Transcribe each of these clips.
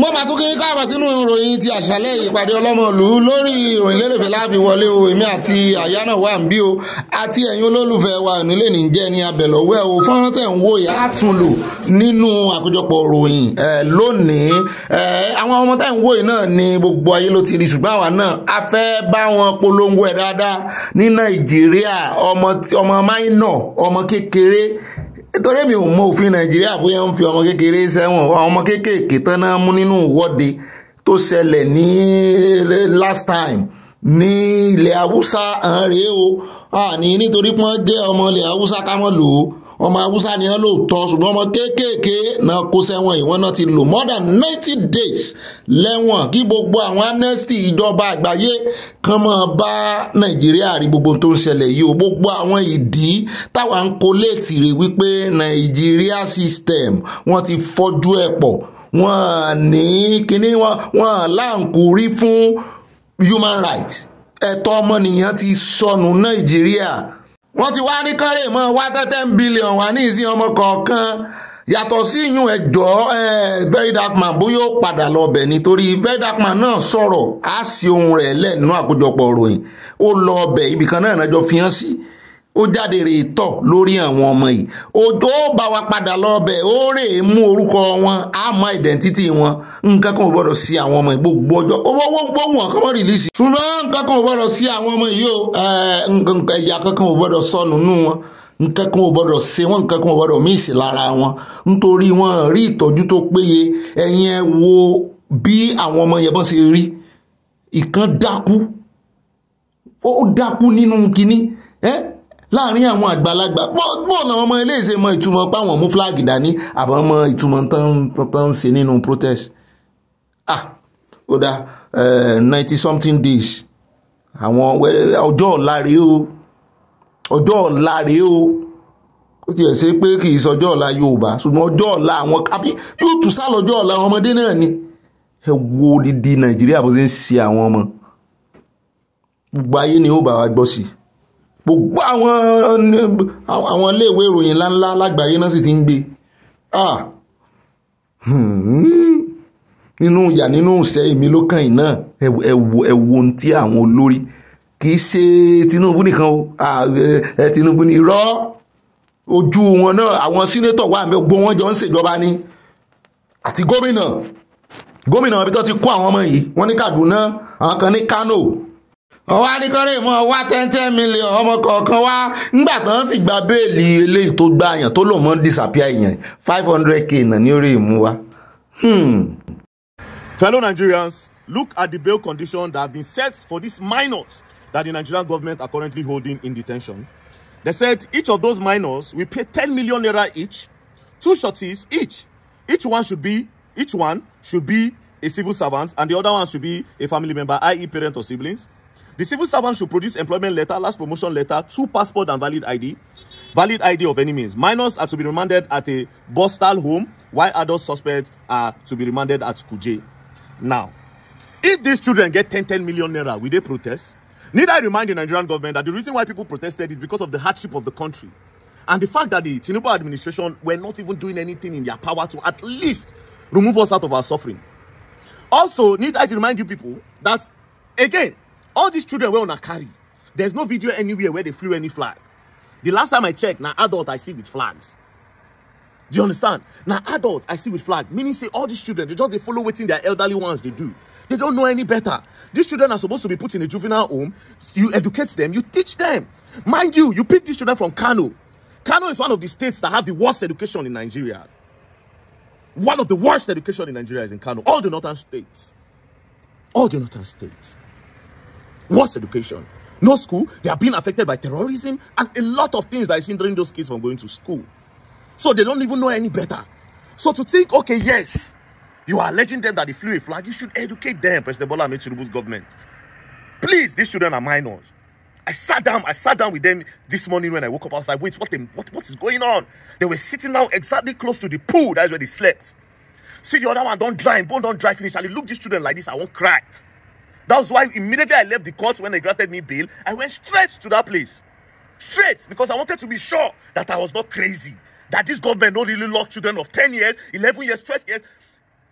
mo bá tún kí n káàbọ̀ sínú ìròyìn ti àṣálẹ́ ìpàdé ọlọ́mọlú lórí ìròyìn lérèfé láàfi wọlé o èmi àti àyá náà wà ń bí o àti ẹ̀yin olólùfẹ́ wa nílé ní jẹ́ ní abẹ̀lọ́wẹ́ o fọ́nrán tẹ̀ ń wò yá tún lò nínú àkójọpọ̀ ròyìn lónìí àwọn ọmọ tẹ̀ ń wò yìí náà ni gbogbo ayé ló ti rí ṣùgbọ́n àwa náà a fẹ́ bá wọn polongo ẹ̀ dáadáa ní Nàìjíríà ọmọ nítorí mi ò mọ òfin nàìjíríà bóyá ń fi ọmọ kékeré sẹ́wọ̀n àwọn ọmọ kéékèèké tán náà mú nínú ìwọ́de tó ṣẹlẹ̀ ní last time ní ilẹ̀ haúsá hàn rèé o àní nítorí pọ́n jẹ́ ọmọ ilẹ̀ haúsá ká mọ́ lò ó ọmọ haúsá ni wọ́n lóòótọ́ ṣùgbọ́n ọmọ kéékèèké náà kó sẹ́wọ̀n yìí náà ti lò more than ninety days lẹ́wọ̀n kí gbogbo àwọn amnesty ìjọba àgbáyé kan máa bá nàìjíríà rí gbogbo tó ń ṣẹlẹ̀ yìí o gbogbo àwọn ìdí táwa ń kó léètì rè wípé nàìjíríà system wọ́n ti fọ́jú ẹ̀ pọ̀ wọ́n ní kíní wọ́n láǹkúrí fún human rights ẹ̀tọ́ ọmọnìyàn ti sọnù nàìjíríà wọ́n ti wá ní kánrẹ́ mọ́ wá tẹ́tẹ́ bílíọ̀n wá ní ìsìn ọmọ kọ̀ọ̀kan yàtọ̀ sí ìyún ẹ̀jọ́ very dark man bóyá ó padà lọ bẹ̀ nítorí very dark man náà sọ̀rọ̀ á sí ohun rẹ̀ lẹ́nu àkójọpọ̀ ròyìn ó lọ ọbẹ̀ ibìkan náà náà jọ fi hàn sí. Si ó jáde rè tọ̀ lórí àwọn ọmọ yìí ó bá wa padà lọ́bẹ̀ ó rè é mú orúkọ wọn á mọ identity wọn nǹkan kan ò gbọ́dọ̀ sí àwọn ọmọ yìí gbogbo ọjọ́ owó gbóhùn ọ̀kan wọ́n rìlíìsì ṣùgbọ́n nǹkan kan ò gbọ́dọ̀ sí àwọn ọmọ yìí o ẹ̀yà kankan ò gbọ́dọ̀ sọnù nù wọn nǹkan kan ò gbọ́dọ̀ ṣe wọ́n nǹkan kan ò gbọ́dọ̀ míìsì lára wọn nítorí wọn rí ìtọ́jú tó péye ẹ̀yin ẹ wo bí àwọn ọmọ yẹn bọ́n ṣe rí ìkan dákú ó dákú nínú kinní ẹ́ láàrin àwọn àgbàlagbà bọ́ọ̀ làwọn ọmọ iléeṣẹ́ mọ ìtumọ̀ páwọn mú fúláàgì dání àbọ̀ mọ ìtumọ̀ tán ń ṣe nínú protest ah ó dá eh, ninety something days àwọn ọjọ́ ọ̀la rèé o ọjọ́ ọ̀la rèé o ó tiẹ̀ ṣe pé kì í sọjọ́ ọ̀la Yorùbá ṣùgbọ́n ọjọ́ ọ̀la àwọn àbí yóò tún sá lọ́jọ́ ọ̀la àwọn ọmọdé náà ni ẹ wo odidi Nàìjíríà bó ṣe ń ṣe àwọn ọmọ gbogbo ayé ni ó bá wa gbọ́ sí i gbogbo àwọn àwọn iléèwé ìròyìn ńláńlá lágbàáyé náà sì ti ń gbé hmm, nínú ìyà nínú ìṣẹ́ èmi ló kàn yìí náà ẹ wo ohun tí àwọn olórí kì í ṣe Tinubu nìkan o Tinubu ní irọ́ ojú wọn náà àwọn sínétọ̀ wà mẹ́ gbogbo wọn jọ ń ṣèjọba ni àti gómìnà gómìnà ibi tó ti kó àwọn ọmọ yìí wọ́n ní Kaduna àwọn kan ní Kano ọwọ́ adékọ́rẹ́ mọ́ wá ten ten million ọmọ kọ̀ọ̀kan wá ńgbà tán sì gba béèlì eléyìí tó gbà yàn tó lòun mọ́ disappear yẹn five hundred k náà ní orí ìmú wa. Hmm. Fellow Nigerians, look at the bail condition that have been set for these minors that the Nigerian government are currently holding in detention. They said each of those minors will pay ten million naira each, two shorties each. Each one should be each one should be a civil servant and the other one should be a family member, i.e. parent or siblings. The civil servant should produce employment letter, last promotion letter, two passport and valid ID, valid ID of any means. Minors are to be remanded at a Bostal home, while adult suspects are to be remanded at Kuje. Now, if these children get 10, 10 million naira, will they protest? Need I remind the Nigerian government that the reason why people protested is because of the hardship of the country. And the fact that the Tinubu administration were not even doing anything in their power to at least remove us out of our suffering. Also, need I to remind you people that, again, all these children were on a carry there's no video anywhere where they flew any flag the last time i checked now adult i see with flags do you understand Now adult i see with flag meaning say all these children they just they follow wetin their elderly ones they do they don't know any better these children are supposed to be put in a juvenile home you educate them you teach them mind you you pick these children from kano kano is one of the states that have the worst education in nigeria one of the worst education in nigeria is in kano all the northern states all the northern states worse education, no school. They are being affected by terrorism and a lot of things that is hindering those kids from going to school. So they don't even know any better. So to think, okay, yes, you are alleging them that they flew a flag, you should educate them, President Bola Tinubu's government. Please, these children are minors. I sat down, I sat down with them this morning when I woke up. I was like, wait, what, what, what is going on? They were sitting now exactly close to the pool. That's where they slept. See the other one, don't dry, bone don't dry finish. look these children like this, I won't cry. That's why immediately I left the court when they granted me bail, I went straight to that place. Straight, because I wanted to be sure that I was not crazy. That this government not really lock children of 10 years, 11 years, 12 years,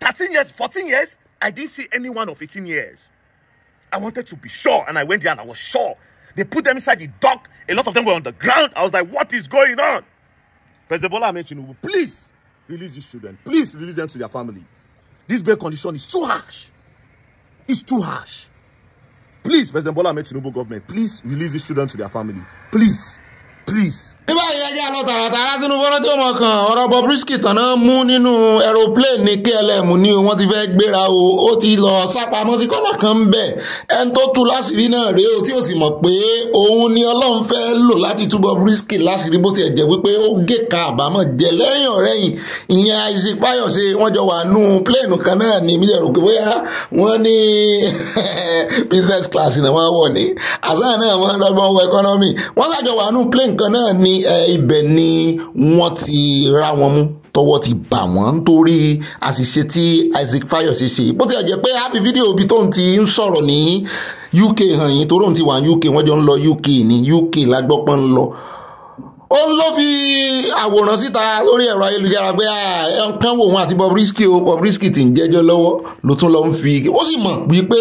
13 years, 14 years. I didn't see anyone of 18 years. I wanted to be sure, and I went there and I was sure. They put them inside the dock. A lot of them were on the ground. I was like, what is going on? President Bola mentioned, please release these children. Please release them to their family. This bail condition is too harsh. It's too harsh. Please, President Bola Tinubu government, please release these children to their family. Please. Please. lọ tààràtààrà sínú fọ́nrán tí ó mọ̀ kàn ọ̀rọ̀ Bobrisky tàná mú nínú aeroplane ní KLM ní wọ́n ti fẹ́ gbéra o ó ti lọ sápamọ́ sí kọ́nà kan ń bẹ̀ ẹni tó tú láṣìírí náà rèé o tí ó sì mọ̀ pé òun ni Ọlọ́run fẹ́ lò láti tú Bobrisky láṣìírí bó ti ẹ̀ jẹ́ wípé ó gé ka àbámọ̀ jẹ lẹ́yìn ọ̀rẹ́yìn ìyẹn Isaac Fayose wọ́n jọ wà nù plane kan náà ní mi lẹ́rù pé bóyá wọ́n ní business class náà wọ́n wọ̀ ní àṣà náà wọ́n lọ́gbọ́n wọ economy wọ́n ṣàjọ wà nù plane kan náà ní ibẹ̀ ibẹ̀ ni wọ́n ti rá wọn mú tọwọ́ ti bà wọ́n nítorí àṣìṣe tí Isaac Fayose ṣe bó ti jẹ́ pé a fi fídíò bí tóun ti ń sọ̀rọ̀ ní UK hàn yín torí òun ti wà ní UK wọ́n jọ ń lọ UK ní UK lágbọ́pọ̀ ń lọ ó ló fi àwòrán síta lórí ẹ̀rọ ayélujára pé ẹnkan wo òun àti Bobrisky o Bobrisky ti ń jẹ́jọ́ lọ́wọ́ ló tún lọ ń fi ó sì mọ̀ wípé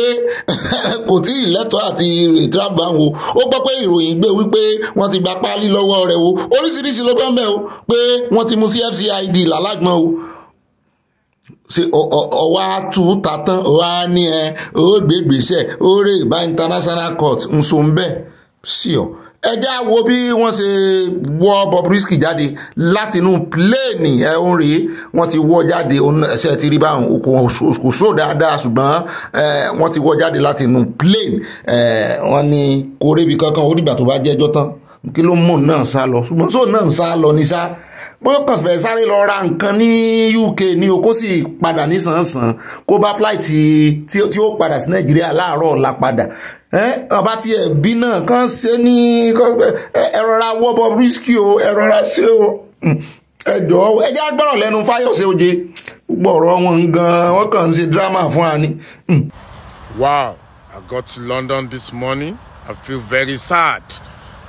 kò tí ì lẹ́tọ̀ọ́ àti ìtìrábà wo ó gbọ́ pé ìròyìn gbé wípé wọ́n ti gba páálí lọ́wọ́ rẹ̀ o oríṣiríṣi ló bẹ́ẹ̀ mẹ́ o pé wọ́n ti mú sí FCID làlágbọ́n o ṣe ọwọ́ àtúntà tán wá ní ẹ ó gbégbèsè ó rè bá international court ń ń bẹ́ẹ̀ sí ọ ẹ jẹ́ á wo bí wọ́n ṣe wọ́ Bobrisky jáde látinú pléènì ẹ̀hún rèé wọ́n ti wọ́ jáde ẹ̀ṣẹ́ ti rí báwọn kò sóò dáadáa ṣùgbọ́n wọ́n ti wọ́ jáde látinú pléènì wọ́n ní kò rébi kankan ó dìgbà tó bá jẹ́jọ́ tán kí ló mọ̀ náà sá lọ ṣùgbọ́n sóò náà sá lọ ní sá bóyá kàn fẹ́ sáré lọ ra nǹkan ní UK ní o kó sì padà nísànsàn kó bá flight tí ó padà sí Nàìjíríà láàárọ̀ ọ̀la padà ọba tí ẹbí náà kàn ṣe ní ẹ wọ́bọ̀ risky o ẹ ṣe o hmm. ẹ jọ̀ọ́ agbọ́rọ̀ lẹ́nu Fáyọ̀ṣe oje gbọ̀rọ̀ wọn gan-an wọ́n kàn ń ṣe drama fún wa ni. Hmm. Wow, I got to London this morning. I feel very sad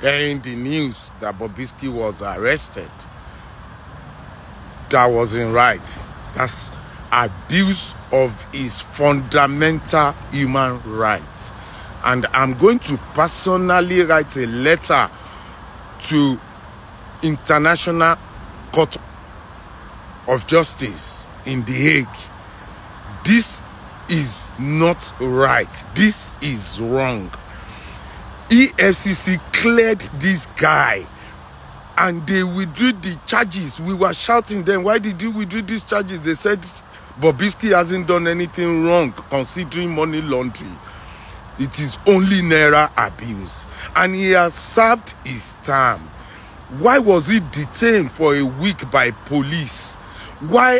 hearing the news that Bobrisky was arrested that wasn't right. That's abuse of his fundamental human rights. And I'm going to personally write a letter to International Court of Justice in The Hague. This is not right. This is wrong. EFCC cleared this guy and they withdrew the charges we were shouting them why did you withdraw these charges they said Bobisky hasn't done anything wrong considering money laundering it is only naira abuse and he has served his time. why was he detained for a week by police why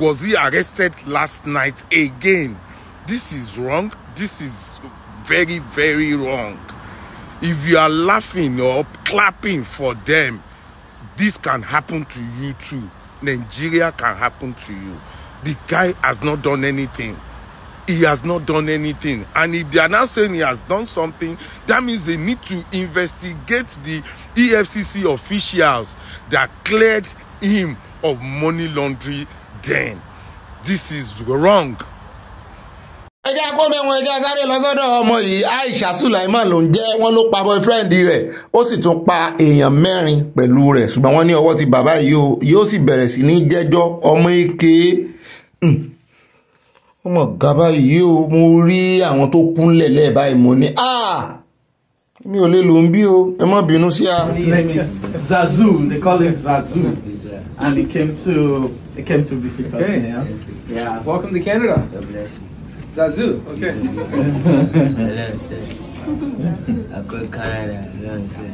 was he arrested last night again this is wrong this is very very wrong if you are laughing or clapping for them this can happen to you too nigeria can happen to you the guy has not done anything he has not done anything and if they are now saying he has done something that means they need to investigate the efcc officials that cleared him of money laundering then this is wrong ẹjẹ́ kó mẹ́wọ̀n ẹjẹ́ sáré lọ ọmọ yìí Aisha Sulaiman ló ń jẹ́ wọ́n ló pa boyfriend rẹ̀ ó sì tún pa èèyàn mẹ́rin pẹ̀lú rẹ̀ ṣùgbọ́n wọ́n ní ọwọ́ ti bàbá yìí o yóò sì bẹ̀rẹ̀ sí ní jẹ́jọ́ ọmọ èké hmm. ọmọ gàbá yìí o mo rí àwọn tó kúnlẹ̀ lẹ́ẹ̀bá ìmọ̀ ni mi ò lè lò ń bí o ẹ má bínú sí a. Zazu they call him Zazu and he came to he came to visit us. Yeah. Yeah. Welcome to Canada. Zazu, okay. Hello, sir. I go Canada. Hello, sir.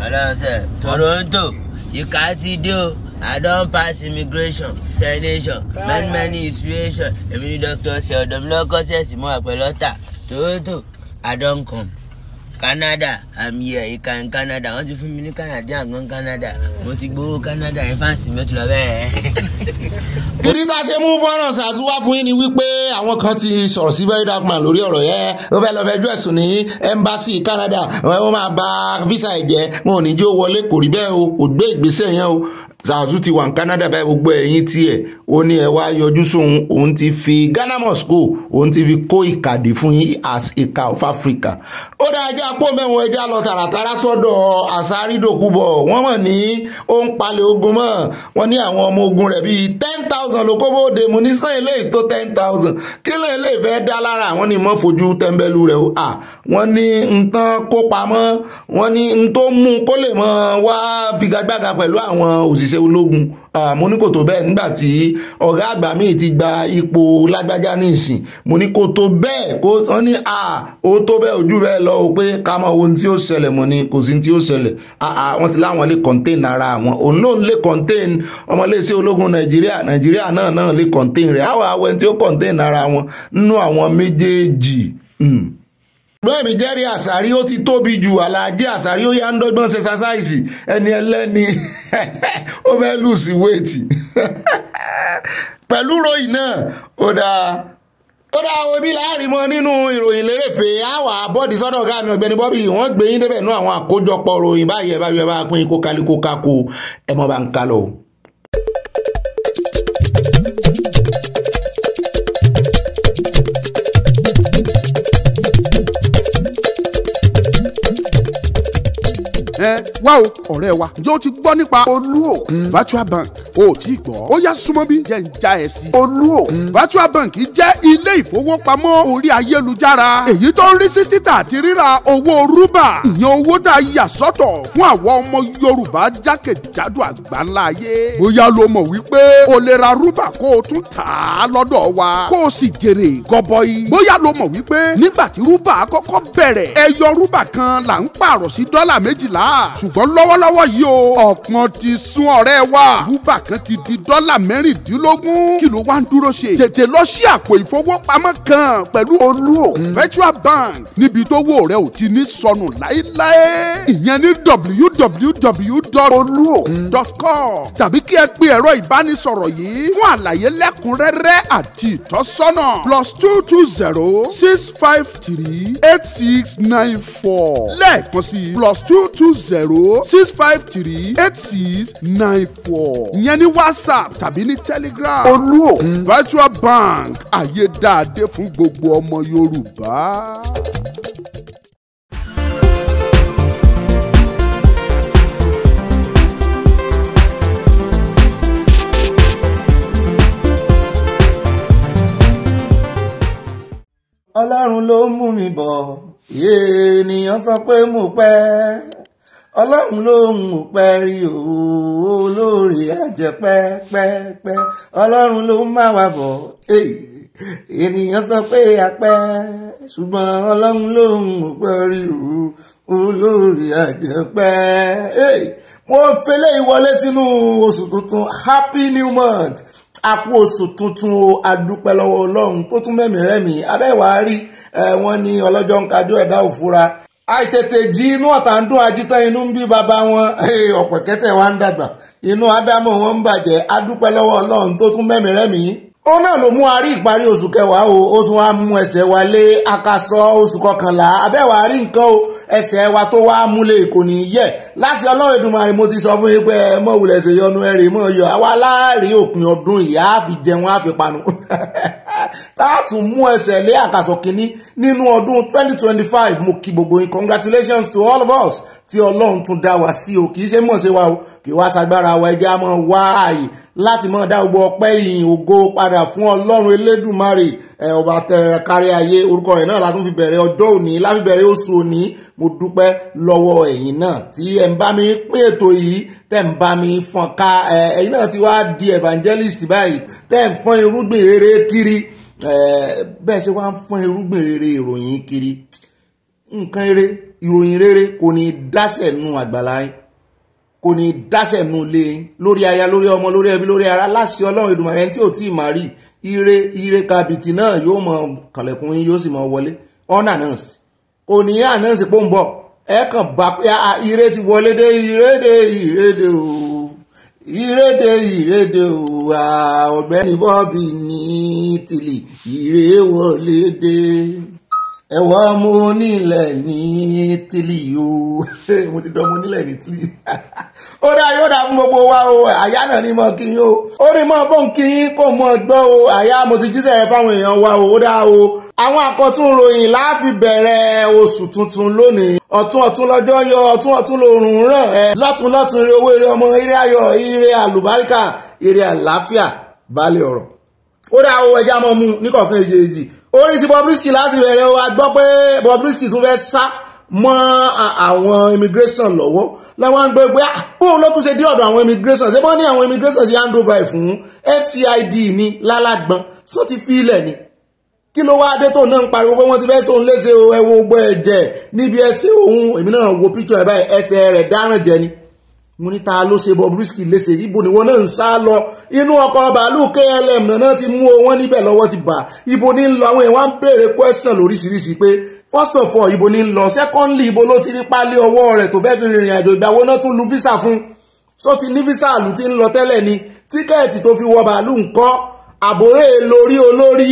Hello, sir. Toronto, you can't do. I don't pass immigration, selection, many many inspiration. Èmi ni Dr. Seodom Lọ́kọ́sẹ̀ Simon pelota. Toronto, I don't come. Canada, I'm here, You can Canada. Wọ́n ti fún mi ní Canada, going Canada. Mo ti gbowó Canada, ìfáǹsì mi ò ti lọ bẹ́ẹ̀. ìdí tá a ṣe mú fọ́nrán ṣàṣù wá fún yín ni wípé àwọn kan ti sọ̀rọ̀ sí very dark man lórí ọ̀rọ̀ yẹn ó fẹ́ lọ́ọ́ fẹ́ jọ ẹ̀sùn ní embassy Canada wọ́n máa ba visa ẹ̀ jẹ́ wọn ò ní jẹ́ ó wọlé kò rí bẹ́ẹ̀ o kò gbé ìgbésẹ̀ yẹn o ṣàṣù ti wà ní Canada báyìí gbogbo ẹ̀yìn tiẹ̀ ó ní ẹ wá yọjú sóhun òun ti fi Ghana Must Go òun ti fi kó ìkàdé fún yín as ìka of Africa ó dá ẹja kó mẹ́wọ̀n ẹja lọ tààràtàrà sọ́dọ̀ Asari Dokubo wọ́n mọ̀ ní ó palẹ̀ ogun mọ́ wọ́n ní àwọn ọmọ ogun rẹ̀ bíi ten thousand ló kó bóde mu ní sàn eléyìí tó ten thousand kí lè lè fẹ́ dá lára àwọn ni mọ́ fojú tẹ́ńbẹ́lú rẹ̀ o à wọ́n ní nǹkan kó pamọ́ wọ́n ní n tó mú kó lè mọ́ wá figagbága pẹ̀lú àwọn òṣìṣẹ́ ológun mo ní kò tó bẹ́ẹ̀ nígbà tí ọ̀gá àgbà mi ti gba ipò lágbájá ní ìsìn mo ní kò tó bẹ́ẹ̀ kó wọ́n ní à ó tó bẹ́ẹ̀ ojú bẹ́ẹ̀ lọ o pé ká mọ ohun tí ó ṣẹlẹ̀ mo ní kò sí tí ó ṣẹlẹ̀ àà wọ́n ti láwọn lè contain ara wọn òun náà lè contain ọmọléeṣẹ́ ológun nàìjíríà nàìjíríà náà náà lè contain rẹ̀ àwọn àwọn tí ó contain ara wọn nínú àwọn méjèèjì. Hmm bẹ́ẹ̀ mi jẹ́rìí àṣàrí ó ti tóbi jù aláàjì àṣàrí ó yá ń dọ́gbọ́n ṣe ṣaṣáìsì ẹni ẹlẹ́ni ó fẹ́ lù sí wéètì pẹ̀lú ròyìn náà ó dáa ó dáa omi láàrin mọ́ nínú ìròyìn lérèfé àwà bọ́ọ̀dì sọ́dọ̀ ọ̀gá mi ọ̀gbẹ́ni Bobby wọ́n gbé yín débẹ̀ nú àwọn àkójọpọ̀ ròyìn báyìí ẹ̀ bá ẹ̀ bá pín kó kálí kó kákó ẹ̀ mọ́ bá ń kálọ̀ o. ẹ wá o ọ̀rẹ́ wa ǹjẹ́ o ti gbọ́ nípa olúòkun virtual bank o ò tí ì gbọ́ ó yá súnmọ́ bí jẹ́ ń já ẹ sí. olúòkun virtual bank jẹ́ ilé ìfowópamọ́ orí ayélujára èyí tó ń rí sí títà àti ríra owó rúbà ìyẹn owó tá a yà sọ́tọ̀ fún àwọn ọmọ yorùbá jákèjádò àgbáńlá ayé bóyá ló mọ̀ wípé o lè ra rúbà kó o tún tà á lọ́dọ̀ wa kó o sì jèrè gọbọi bóyá ló mọ̀ wípé nígbà tí rúbà kọ́kọ́ bẹ̀rẹ̀ ẹyọ rúbà kan là ń pààrọ̀ sí dọ́là méjìlá ṣùgbọ́n lọ́wọ́lọ́wọ́ yìí o ọ̀pọ̀n ti sún ọ̀rẹ́ wa búbà kan ti di dọ́là mẹ́rìndínlógún kí ló wá ń dúró ṣe tètè lọ sí àpò ìfowópamọ́ kan pẹ̀lú olú hmm. virtual bank níbi tó wò rẹ ò ti ní sọnù láéláé ìyẹn ní www.oluo.com hmm. tàbí kí ẹ pe ẹ̀rọ ìbánisọ̀rọ̀ yìí fún àlàyé lẹ́kùnrẹ́rẹ́ àti ìtọ́sọ́nà plus two two zero six five three eight six nine four lẹ́ẹ̀kan sí plus two two zero six five three eight six nine four ìyẹn ní whatsapp tàbí ní telegram olúòkun mm, virtual bank àyè dáadé fún gbogbo ọmọ yorùbá. ọlọ́run ló mú mi bọ̀ ènìyàn sọ pé mo pẹ́ ọlọ́run lòun ò pẹ́ rí òwò olóore àjẹ́ pẹ́pẹ́pẹ́ ọlọ́run ló máa wà bọ̀ ènìyàn sọ pé apẹ́ ṣùgbọ́n ọlọ́run lòun ò pẹ́ rí òwò olóore àjẹ́ pẹ́. wọ́n fẹ́lẹ́ ìwọlé sínú oṣù tuntun happy new month a kú oṣù tuntun o adúpẹ́ lọ́wọ́ ọlọ́run tó tún mẹ́mìí rẹ́mìí abẹ́wàá rí wọ́n ní ọlọ́jọ́ ń kájọ́ ẹ̀dá òfura àìtètè jí inú ọ̀tá ń dún ajitan inú ń bí bàbá wọn ọ̀pẹ̀kẹ́tẹ̀ wa ń dàgbà inú ádámọ̀ wọn ń bàjẹ́ adúpẹ́ lọ́wọ́ ọlọ́run tó tún mẹ́mìí rẹ́mìí ó náà ló mú arí ìparí oṣù kẹwàá o ó tún wá mú ẹsẹ̀ wa lé akasọ oṣù kọkànlá abẹ́wà rí nǹkan o ẹsẹ̀ wa tó wá múlẹ̀ kò ní yẹ láti ọlọ́run Èdùmàrè mo ti sọ fún yín pé mọ̀wùlẹ̀ ṣèyọnu ẹ̀rì mọ̀ yọ táàtún mú ẹsẹ̀ lé àkàsọ̀ kínní nínú ọdún 2025 mo kí gbogbo yín congratulations to all of us tí ọlọ́run tún dá wa sí o kì í ṣe mọ̀ sí wa o kì í wá sagbára wa ẹjẹ́ a mọ̀ wá ààyè láti máa dá gbogbo ọpẹ́ ìyìn ògo padà fún ọlọ́run elédùnmarè ọba tẹrẹ kárí ayé orúkọ rẹ̀ náà látún fi bẹ̀rẹ̀ ọjọ́ òní láti bẹ̀rẹ̀ oṣù òní mo dúpẹ́ lọ́wọ́ ẹ̀yin náà tí ẹ ń bá mi pín ètò yìí tẹ́ ń bá mi fọ́n ká ẹ̀yin náà ti wá di evangelist báyìí tẹ́ ń fọ́n irúgbìn rere kiri bẹ́ẹ̀ ṣe wá ń fọ́n irúgbìn rere ìròyìn kiri nǹkan rere ìròyìn rere kò ní dáṣẹ̀ nù àgbàlá yín kò ní dáṣẹ̀ nu lé lórí aya lórí ọmọ lórí ẹbí lórí ara láṣẹ ọlọ́run Èdùmàrè tí ò tí ì máa rí ire ire kabiti náà yóò mọ kànlẹ̀kùn yín yóò sì mọ wọlé unannounced kò ní announce pò ń bọ̀ ẹ kàn bá pé ah, ah, ire ti wọlé dé ire dé ire dé o ire dé ire dé o ọ̀gbẹ́ni Bobby ní tìlì ire wọlé dé ẹ̀wọ́ mo nílẹ̀ ní tìlì o mo ti dán mo nílẹ̀ ní tìlì. ó dá yóò dá fún gbogbo wa o àyá náà ni mo kí yín o ó ní mọ́ bó ń kí yín kó mọ́ gbọ́ o àyá mo ti jíṣẹ́ rẹ fáwọn èèyàn wa o ó dá o àwọn àkọtún ìròyìn la fi bẹ̀rẹ̀ oṣù tuntun lónìí ọ̀tún ọ̀tún lọ́jọ́ yọ ọ̀tún ọ̀tún lòrùn ràn ẹ́ lọ́tún lọ́tún ire owó ire ọmọ ire ayọ̀ ire àlùbáríkà ire àlàáfíà balẹ̀ ọ̀rọ̀ ó dá o ẹja mọ́ mu ní kọ̀ọ̀kan èjèèjì orí ti Bobrisky láti bẹ̀rẹ̀ o a gbọ́ pé Bobrisky tún fẹ́ sá mọ́ àwọn immigration lọ́wọ́ làwọn ń gbé pé ah, bóun ló tún ṣe dé ọ̀dọ̀ àwọn immigration ṣé wọ́n ní àwọn immigration ṣe hand over fún FCID ní lálàgbọ́n só ti fi ilẹ̀ ni kí ló wáá dé tó náà ń pariwo pé wọ́n ti fẹ́ sóun léṣe o ogbó ẹ̀jẹ̀ níbi ẹsẹ̀ òun èmi náà wo píkì ẹ̀ báyìí ẹsẹ̀ rẹ̀ dáràn jẹ ni mo ní ta ló ṣe Bobrisky léṣe ibo ni wọn náà ń sá lọ inú ọkọ̀ bàálù KLM náà ti mú wọn níbẹ̀ lọ́wọ́ ti bà ibo ní ń lọ àwọn èèyàn wá ń béèrè question lóríṣiríṣi pé first of all ibo ni lọ secondly ibo ló ti rí pálí ọwọ́ rẹ̀ tó fẹ́ fi rìnrìn àjò ìgbàwó náà tún lu visa fún so ti ní visa àlù ti ń lọ tẹ́lẹ̀ ni tíkẹ́ẹ̀tì tó fi wọ bàálù ńkọ́ àbórè lórí olórí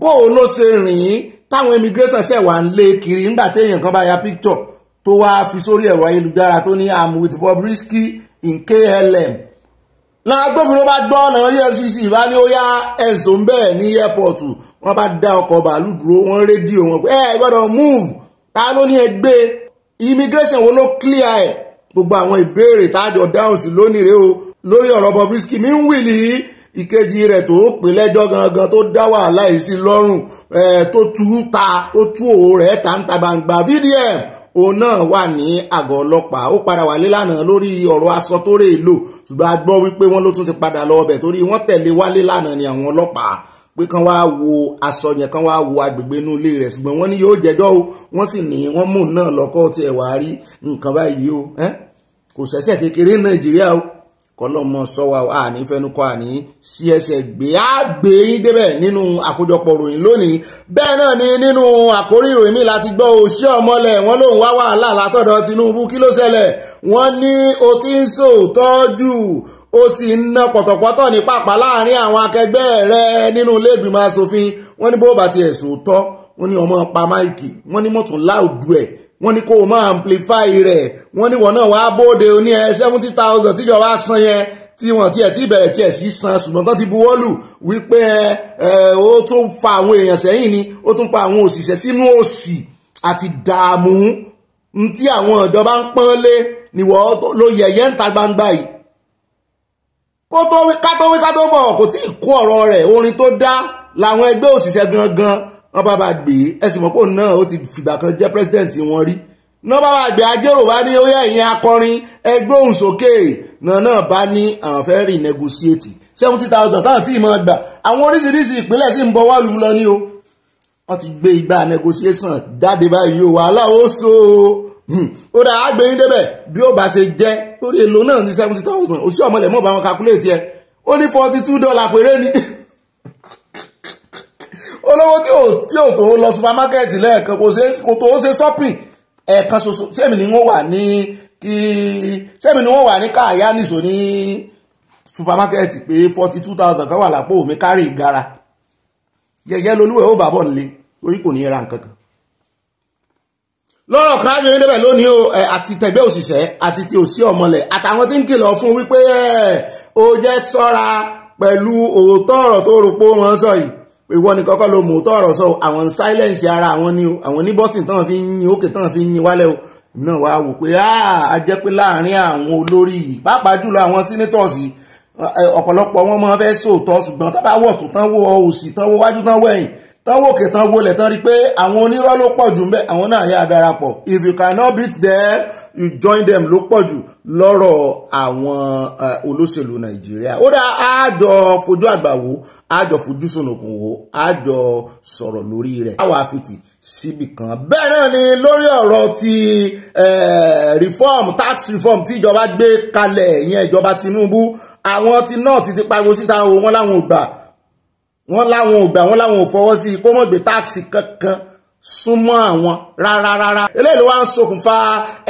bó o ló ṣe rìn ín táwọn immigration ṣẹ̀ wà ń lé kiri ńgbà téèyàn kan bá ya picture tó wáá fi sórí ẹ̀rọ ayélujára tó ní am with Bobrisky in KLM náà agbófinró bá gbọ́ ọ̀nà efcc bá ní ó yá ẹ̀sùn bẹ́ẹ̀ ní airport wọ́n bá dá ọkọ̀ bàálù dúró wọ́n rédíò wọn pé ẹ gbọ́dọ̀ move ta ló ní ẹ immigration wo ló clear ẹ̀ gbogbo àwọn ìbéèrè tájọ dáhùn sí lónìí rèé o lórí ọ̀rọ̀ Bobrisky mi ń wìlì ìkejì rẹ̀ tó pè lẹ́jọ́ gangan tó dá wàhálà yìí sí lọ́rùn tó tú ta tó tú òwò rẹ̀ ta ń ta gbangba VDM òun náà wà ní àgọ́ ọlọ́pàá ó padà wálé lánàá lórí ọ̀rọ̀ aṣọ tó rèé lò ṣùgbọ́n a gbọ́ wípé wọ́n ló tún ti padà lọ ọbẹ̀ torí wọ́n tẹ̀lé wálé lánàá ni àwọn ọlọ́pàá pé kán wá wo aṣọ yẹn kán wá wo agbègbè inú ilé rẹ̀ ṣùgbọ́n wọ́n ní yóò jẹ́jọ́ o wọ́n sì ní wọ́n mú náà lọ́kọ́ tí ẹ̀ wá rí nǹkan báyìí o kò ṣẹ̀ṣẹ̀ kékeré nàìjíríà o kọlọ́mọ sọ́wọ́ àní fẹnukọ́ àní sí ẹsẹ̀ gbé àgbè yín débẹ̀ nínú àkójọpọ̀ ròyìn lónìí bẹ́ẹ̀ náà ni nínú àkórí ìròyìn mi láti gbọ́ òṣì ọmọlẹ̀ wọn lòun wá wàhálà látọ̀dọ̀ Tinubu kí ló ṣẹlẹ̀ wọ́n ní o ti ń sòótọ́ ó sì ń ná pọ̀tọ̀pọ̀tọ̀ ní pàpà láàrin àwọn akẹgbẹ́ rẹ̀ nínú ilé ìgbìmọ̀ asòfin wọ́n ní bó bá ti ẹ̀sùn tọ́ wọ́n ní ọmọ pa máìkì wọ́n ní mọ̀tún láòdù ẹ̀ wọ́n ní kó o máa amplify rẹ̀ wọ́n ní wọ́n náà wàá bóde o ẹ seventy thousand tíjọba san yẹn tí wọ́n tiẹ̀ tí bẹ̀rẹ̀ tiẹ̀ sí san ṣùgbọ́n tán ti buwọ́lù wípé ẹ ó tún fa àwọn èèyàn sẹ́yìn ni ó tún fa àwọn òṣìṣẹ́ sínú òṣì àti dààmú tí àwọn ọ̀dọ́ bá ń pọ́n lé nìwọ́ ló yẹ̀yẹ́ ń ta gbangba yìí kó tó wí ká tó wí ká tó bọ̀ kò tí ì kó ọ̀rọ̀ rẹ̀ orin tó dá làwọn ẹgbẹ́ òṣìṣẹ́ gangan wọn bá bá gbé ẹ sì mọ̀ pé òun náà ó ti fìgbà kan jẹ́ president wọn rí náà bá bá gbé ajérò bá ní ó yẹ ẹ̀yin akọrin ẹgbẹ́ òun sókè náà náà bá ní àwọn fẹ́ rìn negotiate seventy thousand táwọn tí ì máa gbà àwọn oríṣiríṣi ìpínlẹ̀ sì ń bọ wọ́ọ̀lù lọ ní o wọ́n ti gbé igbá negotiation jáde báyìí o wàhálà ó so o Hmm. ó dáa á gbé yín débẹ̀ bí ó bá ṣe jẹ́ torí èlò náà ní seventy thousand òsì ọ̀mọ̀lẹ̀ mọ̀ bá wọn calculate yẹ ó ní forty two dollar péré ni olówó tí ò tí ò tó lọ supermarket lẹ́ẹ̀kan kò tó ṣe shopping ẹ̀ẹ̀kan ṣoṣo sẹ́mi ni wọ́n wà ní kí sẹ́mi ni wọ́n wà ní káàyà nìṣó ní supermarket pé forty two thousand kan wà lápò mi kárì ìgara yẹ̀yẹ́ lolúwẹ̀ ó bàbọ̀ nílé orí kò ní ra nǹkan kan lọ́rọ̀ kan ábìrin débẹ̀ lónìí o àti tẹ̀gbẹ́ òṣìṣẹ́ àti ti òsì ọ̀mọlẹ̀ àtàwọn tí ń kìlọ̀ fún wípé ó jẹ́ sọ́ra pẹ̀lú òótọ́ ọ̀rọ̀ tó rò pé wọ́n sọ yìí ìwọ ni kọ́kọ́ lo mòótọ́ ọ̀rọ̀ sọ àwọn ń sáílẹ̀ǹsì ara àwọn ni àwọn ní bọ́tìn táwọn fi ń yin òkè táwọn fi ń yin wálẹ̀ o náà wàá wò pé a jẹ́ pé láàrin àwọn olórí yìí pàápàá jùlọ àwọn sínítọ̀sì ọ̀pọ̀lọpọ̀ wọn máa fẹ́ sòótọ́ ṣùgbọ́n tábà wọ̀ tó tán wọ òsì tán wọ wájú tán wẹ̀yìn tọ́wọ́ òkè tán wọlẹ̀ tán rí i pé àwọn onírọ́ ló pọ̀ jù ń bẹ àwọn náà yà darapọ̀ if you cannot beat them you join them ló pọ̀ jù lọ́rọ̀ àwọn olóṣèlú nàìjíríà ó dá àjọ fojú àgbà wò àjọ fojú sunukun wò àjọ sọ̀rọ̀ lórí rẹ̀ àwọn àfitì síbì kan bẹ́ẹ̀ náà ni lórí ọ̀rọ̀ ti reform tax reform tí ìjọba gbé kalẹ̀ ìyẹn ìjọba tinubu àwọn ti náà ti ti pariwo síta wọn láwọn ò gbà wọ́n láwọn ò gbà wọ́n láwọn ò fọwọ́ sí i kó mọ̀ gbé táàsì kankan súnmọ́ àwọn rárá rárá eléyìí ló wá ń ṣokùnfà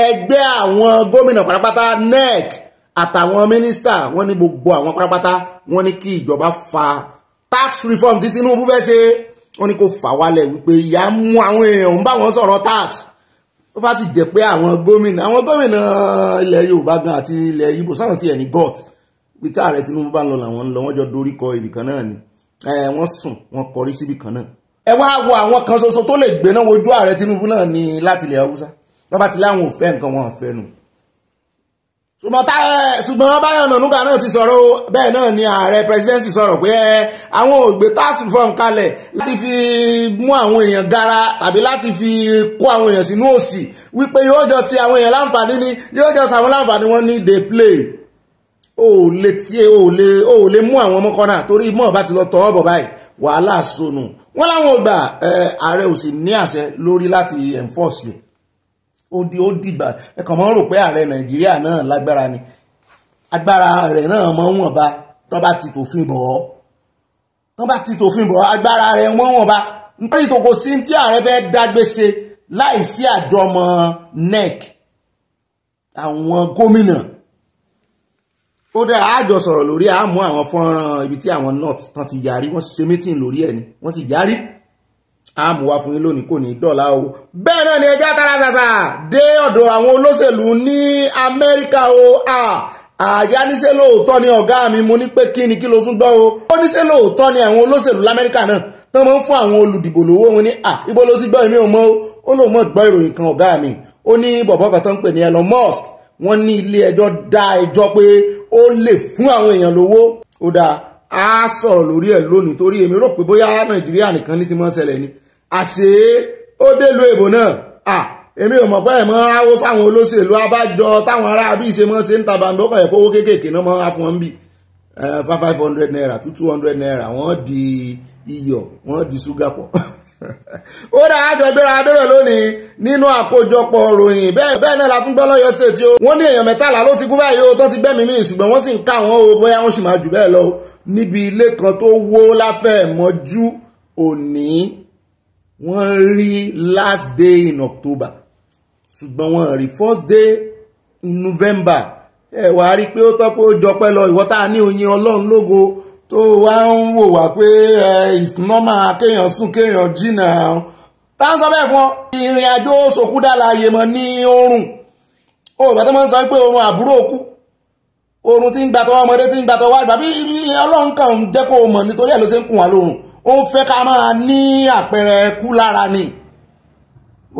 ẹgbẹ́ àwọn gómìnà pátápátá nec àtàwọn mínísítà wọ́n ní gbogbo àwọn pátápátá wọ́n ní kí ìjọba fa tax reform tí Tinubu fẹ́ ṣe wọ́n ní kó fà wálẹ̀ wípé ìyá mú àwọn èèyàn ń bá wọn sọ̀rọ̀ tax ó bá sì jẹ́ pé àwọn gómìnà àwọn gómìnà ilẹ̀ Yorùbá gan àti ilẹ̀ Ìgbò sáwọn ti ẹ̀ ní gọ́t bí táàrẹ Tinubu bá ń lọ làwọn ń lọ wọ́n jọ dorí kọ ibìkan náà ni wọ́n sùn wọ́n kọrí síbi kan náà. ẹ wá wo àwọn kan ṣoṣo tó lè gbéná wojú ààrẹ Tinubu náà ní láti ilẹ̀ Haúsá wọ́n bá ti láwọn ò fẹ́ nǹkan wọn ò fẹ́ nù ṣùgbọ́n báyọ̀ nànúgà náà ti sọ̀rọ̀ bẹ́ẹ̀ náà ni ààrẹ presidency sọ̀rọ̀ pé àwọn ò gbé tax reform kalẹ̀ láti fi mú àwọn èèyàn gara tàbí láti fi kó àwọn èèyàn sínú òṣì wípé yóò jọ ṣe àwọn èèyàn láǹfààní ni yóò jọ ṣe àwọn láǹfààní wọn ní dey play o ò lè tí o ò lè o ò lè mú àwọn ọmọ kan náà torí mọ́ ọba ti lọ tọ́ ọ bọ̀ báyìí wàhálà sọnù wọ́n láwọn ò gbà ààrẹ ò sì ní àṣẹ lórí enforce ó di ó dìgbà ẹ kàn mọ́ rò pé are nàìjíríà náà lágbára ni agbára rẹ̀ náà mọ́ wọ̀n ba tán bá ti tòfin bọ̀ ọ́ tán bá ti tòfin bọ̀ ọ́ agbára rẹ̀ wọ́n wọ̀n ba nítorí tó kò sí tí ààrẹ fẹ́ dágbéṣe láìsí àjọmọ́ nec àwọn gómìnà ó dá àjọ sọ̀rọ̀ lórí àmú àwọn fọ́nrán ibi tí àwọn north tán ti yarí wọ́n ṣe meeting lórí ẹ̀ ni wọ́n sì yarí àmú wa fún yín lónìí kò ní dọ́là o bẹ́ẹ̀ náà ni ẹja kára ṣàṣà dé ọ̀dọ̀ àwọn olóṣèlú ní amẹ́ríkà o àyà níṣẹ́ lóòótọ́ ni ọ̀gá mi mo ní pé kí ni kí ló tún gbọ́ o ó níṣẹ́ lóòótọ́ ni àwọn olóṣèlú lamẹ́ríkà náà tó máa ń fún àwọn olùdìbò lówó wọn ní à ibo ló ti gbọ́ èmi ò mọ̀ o ó lóun mọ̀ gbọ́ ìròyìn kan ọ̀gá mi ó ní bọ̀bọ́ kan tó ń pè ní Elon Musk wọ́n ní ilé ẹjọ́ dá ẹjọ́ pé ó lè fún àwọn èèyàn lówó ó dáa á sọ̀rọ̀ lórí ẹ̀ lónìí torí èmi rò pé bóyá nàìjíríà nìkan ní ti mọ́ ṣẹlẹ̀ ni àṣé ó délu èbò náà à èmi ò mọ̀ pé ẹ̀mọ́ áwó fáwọn olóṣèlú abájọ táwọn ará bí ṣe mọ́ ṣe ń ta bàmí ó kàn yẹ kó owó kéékèèké náà mọ́ afọ́n ń bì five five hundred naira two two hundred naira wọ́n di iyọ̀ wọ́n di ṣúgà pọ̀ ó dá àjọ gbéra dúró lónìí nínú àkójọpọ̀ ròyìn bẹ́ẹ̀ bẹ́ẹ̀ náà la tún gbọ́ lọ́yọ́ state o wọ́n ní èèyàn mẹ́tàlá ló ti kú báyìí o tó ti gbẹ́mìí mì ṣùgbọ́n wọ́n sì ń ká wọn o bóyá wọ́n sì máa jù bẹ́ẹ̀ lọ níbi ilé kan tó wó láfẹ̀mọ́jú òní wọ́n rí last day in October ṣùgbọ́n wọ́n rí first day in November ẹ̀ wá rí pé ó tọ́ pé ó jọpẹ́ lọ ìwọ́ta ní oyin Ọlọ́run lógo tó wá ń wò wá pé it's normal kéèyàn sùn kéèyàn jìnnà tá ń sọ bẹ́ẹ̀ fún ọ. ìrìn àjò sòkúdà láàyè mọ́ ní oorun òòrùn àti máa ń sọ pé oorun àbúrò kú oorun tí ń gbàtọ́ ọmọdé tí ń gbàtọ́ wá ìgbà bí ọlọ́run kàn ń jẹ́ kó o mọ̀ nítorí ẹ̀ ló ṣe ń kùn wá lóorun ó fẹ́ ká máa ní àpẹẹrẹ kú lára ni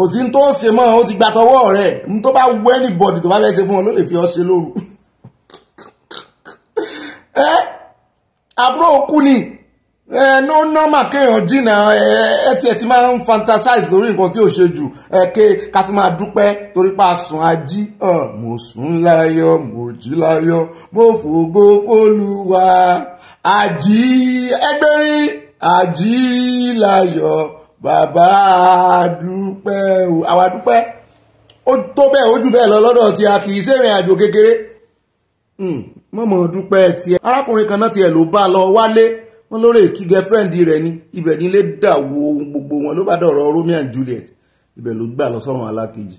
òsì tó ṣe mọ́ ó ti gbàtọ́wọ́ rẹ̀ ní tó bá wú anybody tó bá fẹ́ ṣe fún ọ ló lè fi ọ ṣe lóru. àbúrò òkú ni no ní ó nọ́mà kéèyàn jìnnà ẹ ẹ tiẹ̀ ti máa ń fantasize lórí nǹkan tí ò ṣe jù ẹ ké ká ti máa dúpẹ́ torí pa sùn ají mo sùn láyọ̀ mo jí láyọ̀ mo fògbó fólúwa ají ẹgbẹ́rin ají láyọ̀ bàbá àdúpẹ́ àwa dúpẹ́ ó tó bẹ́ẹ̀ ó jù bẹ́ẹ̀ lọ lọ́dọ̀ tí a kì í ṣèrìn àjò kékeré. Hmm mọ̀mọ́ dúpẹ́ tiẹ̀ arákùnrin kan náà tiẹ̀ ló bá lọ wálé wọn lórí èkí gẹ́fẹ́ǹdì rẹ̀ ni ibẹ̀ nílé dàwó ohun gbogbo wọn ló bá dọ̀rọ̀ Romeo and Juliet ibẹ̀ ló gbà lọ sọ́run alákejì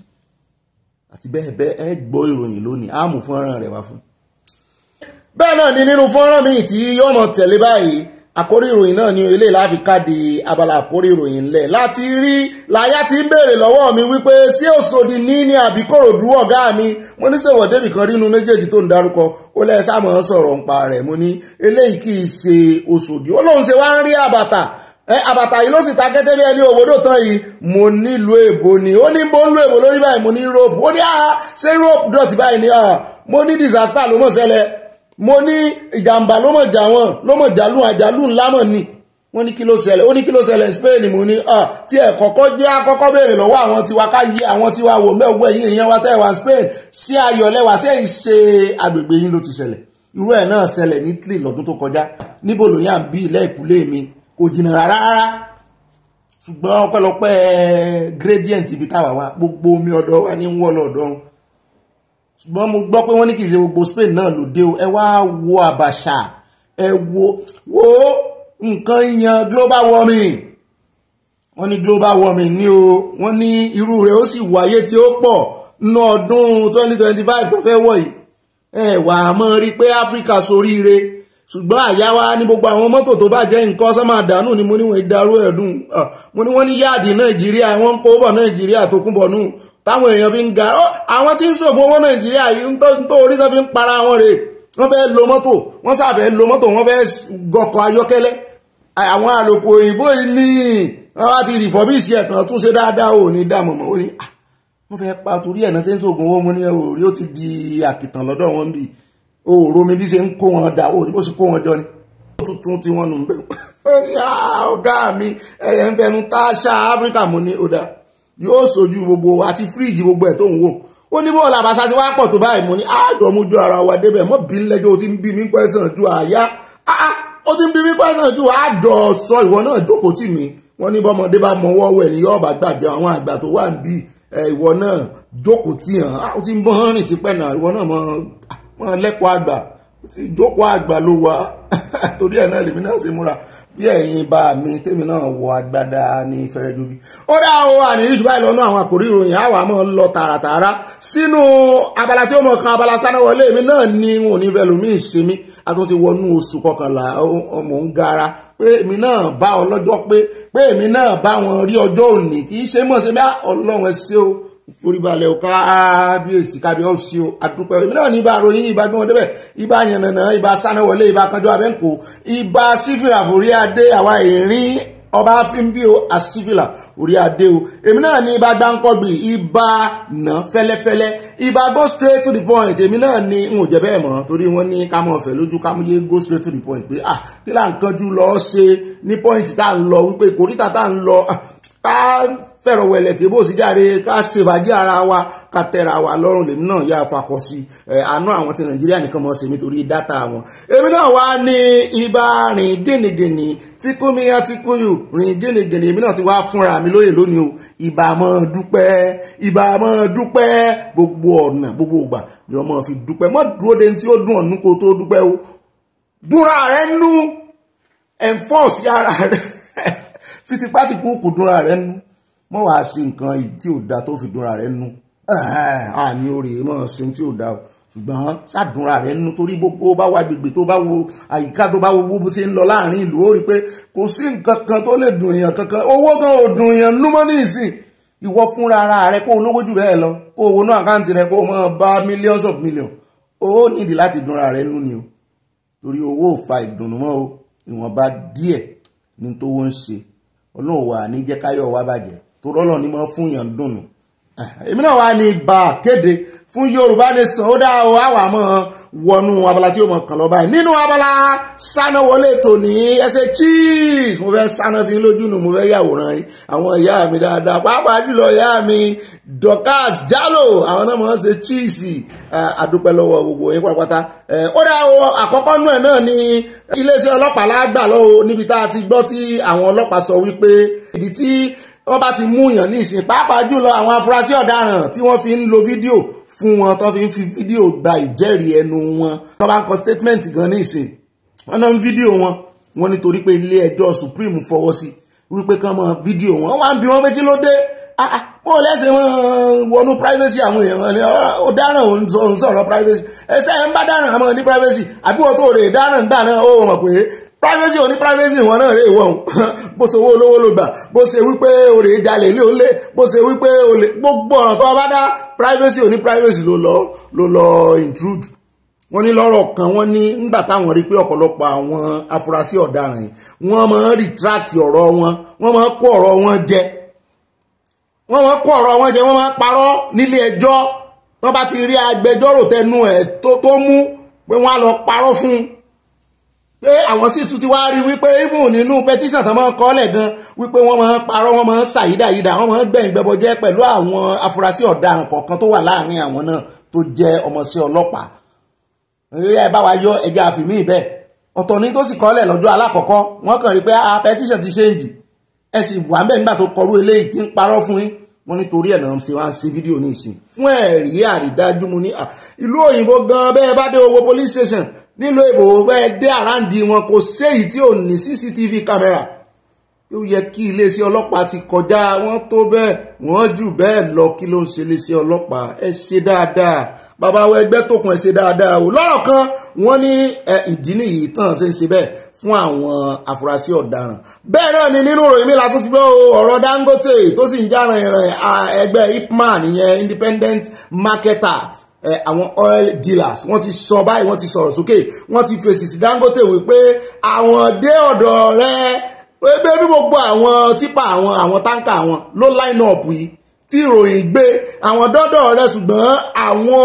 àti bẹ́ẹ̀ bẹ́ẹ̀ ẹ gbọ́ ìròyìn lónìí áàmù fọ́nrán rẹ̀ wá fún. bẹ́ẹ̀ náà ni nínú fọ́nrán míì tí yọ̀ọ̀mọ̀ tẹ̀lé báyìí àkórí ìròyìn náà ni eléyìí láfi káde abala àkórí ìròyìn ńlẹ̀ láti rí láyà tí ń béèrè lọ́wọ́ mi wípé ṣé Òṣòdì ní ní àbí Kòròdú ọ̀gá mi mo ní ṣèwọ̀ débì kan rínú méjèèjì tó ń darúkọ ó lẹ́ sàmọ́ sọ̀rọ̀ ń pa rẹ̀ mo ní eléyìí kì í ṣe Òṣòdì ó lóun ṣe wá ń rí àbàtà àbàtà yìí ló sì ta gẹ́gẹ́ bí ẹni òwòdó tán yìí mo nílùú èbó ni ó ní bó ń lo èbó lórí báyìí mo ní rope ó ní àá ah, ṣé rope dọ̀tí báyìí ni ah, mo ní disaster ló mọ̀ ṣẹlẹ̀ mo ní ìjàmbá ló mọ̀ jà wọ́n ló mọ̀ jàlú àjàlú ńlá mọ̀ ni wọ́n ní kí ló ṣẹlẹ̀ ó ní kí ló ṣẹlẹ̀ Spain mo ní ah, tí ẹ̀ kọ́kọ́ jẹ́ àkọ́kọ́ béèrè lọ́wọ́ àwọn tiwa ká yí àwọn tiwa wò mẹ́wọ́ ẹ̀yìn èèyàn wa tẹ́wà Spain sí ayọ̀lẹ́wà sí èyí ṣe agbègbè yín ló ti ṣẹlẹ̀ irú ẹ̀ náà ṣẹlẹ̀ ní Italy lọ́dún tó kọjá níbo lòyà ń bí ilé ìkúlé mi kò jìnnà rárá rárá ṣùgbọ́n ọpẹ́lọpẹ́ gradient ibi táwa wa gbogbo omi ọ̀dọ̀ wa ní ń wọ́ lọ́dọ̀ ṣùgbọ́n mo gbọ́ pé wọ́n ní kì í ṣe gbogbo Spain náà ló dé o ẹ wá wo àbàṣà ẹ wo wo nǹkan yan global warming wọ́n ní global warming ní o wọ́n ní irú rẹ̀ ó sì wáyé tí ó pọ̀ nínú ọdún 2025 tó fẹ́ wọ̀ ẹ wà á mọ̀ rí pé Áfíríkà soríire ṣùgbọ́n àyà wa ní gbogbo àwọn mọ́tò tó bá nǹkan sọ́mà dànù ni mo ní wọ́n darú ẹ̀dùn ah, mo ní wọ́n ní yáàdì Nàìjíríà wọ́n ń kó bọ̀ Nàìjíríà tó kún bọ̀ nù táwọn èèyàn fi ń ga àwọn tí ń ṣògùn owó nàìjíríà yìí ń tó orí tó fi ń para wọn rè wọ́n fẹ́ lo mọ́tò wọ́n sàfẹ́ lo mọ́tò wọ́n fẹ́ gọkọ̀ ayọ́kẹ́lẹ́ àwọn àlòkù òyìnbó yìí ní wọ́n bá ti rìfọ́bíìsì ẹ̀tàn tún ṣe dáadáa ò ní dààmú mọ́ ó ní ah, wọ́n fẹ́ pa torí ẹ̀nà ṣe ń ṣògùn owó mu ní ẹ̀wò rí ó ti di àkìtàn lọ́dọ̀ wọn bì ó rò mí bí ṣe ń kó wọn dà ó bó ṣe kó wọn jọ ni ó tuntun tí wọ́n nù ń bẹ̀ ó ní ah, ọ̀gá mi ẹ̀yẹ̀ ń fẹnu táṣà áfíríkà mo ní ó dáa yóò sojú gbogbo àti fíríjì gbogbo ẹ̀ tó ń wò ó ní bọ́ọ̀lù àbáṣá ti wá pọ̀ tó báyìí mo ní àádọ́mújú ara wa débẹ̀ mọ́ bí lẹ́jọ́ o ti ń bí mi pẹ́sàn ju àyá ó ti ń bí mi pẹ́sàn ju àádọ́ sọ ìwọ náà jókòó tì mí wọ́n ní bọ́mọdé bá mọ wọ́wọ́ ẹ̀ ní yọ́ọ̀bà gbàgbé àwọn àgbà tó wà níbí ìwọ náà jókòó tì hàn ó ti ń bọ́ rìn tipẹ́ náà ìwọ náà mọ lẹ́kọ̀ọ́ àgbà ó ti jókòó àgbà ló wà torí ẹ̀ náà lèmi náà ṣe múra bí ẹ̀yin bá mi tèmi náà wọ agbádá ní fẹ́rẹ́ jógi ó dá o àníyí jù báyìí lọ́nà àwọn àkòrí ìròyìn àwa máa ń lọ tààràtààrà sínú abala tí ó mọ̀ kan abala sánáwọlé mi náà ní n ò ní fẹlùmí ìsinmi a tún ti wọnú oṣù kọkànlá ọmọ ń gara pé èmi náà bá ọlọ́jọ́ pé pé èmi náà bá wọn rí ọjọ́ òní kì í ṣe mọ̀ ṣe bí ọlọ́run ẹ ṣé o foríbalẹ̀ o kábíyèsí kábíyèsí o àdúpẹ́ èmi náà ní ibà ròyìn ibà bí wọ́n débẹ̀ iba yànnànà ibà sanáwọlé ibà kanjọ abẹ́ǹkó ibà sífìlà forí adé àwa ìrìn ọba fínbí o àsífìlà orí ade o èmi náà ní ibà gbáǹkọ́gbì ibà nà fẹ́lẹ́fẹ́lẹ́ iba go straight to the point èmi náà ní n ò jẹ́ bẹ́ẹ̀ mọ́ torí wọ́n ní ká mọ̀ ọ̀fẹ́ lójú ká mú yé go straight to the point pé ah kí là ń kanjú lọ ṣe ní point tá à ń lọ wípé kòríta tá à ń lọ ah fẹ̀rọ̀ wẹ̀lẹ̀ kí bó sì jáde ká ṣèwádìí ara wa ká tẹ̀ra wa lọ́rùn lèmi náà yà fakọ sí ẹ̀ àánú àwọn ti nàìjíríà nìkan mọ̀ sí nítorí dátà wọn. èmi náà wá ní ibà rìn gìnìgìnì tí kúmi àti kúyù rìn gìnìgìnì èmi náà ti wá fúnra mi lóye lónìí o ibà mọ́ dúpẹ́ ibà mọ́ dúpẹ́ gbogbo ọ̀nà gbogbo ìgbà ni ọmọ fi dúpẹ́ mọ́ dúró de tí ó dùn ọ̀nù kó tó dúpẹ́ o dúnra rẹ̀ nú enforce yàrá rẹ̀ fi tipátìkú kò dúnra rẹ̀ nú mọ́ wàá sí nǹkan tí ò da tó fi dúnra rẹ̀ nu àní orí mọ́ ṣe tí ò da o ṣùgbọ́n ṣàdúnra nu nínú torí gbogbo bá wá gbègbè tó bá wo àyíká tó bá wo bó ṣe ń lọ láàrin ìlú ó rí i pé kò sí nǹkan kan tó lè dùn èèyàn kankan owó gan ò dùn èèyàn númọ́ ní ìsìn ìwọ fúnra ara rẹ kó o lówó jù bẹ́ẹ̀ lọ kó o wọnú àkáǹtì rẹ kó o mọ̀ bá millions of millions ó nídi láti dúnra rẹ nú ni o torí owó ò fa ìdùnnú mọ́ o ìwọ̀nba díẹ̀ ní tó wọ́n ń ṣe ọlọ́run wà ní jẹ́ wá bàjẹ́ tó rọ́lọ̀ ní mọ́ fún yàn dùnú èmi náà wà ní bá a kéde fún Yorùbá Nation ó dá o àwọn àmọ́ wọnú abala tí ó mọ̀ kàn lọ báyìí nínú abala sáná wọlé tòní ẹsẹ̀ cheese mo fẹ́ sáná sí lójú nù mo fẹ́ yàwòrán yìí àwọn ìyá mi dáadáa pàápàá jùlọ ìyá mi Dorcas jalo. àwọn náà mọ̀ ọ́n ṣe cheese àdúpẹ́ lọ́wọ́ gbogbo yín pátápátá ó dá o àkọ́kọ́ nú ẹ̀ náà ni iléeṣẹ́ ọlọ́pàá lágbà lọ́wọ́ níbi tá a ti gbọ́ tí àwọn ọlọ́pàá sọ wípé ibi tí wọ́n bá ti mú yàn ní ìsìn pàápàá jùlọ àwọn afurasí ọ̀daràn tí wọ́n fi ń lo fídíò fún wọn tó fi ń fi fídíò gba ìjẹ́rìí ẹnu wọn tó bá ń kọ statement gan ní ìsìn wọ́n náà ń fídíò wọn wọ́n nítorí pé ilé ẹjọ́ supreme fọwọ́ sí wípé kán mọ fídíò wọn wọ́n wá ń bi wọ́n pé kí ló dé wọ́n ah, ah, lẹ́sìn wọn wọnú privacy àwọn èèyàn ni ah, ó dáràn òun sọ̀rọ̀ privacy ẹ̀sẹ̀ ń bá dáràn àmọ́ ní privacy àbí wọ́n tó rè dáràn gbà náà ó mọ̀ pé privacy ò ní privacy wọn náà rè wọ̀n bó ṣe owó olówó ló gbà bó ṣe wípé olè jalè lé olè bó ṣe wípé olè gbogbo ọ̀ràn tó bá dá privacy ò ní privacy ló lọ ló lọ intrude wọ́n ní lọ́rọ̀ kan wọ́n ní nígbà táwọn rí pé ọ̀pọ̀lọpọ̀ àwọn afurasí ọ̀daràn yìí wọ́n máa ń retract ọ̀rọ̀ wọn wọ́n máa ń kó ọ̀rọ̀ wọn jẹ wọ́n máa ń kó ọ̀rọ̀ wọn jẹ wọ́n máa ń parọ́ nílé ẹjọ́ wọ́n bá ti rí agbẹjọ́rò tẹnu ẹ̀ tó tó mú pé wọ́n á lọ parọ́ fún un pé àwọn sì tún ti wá rí wípé even nínú pẹtísàn tó máa ń kọ́lẹ̀ gan wípé wọ́n máa ń parọ́ wọ́n máa ń ṣàyídàyídà wọ́n máa ń gbẹ̀yìn gbẹbọjẹ́ pẹ̀lú àwọn afurasí ọ̀daràn kọ̀ọ̀kan tó wà láàrin àwọn náà tó jẹ́ ọmọọṣẹ́ ọlọ́pàá ẹ bá wa yọ ẹja àfìmí ìbẹ́ ọ̀tọ̀ ní tó sì kọ́lẹ̀ lọ́jọ́ alákọ̀ọ́kọ́ wọ́n kàn rí pé a ah, pẹtísàn ti ṣéǹjì ẹ sì wà ń bẹ̀ nígbà tó kọrú eléyìí ti ń parọ́ fún yín wọ́n nítorí ẹ̀ lọ́rùn sí wá ń ṣe fídíò ní ìsìn fún ẹ̀rí àrídájú mu ní ah, ìlú òyìnbó gan bẹ́ẹ̀ bá dé owó police station nílò ìbò bẹ́ẹ̀ dé àráǹdì wọn kò séyìí tí ò ní cctv camera ó yẹ kí iléeṣẹ́ ọlọ́pàá ti kọjá wọ́n tó bẹ́ẹ̀ wọ́n jù bẹ́ẹ̀ lọ kí ló ń ṣe iléeṣẹ́ ọlọ́pàá ẹ ṣe dáadáa bàbá wa ẹgbẹ́ tó kún ẹ ṣe dáadáa o lọ́rọ̀ kan wọ́n ní ìdí nìyí tán ṣe ń ṣe bẹ́ẹ̀ fún àwọn afurasí ọ̀daràn bẹ́ẹ̀ náà ni nínú ìròyìn mi la tún ti gbọ́ ọ̀rọ̀ Dangote tó sì ń járan ìrìn ẹgbẹ́ IPMAN ìyẹn Independent Marketers àwọn oil dealers wọ́n ti sọ báyìí wọ́n ti sọ̀rọ̀ sókè wọ́n ti fèsì sí Dangote wípé àwọn dé ọ̀dọ̀ rẹ pé bí gbogbo àwọn tipa àwọn àwọn táǹkà àwọn ló line up yìí tí ìròyìn gbé àwọn dọ́dọ̀ rẹ ṣùgbọ́n àwọn ò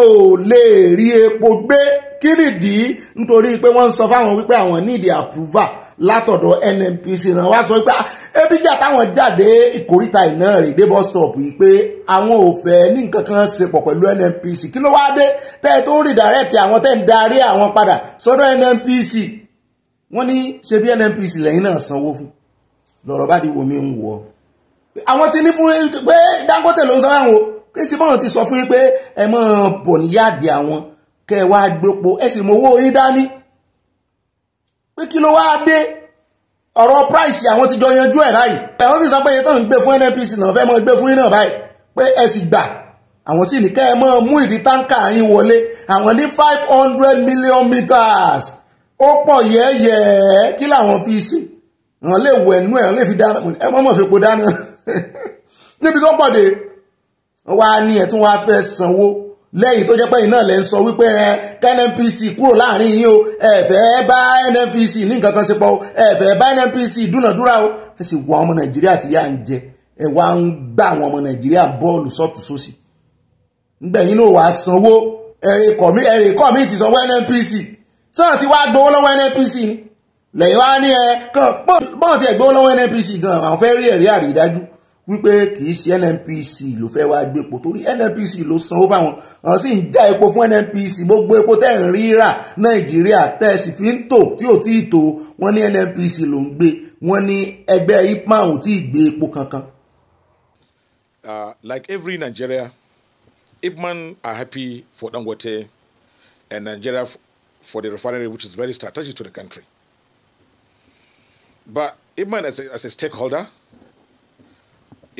lè rí epo gbé kí nìdí nítorí pé wọ́n ń sọ fáwọn wípé àwọn need approval látọ̀dọ̀ NNPC náà wá sọ pé ah, ebi jà táwọn jáde ìkóríta iná rẹ̀ dé bus stop yìí pé àwọn ò fẹ́ ní nǹkan kan ṣe pọ̀ pẹ̀lú NNPC kí ló wá dé tẹ́ ẹ tó ń rìdàrẹ́tì àwọn tẹ́ ń darí àwọn padà sọ́dọ̀ NNPC wọ́n ní ṣe bí NNPC lẹ́yìn náà sanwó fún lọ́rọ̀ bá di wo mi ń wọ̀ àwọn ti ní fún pé Dangote ló ń sanwó àwọn pé tí bọ́ọ̀n ti sọ fún yín pé ẹ mọ̀ bọ̀ níyàdí àwọn kẹ́ ẹ wá gbépo ẹ sì mọ owó yín dání pé kí ló wáá dé ọ̀rọ̀ price àwọn ti jọ yanjú ẹ̀ báyìí ẹ̀wọ́n sì sọ pé iye tó ń gbé fún NNPC náà fẹ́ mọ́ gbé fún yín náà báyìí pé ẹ sì gbà àwọn sì ní kẹ́ ẹ mọ́ mú ìdí táǹkà yín wọlé àwọn ní five hundred million meters ó pọ̀ yẹ́yẹ́ kí làwọn fi ṣe wọn lè wẹ̀ nú ẹ̀ wọn lè fi dáná ẹ mọ́ mọ́ fi po dáná níbi tó pọ̀ dé wọ́n wá ní ẹ̀ tún wá fẹ́ sanwó lẹ́yìn tó jẹ́ pé iná lẹ́ ń sọ wípé ẹ kNNPC kúrò láàrin yín o ẹ fẹ́ bá NNPC ní nǹkan kan ṣe pọ̀ o ẹ fẹ́ bá NNPC dúnàdúrà o ẹ sì wá ọmọ Nàìjíríà tí yà ń jẹ ẹ wá ń gbà àwọn ọmọ Nàìjíríà bọ́ọ̀lù sọ́tún sósì ngbẹ̀yìn ló wàá sanwó ẹ̀rẹ̀ kọ̀ mí ẹ̀rẹ̀ kọ̀ mí ti sanwó NNPC sọ̀rọ̀ tí wàá gbowó lọ́wọ́ NNPC ni lẹ́yìn wá ní ẹ kàn bọ́ọ̀ tí ẹ̀ gbowó lọ́wọ́ NNPC gan wípé kì í ṣe NNPC ló fẹ́ wá gbé torí NNPC ló sanwó fáwọn àwọn sì ń já epo fún NNPC gbogbo epo tẹ́ ń rí rà Nàìjíríà tẹ́ sì fi ń tò tí ò tí ì tò wọ́n ní NNPC ló ń gbé wọ́n ní ẹgbẹ́ IPMAN ò tí ì gbé epo kankan. Uh, like every Nigeria, IPMAN are happy for Dangote and Nigeria for the refinery which is very strategic to the country. But IPMAN as a, as a stakeholder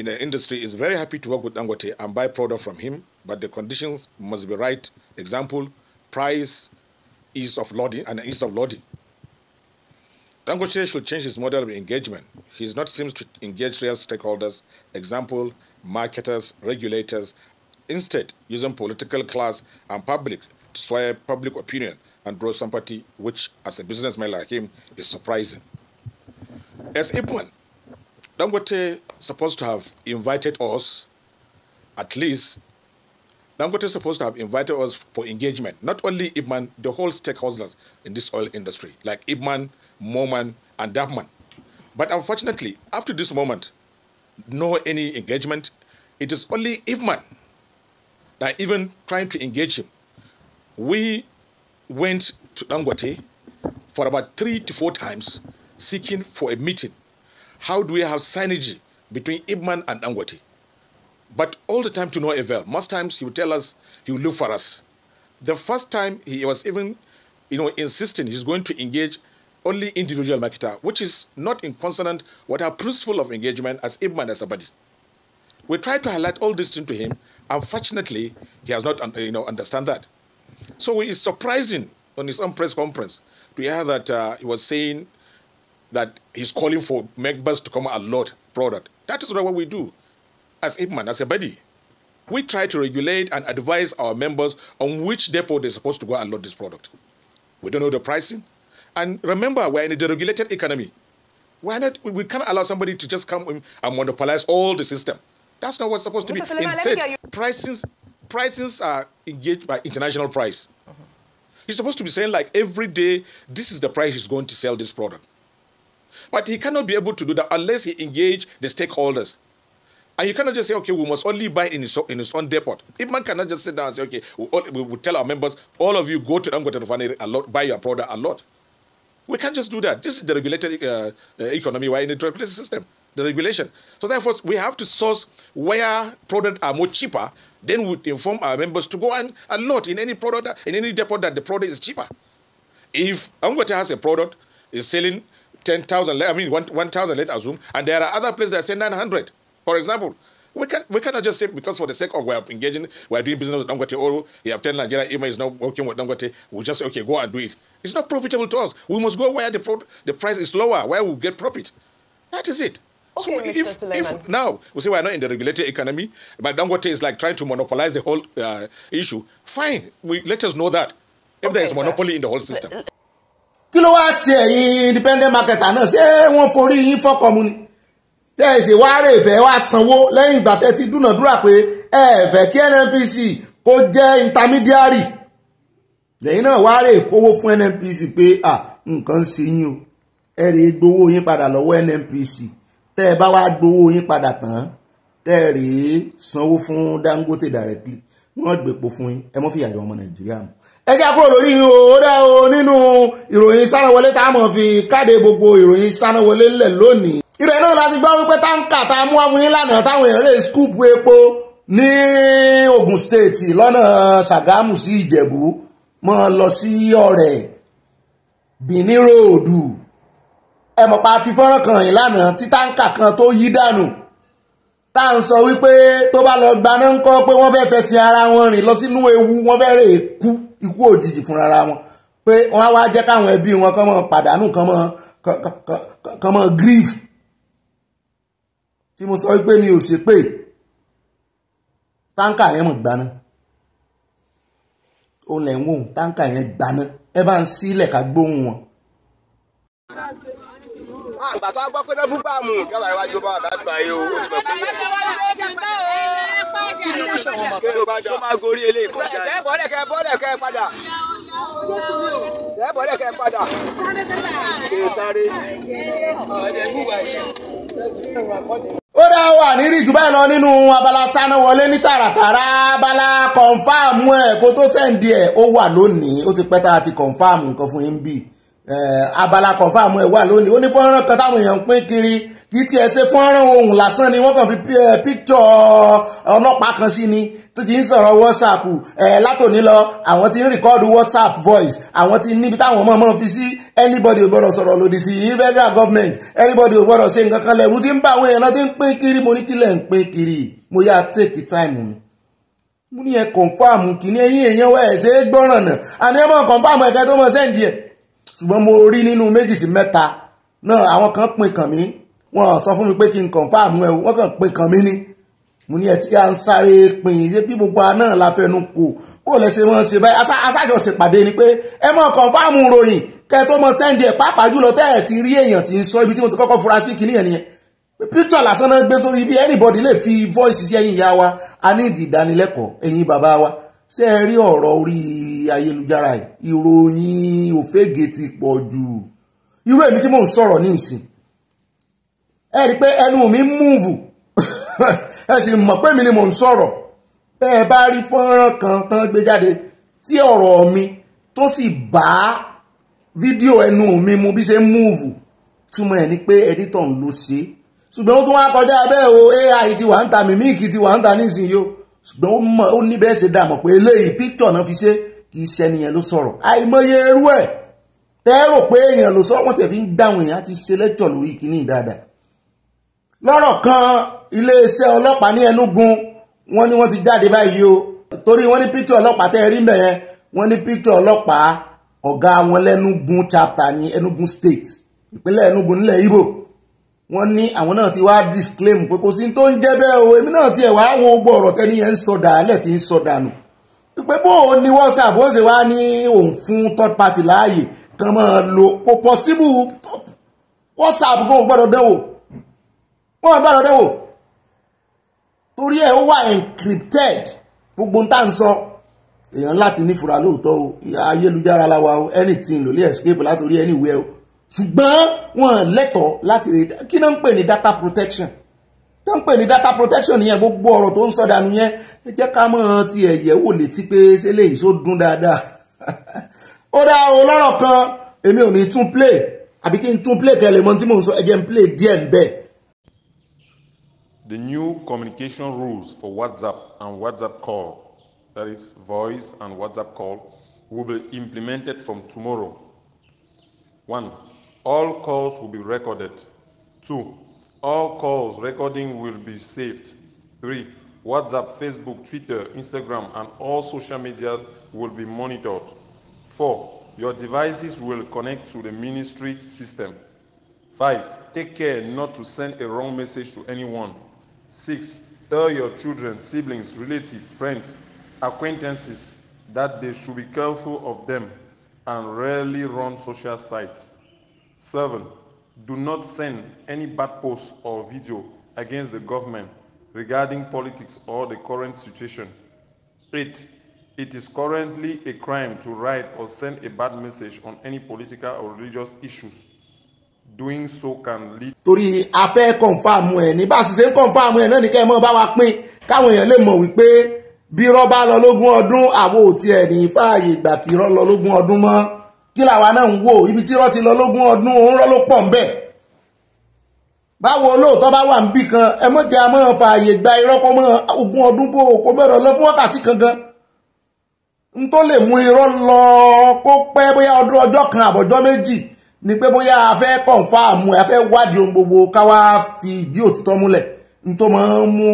in the industry is very happy to work with Dangote and buy product from him, but the conditions must be right. Example, price, ease of loading, and ease of loading. Dangote should change his model of engagement. He not seems to engage real stakeholders, example, marketers, regulators, instead using political class and public to sway public opinion and draw sympathy, which, as a businessman like him, is surprising. As Ipman, Dangote supposed to have invited us, at least, Dangote is supposed to have invited us for engagement, not only Ibman, the whole stakeholders in this oil industry, like Ibman, Moman, and Dapman. But unfortunately, up to this moment, no any engagement. It is only Ibman that even trying to engage him. We went to Dangote for about three to four times seeking for a meeting. How do we have synergy between Ibman and Dangote. But all the time to no avail. Most times he would tell us he would look for us. The first time he was even, you know, insisting he's going to engage only individual marketer, which is not in consonant with our principle of engagement as Ibman as a body. We tried to highlight all this to him. Unfortunately, he has not, you know, understand that. So it's surprising on his own press conference to hear that uh, he was saying that he's calling for members to come a lot product. That is what we do as IPMAN, as a body. We try to regulate and advise our members on which depot they're supposed to go and load this product. We don't know the pricing. And remember, we're in a deregulated economy. We're not, we can't allow somebody to just come and monopolize all the system. That's not what's supposed Mr. to be. Suleiman, Instead, let prices are engaged by international price. Uh -huh. He's supposed to be saying, like, every day, this is the price he's going to sell this product. But he cannot be able to do that unless he engage the stakeholders. And you cannot just say, okay, we must only buy in his, in his own depot. If man cannot just sit down and say, okay, we, all, we will tell our members, all of you go to Anggota Refinery a lot, buy your product a lot. We can't just do that. This is the regulated uh, uh economy we're in a trade system, the regulation. So therefore, we have to source where products are more cheaper. Then we inform our members to go and a lot in any product, in any depot that the product is cheaper. If Anggota has a product, is selling 10,000, I mean 1,000, let assume, and there are other places that say 900, for example. We can we cannot just say because for the sake of we're engaging, we're doing business with Dangote or you have 10 Nigeria email is not working with Dangote, we just say, okay, go and do it. It's not profitable to us. We must go where the pro- the price is lower, where we get profit. That is it. Okay, so if, if, now we say we're not in the regulated economy, but Dangote is like trying to monopolize the whole uh, issue, fine. We, let us know that if okay, there is monopoly sir. in the whole system. kí ló wá ṣe ẹ̀yin independent marketer náà ṣé wọ́n forí yín fọ́kọ̀ mu ni tẹ́ ẹ ṣe wáá rè fẹ́ wá sanwó lẹ́yìn ìgbà tẹ́ ti dúnàdúrà pé ẹ fẹ́ kí NNPC kó jẹ́ intermediary lẹ́yìn náà wáá rè kówó fún NNPC pé à nǹkan ń ṣe yín o ẹ rè gbowó yín padà lọ́wọ́ NNPC tẹ́ ẹ bá wá gbowó yín padà tán tẹ́ ẹ rè sanwó fún Dangote directly wọ́n gbèpò fún yín ẹ mọ́ fìyà ọmọ Nàìjíríà mọ́ ẹ jẹ́ kúrò lórí o dá o nínú ìròyìn sánáwọlé tá a mọ̀ fi káde gbogbo ìròyìn sánáwọlé lẹ̀ lónìí. ibẹ̀ náà láti gbọ́ wípé táǹkà tá a mú wá fún yín lánàá táwọn eré scoop epo ní Ogun State lọ́nà Ṣàgámù sí Ìjẹ̀bú mọ́ lọ sí ọ̀rẹ́ Benin Road ẹ mọ̀ pa fi fọ́nrán kan yìí lánàá tí táǹkà kan tó yí dànù tá à ń sọ wípé tó bá lọ gbaná ńkọ́ pé wọ́n fẹ́ fẹsẹ̀ ara wọn rìn lọ sínú ewu wọ́n fẹ́ rè é kú ikú òjijì fúnra wọn pé wọ́n á wá jẹ́ káwọn ẹbí wọn kàn máa pàdánù kàn máa kàn máa grief tí mo sọ pé mi ò ṣe pé táǹkà yẹn mọ̀ gbaná òun lẹ̀ ń wò táǹkà yẹn gbaná ẹ bá ń sílẹ̀ ká gbóhùn wọn àgbà tó gbọ́ pé lọ́bù bá mú kí àwọn iwájú bá bá gbà yìí o ó ti mọ̀ pé. ṣé o máa gorí eléyìí kọjá yìí. bọ́lẹ̀ kẹ bọ́lẹ̀ kẹ padà. ṣe bọ́lẹ̀ kẹ padà. kì ó dá wà ní ríjù báyìí lọ nínú abala sáná wọlé ní tààràtàrà abala kọ̀ǹfàmù ẹ̀ kó tó sẹ́ǹdì ẹ̀ ó wà lónìí ó ti pẹ́ tá a ti kọ̀ǹfàmù nǹkan fún yín bíi. Eh, abala confam ẹ̀ wà lónìí ó ní fọ́nrán kan táwọn èèyàn ń pín kiri kì í tiẹ̀ ṣe fọ́nrán ohun lásán ni wọ́n kàn fi eh, píkítọ̀ ọlọ́pàá kan sí ni tó ti ń sọ̀rọ̀ whatsapp ẹ̀ eh, látòní lọ àwọn ti ń rìkọ́ọ̀dù whatsapp voice àwọn ti níbi táwọn ọmọ ọmọ fi sí anybody ò gbọ́dọ̀ sọ̀rọ̀ lòdì sí federal government anybody ò gbọ́dọ̀ ṣe nǹkan kan lẹ́rú tí ń bá àwọn èèyàn ti ń pín kiri mo ní kílẹ̀ ń pín kiri mo yá take time mi mo ní ẹ confam kì ní ẹ̀yin èèyàn wẹ̀ ẹ̀ ṣe é gbọ́ràn náà àní ẹ mọ̀ confam ẹ̀kẹ́ tó mọ̀ sẹ́ǹdì ẹ̀ ṣùgbọ́n mo rí nínú méjì sí mẹ́ta náà àwọn kan pin kàn mí wọ́n sọ fún mi pé kí n confirm ẹ wọ́n kàn pin kàn mí ni mo ní ẹ tí a ń sáré pin ṣé bí gbogbo àná la fẹnu kò kó lè ṣe wọ́n ṣe báyìí aṣáájọ ṣèpàdé ni pé ẹ mọ̀ confirm ròyìn kẹ tó mọ sẹ́ndì ẹ̀ pàápàá jùlọ tẹ́ ẹ̀ ti rí èèyàn tí ń sọ ibi tí mo ti kọ́kọ́ fura sí kìnìyàn nìyẹn picture lásán náà gbé sórí bí anybody lè fi voice sí ẹ̀yìn ìyá wa a ní ìdí ìdánilẹ́kọ̀ọ́ ẹ̀yìn bàbá wa ṣé ẹ rí ọ̀rọ̀ orí ayélujára ìròyìn òfégè ti pọ̀ jù irú èmi tí mò ń sọ̀rọ̀ ní ìsìn ẹ rí pé ẹnu mi ń múùvù ẹ sì mọ̀ pé mi ni mò ń sọ̀rọ̀ bẹ́ ẹ bá rí fọ́nrán kan tán gbé jáde tí ọ̀rọ̀ mi tó sì bá fídíò ẹnu mi mu bí ṣe ń múùvù túmọ̀ ẹ̀ ni pé ẹdítọ̀ ń lo ṣe ṣùgbọ́n ó tún wá kọjá bẹ́ẹ̀ o AI ti wà ń ta mímíìkì ti wà ń ta nísìnyí o ṣùgbọ́n ó mọ̀ ó ní bẹ́ẹ̀ ṣe dààmú pé eléyìí píkítọ̀ náà fi ṣe kì í ṣẹni yẹn ló sọ̀rọ̀ àìmọye irú ẹ̀ tẹ́rò pé èèyàn ló sọ wọ́n ti fi ń gbàwọn èèyàn ti ṣe lẹ́jọ́ lórí ìkíní dáadáa lọ́rọ̀ kan iléeṣẹ́ ọlọ́pàá ní Enugu wọ́n ní wọ́n ti jáde báyìí o torí wọ́n ní píkítọ̀ ọlọ́pàá tẹ́ rí mbẹ̀ yẹn wọ́n ní píkítọ̀ ọlọ́pàá ọ̀gá wọn l'Enugu chapter ní Enugu state ìpínlẹ̀ Enugu nílẹ̀ Igbo wọ́n ní àwọn náà ti wá disclaim pé kò sí tó ń jẹ́ bẹ́ẹ̀ o èmi náà tiẹ̀ wá wo gbọ́ ọ̀rọ̀ tẹ́ni yẹn ń sọ dàálẹ̀ tí ń sọ dànù pé bó o ní WhatsApp ó sì wá ní òun fún third party láàyè kan máa lo kò possible WhatsApp kò gbọ́dọ̀ dánwò wọ́n gbọ́dọ̀ dánwò torí ẹ̀ ó wà encrypted gbogbo ń tà ń sọ èèyàn láti nífura lóòótọ́ o ayélujára la wa o anything ló lè escape látòrí anywhere o ṣùgbọ́n wọn lẹ́tọ̀ọ́ láti rè kí ló ń pè ní data protection tó ń pè ní data protection nìyẹn gbogbo ọ̀rọ̀ tó ń sọ dànù yẹn ẹ jẹ́ ká mọ̀ ti ẹ̀yẹ́ wò létí pé ṣé léyìí só dún dáadáa ó dá ọlọ́rọ̀ kan èmi ò ní tún play àbí kí n tún play kẹlẹ̀ mọ́ tí mò ń sọ ẹ jẹ́ n play díẹ̀ ń bẹ̀. The new communication rules for WhatsApp and WhatsApp call, that is voice and WhatsApp call, will be implemented from tomorrow. One, All calls will be recorded. 2. All calls recording will be saved. 3. WhatsApp, Facebook, Twitter, Instagram, and all social media will be monitored. 4. Your devices will connect to the ministry system. 5. Take care not to send a wrong message to anyone. 6. Tell your children, siblings, relatives, friends, acquaintances that they should be careful of them and rarely run social sites. 7. Do not send any bad post or video against the government regarding politics or the current situation. 8. It is currently a crime to write or send a bad message on any political or religious issues. Doing so can lead. Torí a fẹ́ kọ̀nfàmù ẹ̀ ní bá a sì ṣe ń kọ̀nfàmù ẹ̀ náà ní kẹ́ ẹ mọ́ bá wa pín káwọn èèyàn lè mọ̀ wípé bí irọ́ bá lọ lógún ọdún àwo ò tiẹ̀ ní fààyè gbà kí irọ́ lọ lógún ọdún mọ́ kí làwa náà ń wò ibi tí irọ́ ti lọ lógún ọdún òun rọ́ ló pọ̀ ń bẹ̀ báwo olóòótọ́ bá wà níbì kan ẹ mọ̀jẹ̀ a máa fààyè gba irọ́ kan mọ́ ogún ọdún bò kó bẹ̀rẹ̀ lọ fún wákàtí kankan n tó lè mú irọ́ lọ kó pẹ́ bóyá ọdún ọjọ́ kan àbọ̀jọ́ méjì ni pé bóyá a fẹ́ kọ̀ǹfàmù a fẹ́ wádìí ohun gbogbo káwá fi ìdí òtítọ́ múlẹ̀ n tó máa ń mú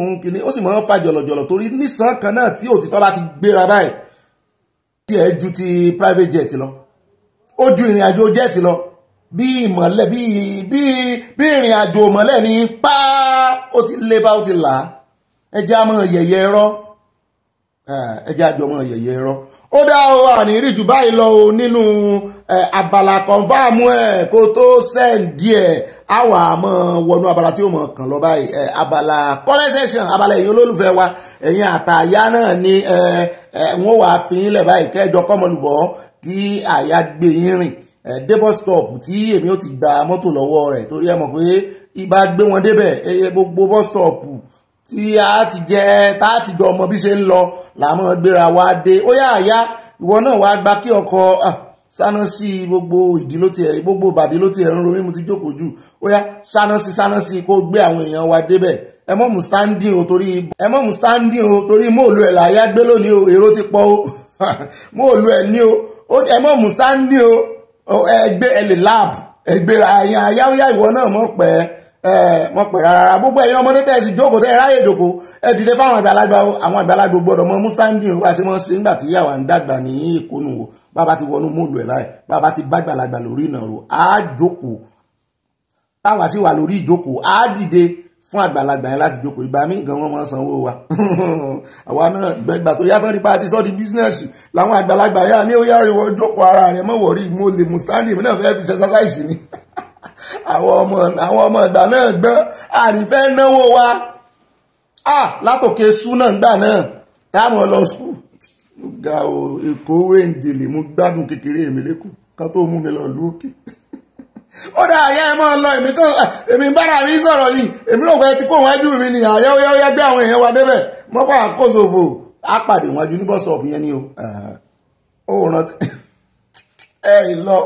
ohun kìíní ó sì máa ń fa jọ̀lọ̀jọ̀lọ̀ torí nísàn kan náà tí òtítọ́ bá ti gbéra báyìí tiẹ̀ ju ti private jet lọ ó ju ìrìn àjò jet lọ bí ìmọ̀lẹ̀ bí bí bí ìrìn àjò ìmọ̀lẹ̀ ni pa ó ti lé bá ó ti là á ẹjẹ́ àmọ́ yẹ̀yẹ́ ẹ̀rọ ẹjẹ́ àjọ ọmọ yẹ̀yẹ́ ẹ̀rọ ó dá o àní rí jù báyìí lọ o nínú abala kọ̀ǹfàmù ẹ̀ kó tó sẹ́ǹdì ẹ̀ àwa àmọ́ wọnú abala tí ó mọ̀ kàn lọ báyìí abala comment section abala ẹ̀yin olólùfẹ́ wa ẹ̀yin àtàyà náà ni wọ́n wàá fi yín lẹ̀ báyìí kẹ́jọ kọ́mọlùbọ́ kí àyà gbé yín rìn dé bus stop tí èmi ò ti gba mọ́tò lọ́wọ́ rẹ̀ torí ẹ mọ̀ pé ibà gbé wọn débẹ̀ gbogbo bus stop tí a ti jẹ tá a ti jọ ọmọ bí ṣe ń lọ làmọ́ gbéra wa dé ó yá àyà ìwọ náà wàá gba kí ọkọ̀ ah Sanusi gbogbo ìdí ló ti ẹ̀ gbogbo ìbàdí ló ti ẹ̀ ń ro mímu ti jókòó jù ó yá Sanusi Sanusi kó gbé àwọn èèyàn wa débẹ̀ ẹ mọ̀ mú standing o torí ẹ mọ̀ mú standing o torí móòlù ẹ̀ láyá gbé lónìí o èrò ti pọ̀ o móòlù ẹ̀ ní o ẹ mọ̀ mú standing o ẹ gbé ẹ lè lab ẹ gbéra ẹ̀yàn ayáwóyá ìwọ náà mọ̀ pẹ́ ẹ mọ̀ pẹ́ rárá gbogbo ẹ̀yin ọmọdé tẹ̀ sí jókòó tẹ̀ ráyè jókòó ẹ dìde fáwọn àgbàlagbà àwọn àgbàlagbà gbọdọ̀ mọ̀ mú standing o wá sí mọ́ sí nígbà tí yàwá ń dàgbà ní ìkónú o bàbá ti wọnú móòlù ẹ̀ báyìí bàbá ti bá gbàlagbà lórí ìnàró á jókòó táwa sì wà lórí ìjókòó á dìde fún àgbàlagbà yẹn láti jókòó ìgbà míì gan wọn máa ń sanwó wa àwa náà gbẹgbà tó yàtọ̀ nípa àti sọ́ọ̀dì bísínẹ́sì làwọn àgbàlagbà yà ní ó yá ìwọ jókòó ara rẹ mọ̀ wọ̀rí mo lè mú stanley mi náà fẹ́ fi ṣẹṣẹṣáìsì ni àwọn ọmọ àwọn ọmọ ìgbà náà gbọ́n àrífẹ́ náwó wa ah, látòkè sú náà gbà náà táwọn lọ skul ga o èkó wéǹdìlì mo gbádùn kékeré mi lẹ́kọ̀ọ́ ka to mu mi lọ lú òkè ó dá àyà ẹ máa lọ èmi kan èmi ń bára mi sọ̀rọ̀ yìí èmi náà gbọ́dọ̀ ti kó wájú mi ni àyà ó yá awọn gbé àwọn èèyàn wa débẹ̀ mọ́fà àkóso pàdé wájú ní bọ́sọ̀ yẹn ni o ó rántí ẹ lọ.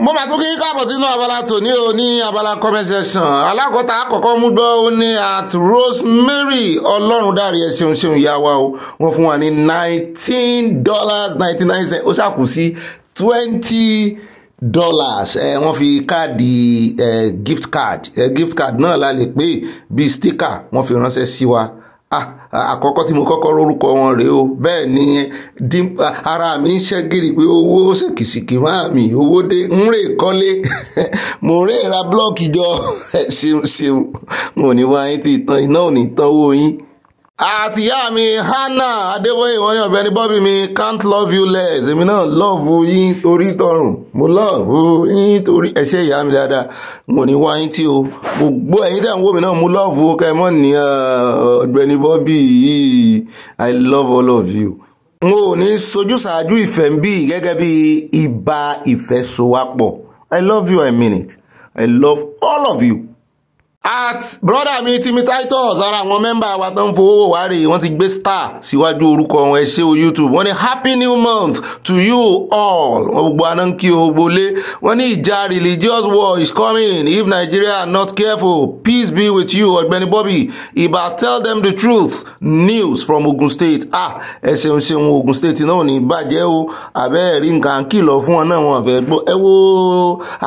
mo máa tún kí káàbọ̀ sínú abala tòní o ní abala comment section alákọ̀ọ́ta àkọ́kọ́ mú gbọ́ ó ní at Rosemary Ọlọ́rundàrí ẹ ṣeun ṣeun ìyá wa o wọ́n fún wa ní nineteen dollars ninety nine cents ó ṣàkù sí twenty dollars ẹ wọ́n fi káàdì gift card gift card náà la lè pè bíi sticker wọ́n fi ránṣẹ́ sí wa Ah, ah, àkọ́kọ́ tí mo kọ́kọ́ rórúkọ wọn rèé o bẹ́ẹ̀ ni ara mi ń ṣẹ́gìrì pé owó ṣèkìsìkì máa mi owó dé ń rè kọ́lé mo rè ra blọ́ọ̀kì jọ ṣeun ṣeun mo ní wá yín tí ìtàn iná ò ní tán yín àtìyá mi Hannah Adébóyè wọn ní ọbẹ ní bọ́bí mi can't love you less èmi náà love yín torí tọrùn mo love yín torí ẹ̀ṣẹ̀ ìyá mi dáadáa mo ní wá yín tí o gbogbo ẹ̀yin tẹ̀ ń wò mí náà mo love o kẹ́ ẹ mọ́ ní eh, bọ́bí yìí i love all of you. n ò ní sojú ṣáájú ìfẹ́ ń bì gẹ́gẹ́ bí ibà ìfẹ́ so wá pọ̀ i love you i mean it i love all of you at brother mi Timi Titus ara àwọn mẹ́mbà wa tó ń fowó wà rèé wọ́n ti gbé star síwájú orúkọ wọn ẹ ṣé o YouTube wọ́n ní happy new month to you all wọ́n gbogbo aná ń kí wọ́n ní ìjà religious war is coming if Nigeria not careful peace be with you ọ̀gbẹ́ni Bobby ibà tell them the truth news from Ogun State ah ẹ ṣeun ṣeun Ogun State náà ní bàjẹ́ o àbẹ́ẹ̀rí nǹkan kìlọ̀ fún wọn náà wọn fẹ́ gbọ́ ẹ wo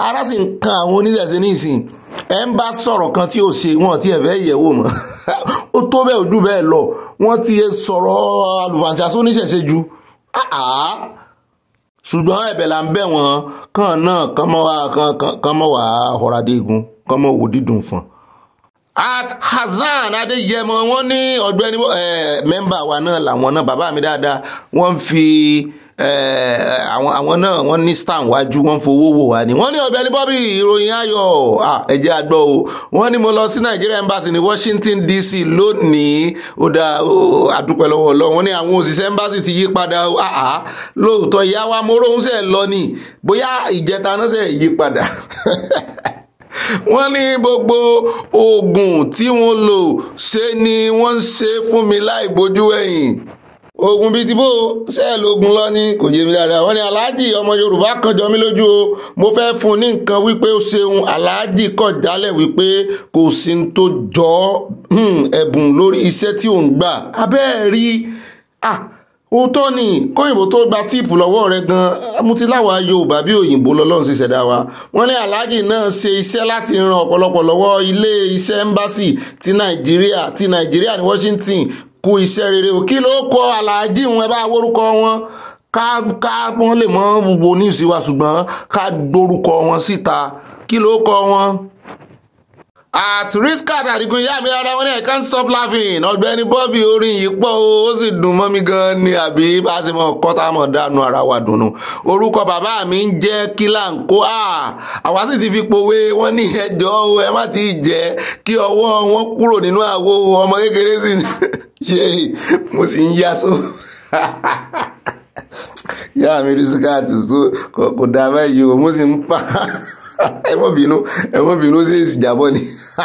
ara sì ń kan àwọn oníṣẹ́ṣe ní ìsìn ẹ ń bá sọ̀rọ̀ kan tí ò ṣe wọn ti ẹ̀fẹ́ yẹ̀wò mọ́ ó tó bẹ́ẹ̀ ojú bẹ́ẹ̀ lọ wọ́n ti sọ̀rọ̀ àlùfàǹṣàṣó níṣẹ̀ṣe ju ṣùgbọ́n ẹ̀bẹ̀ là ń bẹ̀ wọ́n kàn náà kàn mọ́ wá kàn mọ́ wá ọ̀rádégun kàn mọ́ wò dídùn fún. at Hasan Adéyẹmọ wọ́n ní ọ̀gbẹ́ni mẹ́mbà wa náà làwọn náà bàbá mi dáadáa wọ́n fi. Eh, àwọn àwọn náà wọ́n ní star wájú wọ́n fowó wò wá ni wọ́n ní Ọ̀gbẹ́ni Bobby ìròyìn ayọ̀ ah, ẹ jẹ́ a gbọ́ o wọ́n ní mo lọ sí Nigeria embassy ní Washington DC lónìí ó dá àdúpẹ́ lọ́wọ́ Ọlọ́run wọ́n ní àwọn òṣìṣẹ́ embassy ti yí padà àá ah, ah, lóòótọ́ ìyá wa mo róhùn sẹ́ẹ̀ lọ ni bóyá ìjẹta náà sẹ́ẹ̀ yí padà wọ́n ní gbogbo oògùn tí wọ́n lò ṣe ni wọ́n ń ṣe fún mi láì bojú ẹ̀yìn ogun bíi ti bó sẹ́ẹ̀lógún lọ ni kò yé mi dáadáa wọ́n ní aláàjì ọmọ yorùbá kan jọ mí lójú o mo fẹ́ fún un ní nǹkan wípé ó ṣeun aláàjì kọ̀ jálẹ̀ wípé kò sí ní tó jọ hmm, ẹ̀bùn lórí iṣẹ́ tí òun gbà abẹ́ẹ̀ rí ah òótọ́ ni kóyìnbó tó gba tíìpù lọ́wọ́ rẹ gan-an mo ti láwa yorùbá bí òyìnbó lọ́lọ́run ṣe ṣẹ̀dá wa wọ́n ní aláàjì náà ṣe iṣẹ́ láti ran ọ̀pọ̀lọpọ̀ lọ́wọ́ ilé iṣẹ́ ẹ́mbásì ti nàìjíríà ti nàìjíríà ní washington kú iṣẹ́ rere o kí ló kọ aláàjì wọn ẹ bá wórúkọ wọn ká ká wọn lè mọ wo níìsí wa ṣùgbọ́n ká gbórúkọ wọn síta kí ló kọ wọn at riskat àdìgún ìyá mi rárá wọn ní i can't stop laughing ọ̀gbẹ́ni Bobby orin yìí pọ̀ o ó sì dùn mọ́ mi gan ni àbí bá a ṣe mọ kọta mọ dànù ara wa dùnú orúkọ bàbá mi ń jẹ́ Kílàńkó à àwa sì ti fi powé wọn ní ẹjọ́ o ẹ má ti jẹ́ kí ọwọ́ wọn kúrò nínú àwo ọmọ kékeré sí ṣe mo sì ń yá so ìyá mi so, kò dá báyìí o mo sì ń fa ẹ mọ bínú ẹ mọ bínú sí ìjàbọ ni.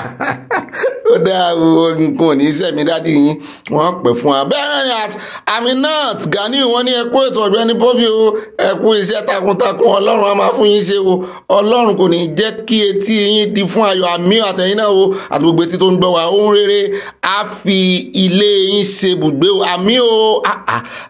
ó dáa nǹkan ò ní sẹ́mi dádì yín wọ́n pè fún wa bẹ́ẹ̀ náà ni Aminat Gani wọ́n ní ẹkú ètò ọ̀gbẹ́ni Bobby o ẹkú iṣẹ́ takuntakun ọlọ́run a máa fún yín ṣe o ọlọ́run kò ní jẹ́ kí etí yín di fún ayọ̀ àmì àtẹ̀yìn náà o àti gbogbo etí tó ń gbọ́ wa ohun rere á fi ilé yín ṣe bùgbé o àmì o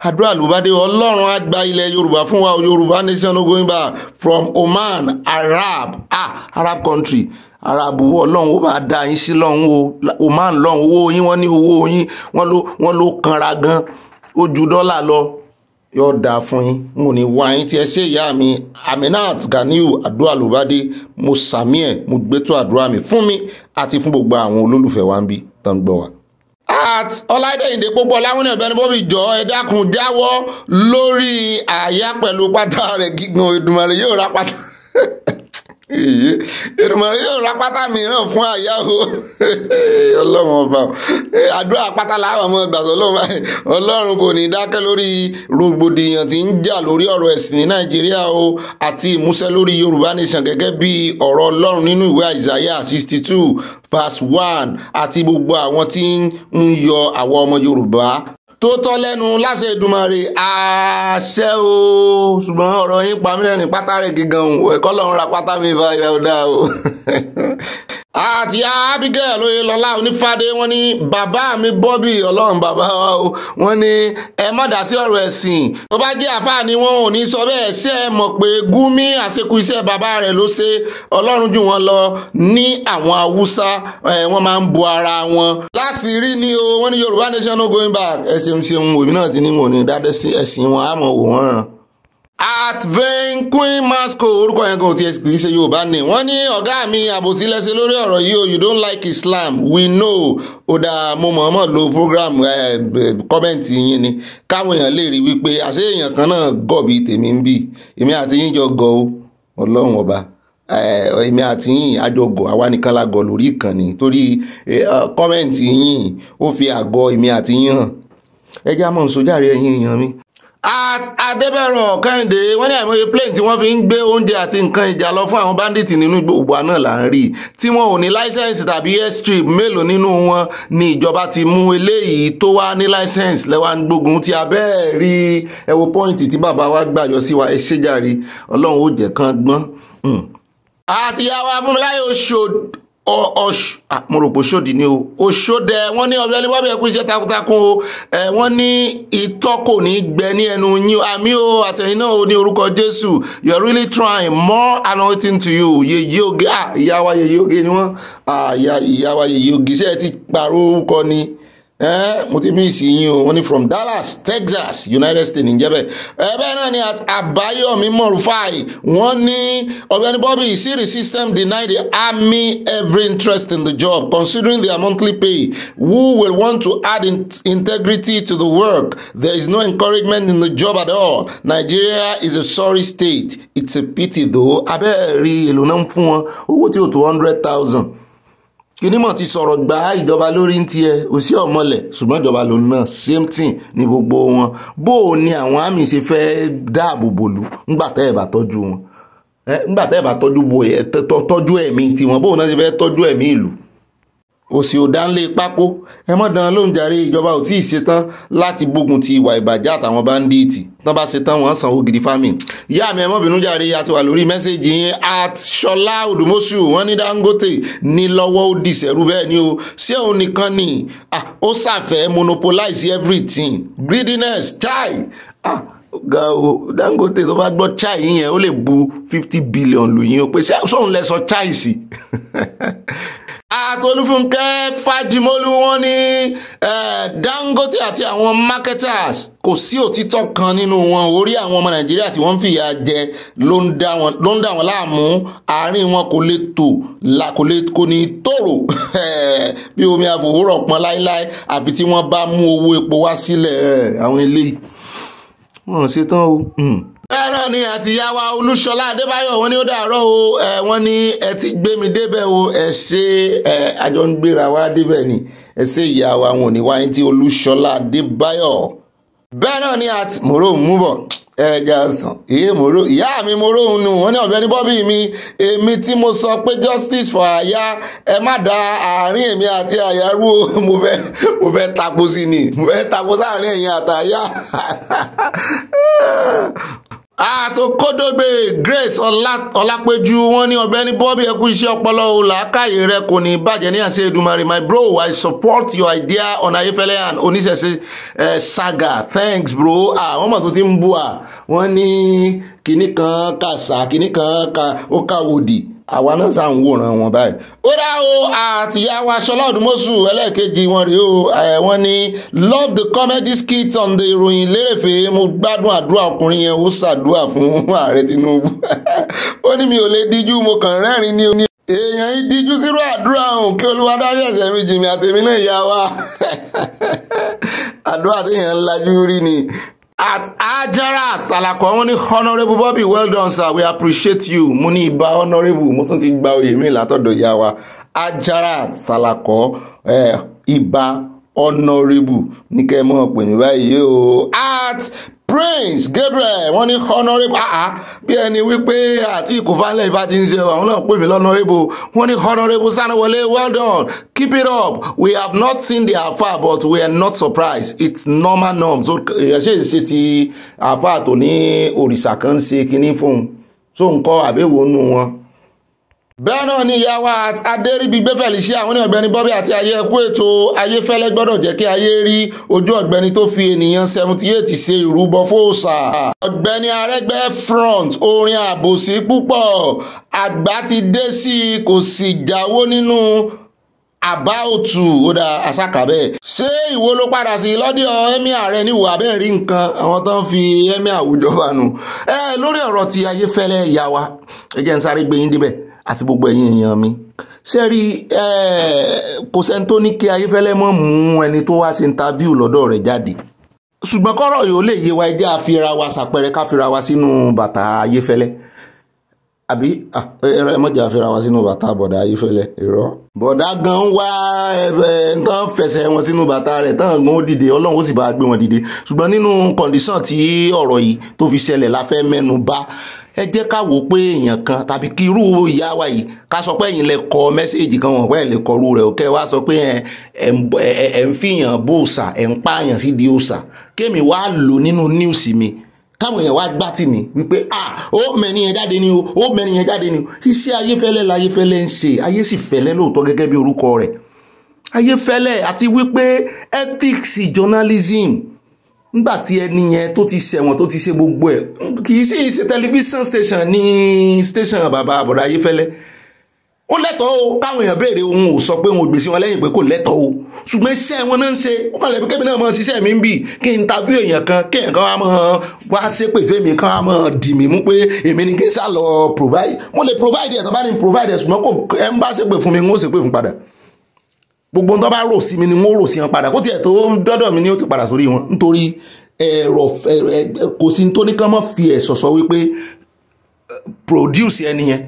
àdúrà lùbádé ọlọ́run á gba ilẹ̀ Yorùbá fún wa o Yorùbá nation ogun ibà from Oman Arab ah, Arab country Arabu àbúrò ọlọ́run ó máa da yín sí lọ́hún o o máa ń lọ́hún owó yín wọ́n ní owó yín wọ́n ló wọ́n ló kanra gan ó ju lọ yóò dáa fún yín mo ní wá yín tí ẹ ṣe ìyá mi Aminat Ganiu àdúrà ló bá dé mo sàmí ẹ mo gbẹtọ àdúrà mi fún mi àti fún gbogbo àwọn olólùfẹ́ wa ń bí tó ń gbọ́ wa at ọláìdẹ́yìndé púpọ̀ láwọn ẹ̀bẹ̀ ni bóbi jọ ẹ dákun jáwọ́ lórí àyà pẹ̀lú pátá rẹ̀ gígùn Èdùmàrè yóò ra pátá. iyì ìrùmọ̀ríyọ̀ lápátá mìíràn fún àyà o ọlọ́run ọba àdúrà apáta làwọn ọmọ ìgbàsọ ọlọ́run kò ní dákẹ́ lórí rògbòdìyàn tí ń jà lórí ọ̀rọ̀ ẹ̀sìn ní nàìjíríà o àti ìmúṣẹ lórí yorùbá nation gẹ́gẹ́ bí ọ̀rọ̀ ọlọ́run nínú ìwé àìsàyà sixty two verse one àti gbogbo àwọn tí ń yọ àwọn ọmọ yorùbá tó tọ́ lẹ́nu láṣẹ Èdùmàrè àṣẹ o ṣùgbọ́n ọ̀rọ̀ yín pa mílíọ̀nù pátá rẹ̀ gígan o ẹ̀kọ́ lọ́run ra pátá mi bá yà ó o àti abigail oyelọlá onífàdé wọ́n ní bàbá mi bọ́bí ọlọ́run bàbá wa o wọ́n ní ẹ má dá sí ọ̀rọ̀ ẹ̀sìn tó bá jẹ́ àfáà ni wọn ò ní sọ bẹ́ẹ̀ ṣe é mọ̀ pé gúmi àṣekú iṣẹ́ bàbá rẹ̀ ló ṣe ọlọ́run jù wọ́n lọ ní àwọn haúsá wọ́n máa ń bu ara wọn. láṣìírí ni o wọ́n ní yorùbá nation no going back ẹ̀sìn ṣeun òbí náà ti ní wọn ò ní dá sí ẹ̀sìn wọn àmọ́ wò ràn at vein queen masco orúkọ yẹn kan ò tiẹ̀ kì í ṣe yorùbá ni wọ́n ní ọ̀gá mi àbòsí lẹ́sẹ̀ lórí ọ̀rọ̀ yìí o you don't like islam we know ó dáa mo mọ̀ọ́mọ̀ lo program kọ́mẹ́ǹtì yín ni káwọn èèyàn lè rí wípé àṣé èèyàn kan náà gọ̀bì tèmi ń bì èmi àti yín jọ gọ̀ o ọlọ́run ọba èmi àti yín àjọgọ̀ àwa nìkan la gọ̀ lórí ìkànnì torí kọ́mẹ́ǹtì yín ó fi àgọ́ èmi àti yín hàn ẹ jẹ́ àmọ́ nsọ́jà rẹ̀ yín èèyàn mi at adébẹ̀rọ̀ kẹ́hìndé wọ́n ní àìmọye plane tí wọ́n fi ń gbé oúnjẹ àti nǹkan ìjà lọ fún àwọn bandits nínú gbogbo náà là ń rí i tí wọn ò ní license tàbí airstrip mélòó nínú wọn ni ìjọba ti mú eléyìí tó wá ní license lẹ́wà ń gbógun ti abẹ́ẹ̀ rí ẹ wo point tí bàbá wa gbàyọ sí wa ẹ ṣéjàre ọlọ́run ó jẹ́ kán gbọ́n. Hmm. àtìyàwó afúnmiláyò ṣòd ọṣù àpòròpò ṣòdì ni o òṣòdẹ wọn ní ọbẹ ní bábẹ ẹkú iṣẹ́ takuntakun o ẹ wọn ní itọ́ kò ní gbẹ ní ẹnu yín àmì o àtẹ̀yìn náà o ní orúkọ Jésù you are really trying more anointing to you yèyé oge ah ìyá wa yèyé oge ni wọn ah ìyá wa yèyé oge ṣé ẹ ti pààrọ̀ orúkọ ni. Eh, mo ti miss yín o wọ́n ní from Dallas Texas United States níjẹ́bẹ̀ eh, ẹ̀bẹ̀ náà ni at Abayomi Morufai wọ́n ní Ọ̀gbẹ́ni Bobby Siri system deny the army every interest in the job considering their monthly pay who will want to add in integrity to the work there is no encouragement in the job at all Nigeria is a sorry state it's a pity though abẹ́ẹ̀rí èlò náà ń fún wọn owó tí ó tó hundred thousand kinimọ̀ ti sọ̀rọ̀ gba ìjọba lórí ti ẹ òsì ọ̀mọ̀lẹ̀ ṣùgbọ́n ìjọba ló ná same thing ní gbogbo wọn bó o ní àwọn àmì ṣe fẹ́ dáàbò bòlú ńgbà tẹ́ ẹ̀ bá tọ́jú wọn ńgbà tẹ́ ẹ̀ bá tọ́jú bo ẹ̀ tọ́jú ẹ̀mí tiwọn bó o náà ṣe fẹ́ tọ́jú ẹ̀mí ìlú òsì ò dánlé pákó ẹ mọ̀ dán lóúnjẹ àrí ìjọba ò tí ì ṣetán láti gbógun ti ìwà ìbàjẹ́ àtàwọn báńdíìtì tán bá ṣe tán wọ́n sanwó gidi fámì ìyá mi ẹ má bínú jàre àti wà lórí mẹ́sẹ̀gì yín at ṣọlá odùmọ́sù wọ́n ní dangote ní lọ́wọ́ ó di ìṣẹ̀rú bẹ́ẹ̀ ni o ṣé òun nìkan ni ó ṣàfẹ́ monopolize everything greediness chai ah ga o dangote tó bá gbọ́ chai yẹn ó lè bu fifty billion lù yín o pé ṣé sóun lẹ sọ chai sí. àtolúfúnkẹ́ fájimólú wọn ní Dangote àti àwọn marketers kò sí òtítọ́ kan nínú wọn orí àwọn ọmọ Nàìjíríà tí wọ́n ń fìyà jẹ ló ń dà wọ́n láàmú àárín wọn kò lè tò kò ní tòrò bí omi àfòwúrọ̀ pọn láéláé àfi tí wọ́n bá mú owó epo wá sílẹ̀ àwọn eléyìí wọ́n ṣetán o. Hmm bẹ́ẹ̀ ni àtìyáwá olúṣọlá adébáyọ̀ wọn ni ó dàárọ̀ o wọn ni ẹ ti gbé mi débẹ̀ o ẹ ṣe ẹ àjọ ń gbéra wá débẹ̀ ni ẹ ṣe ìyáwá wọn ò ní wáyé tí olúṣọlá adébáyọ̀ bẹ́ẹ̀ ni àti mòró ń mú bọ̀ ẹja sàn ìyé mòró ìyá mi mòró ń nu wọn ní ọ̀gbẹ́ni bọ́bí mi èmi tí mo sọ pé justice for àyà ẹ má da àárín èmi àti àyà rú o mo fẹ́ mo fẹ́ tako sí ni mo fẹ́ tako sáàárín ẹ̀yin àtàyà. àtòkódógbè Grace Ọlápẹ̀jú wọn ní Ọ̀gbẹ́ni Bobby ẹkú iṣẹ́ ọpọlọ o làákàyè rẹ kò ní bàjẹ́ ní àṣẹ Èdùmàrè my bro i support your idea on Ayéfẹ́lẹ́ and Oníṣẹ̀ṣe uh, saga thanks bro àwọn ọmọ tó ti ń bu à wọ́n ní kinní kan kàṣà kinní kan ka ó kàwòdì. Ka, àwa náà sà ń wòran wọn báyìí ó dá o àtìyàwó aṣọlá ọdúnmọ́sù ẹlẹ́ẹ̀kejì wọn rèé o wọn ni love the comedy skit on the ìròyìn lérèfé mo gbádùn àdúrà ọkùnrin yẹn ó ṣàdúrà fún ààrẹ Tinubu ó ní mi ò lè díjú mo kàn rẹ́rìn ní oní. èèyàn ìdíjú sírò àdúrà ọ̀hún kí olúwa dárí ẹ̀ṣẹ̀ mi jì mí àtèmi náà yá wa àdúrà téèyàn ń lajú rí ni at ajarat salako wọ́n ní honourable Bobby well done sir we appreciate you mo ní ibà honourable mo tún ti gba oyè mi látọ̀dọ̀ ìyá wa ajarat salako eh, ibà honourable ní kẹ́ ẹ mọ̀ pè mí báyìí o at prince gabriel wọ́n ní honourable ah, ah bí ẹni wípé àti ìkúfàlẹ̀ ìfà ti ń ṣe àwọn náà pè mí lọ́nàrẹ́bù wọ́n ní honourable sanwó well done keep it up we have not seen the afa but we are not surprised it's normal norm so ṣe é ṣe ti afa tó ní òrìṣà kan ṣe kinní fún un so nǹkan àbẹ̀wò nù wọn bẹ́ẹ̀ náà ni ìyá wa adéríbigbé Felicia àwọn onímọ̀ ọ̀gbẹ́ni Bobby àti ayé ẹkú ètò ayéfẹ́lẹ́ gbọ́dọ̀ jẹ́ kí ayé rí ojú ọ̀gbẹ́ni tó fi ènìyàn seventy eight ṣe ìrúbọ fóòṣà ọ̀gbẹ́ni arẹ́gbẹ́ front orin àbòsí púpọ̀ àgbà ti dé sí i kò sì jáwọ́ nínú àbá òtù ó dá àṣàkà bẹ́ẹ̀. ṣé ìwo ló padà sí lọ́dí ọ ẹ́mí ààrẹ níwò abẹ́ rí nǹkan àwọn tó ń fi ẹ́mí àwùjọ bá ẹ lórí ọ̀rọ̀ ti ayéfẹ́lẹ́ ìyá wa ẹ jẹ́ ń sáré gbé débẹ̀ àti gbogbo ẹ̀yin èèyàn mi ṣé rí kò sẹ́ni tó ní kí ayéfẹ́lẹ́ mọ̀ mú ẹni tó wá ṣe interview lọ́dọ̀ rẹ̀ jáde ṣùgbọ́n kọ́rọ̀ yóò lè yé wa ẹ jẹ́ àfira wa ṣàpẹẹrẹ káfira wa sínú bàtà ayéfẹ́lẹ́ àbí ẹ̀rọ ẹ mọ̀jà àfira wa sínú bàtà bọ̀dà ayéfẹ́lẹ́ irọ́. bọ̀dà gan wá tán fẹsẹ̀ wọn sínú bàtà rẹ̀ tán gan ó dìde ọlọ́run ó sì bá gbé wọn dìde ṣùgbọ́n nínú kọ̀ǹdíṣàn tí ọ̀rọ̀ yìí tó fi ṣẹlẹ̀ la mẹ́nu bà ẹ jẹ́ ká wò pé èèyàn kan tàbí kí irú ìyá wa yìí ká sọ pé ẹ̀yin lè kọ mẹ́sẹ́ẹ̀jì kan wọ̀n pé ẹ̀ lè kọrú rẹ̀ òkè wá sọ pé ẹ̀ ń fìyàn bó òòsà ẹ̀ ń pààyàn sí di òòsà kémi wá lò nínú níùsì mi táwọn èèyàn wá gbá tì mí wípé ó mẹ́ni yẹn jáde ni o ó mẹ́ni yẹn jáde ni o iṣẹ́ ayéfẹ́lẹ́ la ayéfẹ́lẹ́ ń ṣe ayé sì fẹ́lẹ́ lóòótọ́ gẹ́gẹ́ bí orúkọ rẹ̀ ayéfẹ́lẹ́ àti wípé ethics journalism nígbà tí ẹni yẹn tó ti ṣẹ̀wọ̀n tó ti ṣe gbogbo ẹ̀ kì í sì ṣe tẹlifíṣàn station ní station bàbá àbọ̀dá ayéfẹ́lẹ́ ó lẹ́tọ̀ọ́ o káwọn èèyàn béèrè òun ò sọ pé òun ò gbèsè wọn lẹ́yìn pé kò lẹ́tọ̀ọ́ o ṣùgbọ́n iṣẹ́ wọn náà ń ṣe ó kàn lẹ́bi kébì náà mọ̀ ṣiṣẹ́ mi ń bì kí n ta fíò èèyàn kan kí èèyàn kan wá mọ̀ wá ṣépè fèmí kan wá mọ̀ dì mí mú pé èmi ni kí n sá lọ provide mo lè provide ẹ̀ tó bá ní provide ẹ̀ ṣùgbọ́n kò ẹ̀ ń bá ṣépè fún mi ń ó ṣépè fún padà gbogbo tó bá rò sí mi ni wọ́n rò sí wọn padà kó tiẹ̀ tó dọ́dọ̀ mi ni ó ti padà sórí wọn nítorí ẹ̀rọ kò sí tó ní kán mọ́ fi ẹ̀sọ̀ sọ wípé eh, produce ẹni yẹn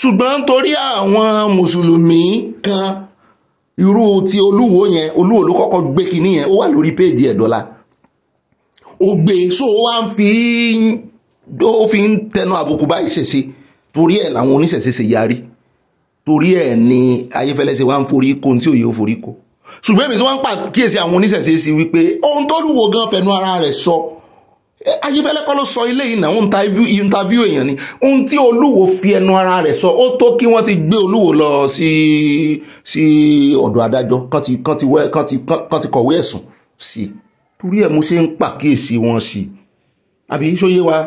ṣùgbọ́n nítorí àwọn mùsùlùmí kan irú ti olúwo yẹn olúwo ló kọ́kọ́ gbé kinní yẹn ó wà lórí péèjì ẹ̀ dọ́là ó gbé so ó wá ń fi ó fi ń tẹnu àbùkù báyìí ṣèṣe torí ẹ̀ làwọn oníṣẹ̀ṣe ṣe yarí torí ẹ̀ ni ayéfẹ́lẹ́ ṣe wá ń forí kó tí òye ó forí kó ṣùgbọ́n èmi tí wọ́n ń pàkíyèsí àwọn oníṣẹ̀ṣe sí wípé ohun tó lùwò gan fẹnu ara rẹ̀ sọ ayéfẹ́lẹ́ kọ́ ló sọ ilé ìnà ń interview èèyàn ni ohun tí olúwo fi ẹnu ara rẹ̀ sọ ó tó kí wọ́n ti gbé olúwo lọ sí sí ọ̀dọ̀ adájọ́ kan ti kọ̀wé ẹ̀sùn sí i torí ẹ̀ mo ṣe ń pàkíyèsí wọn sí i àbí ṣóyé wa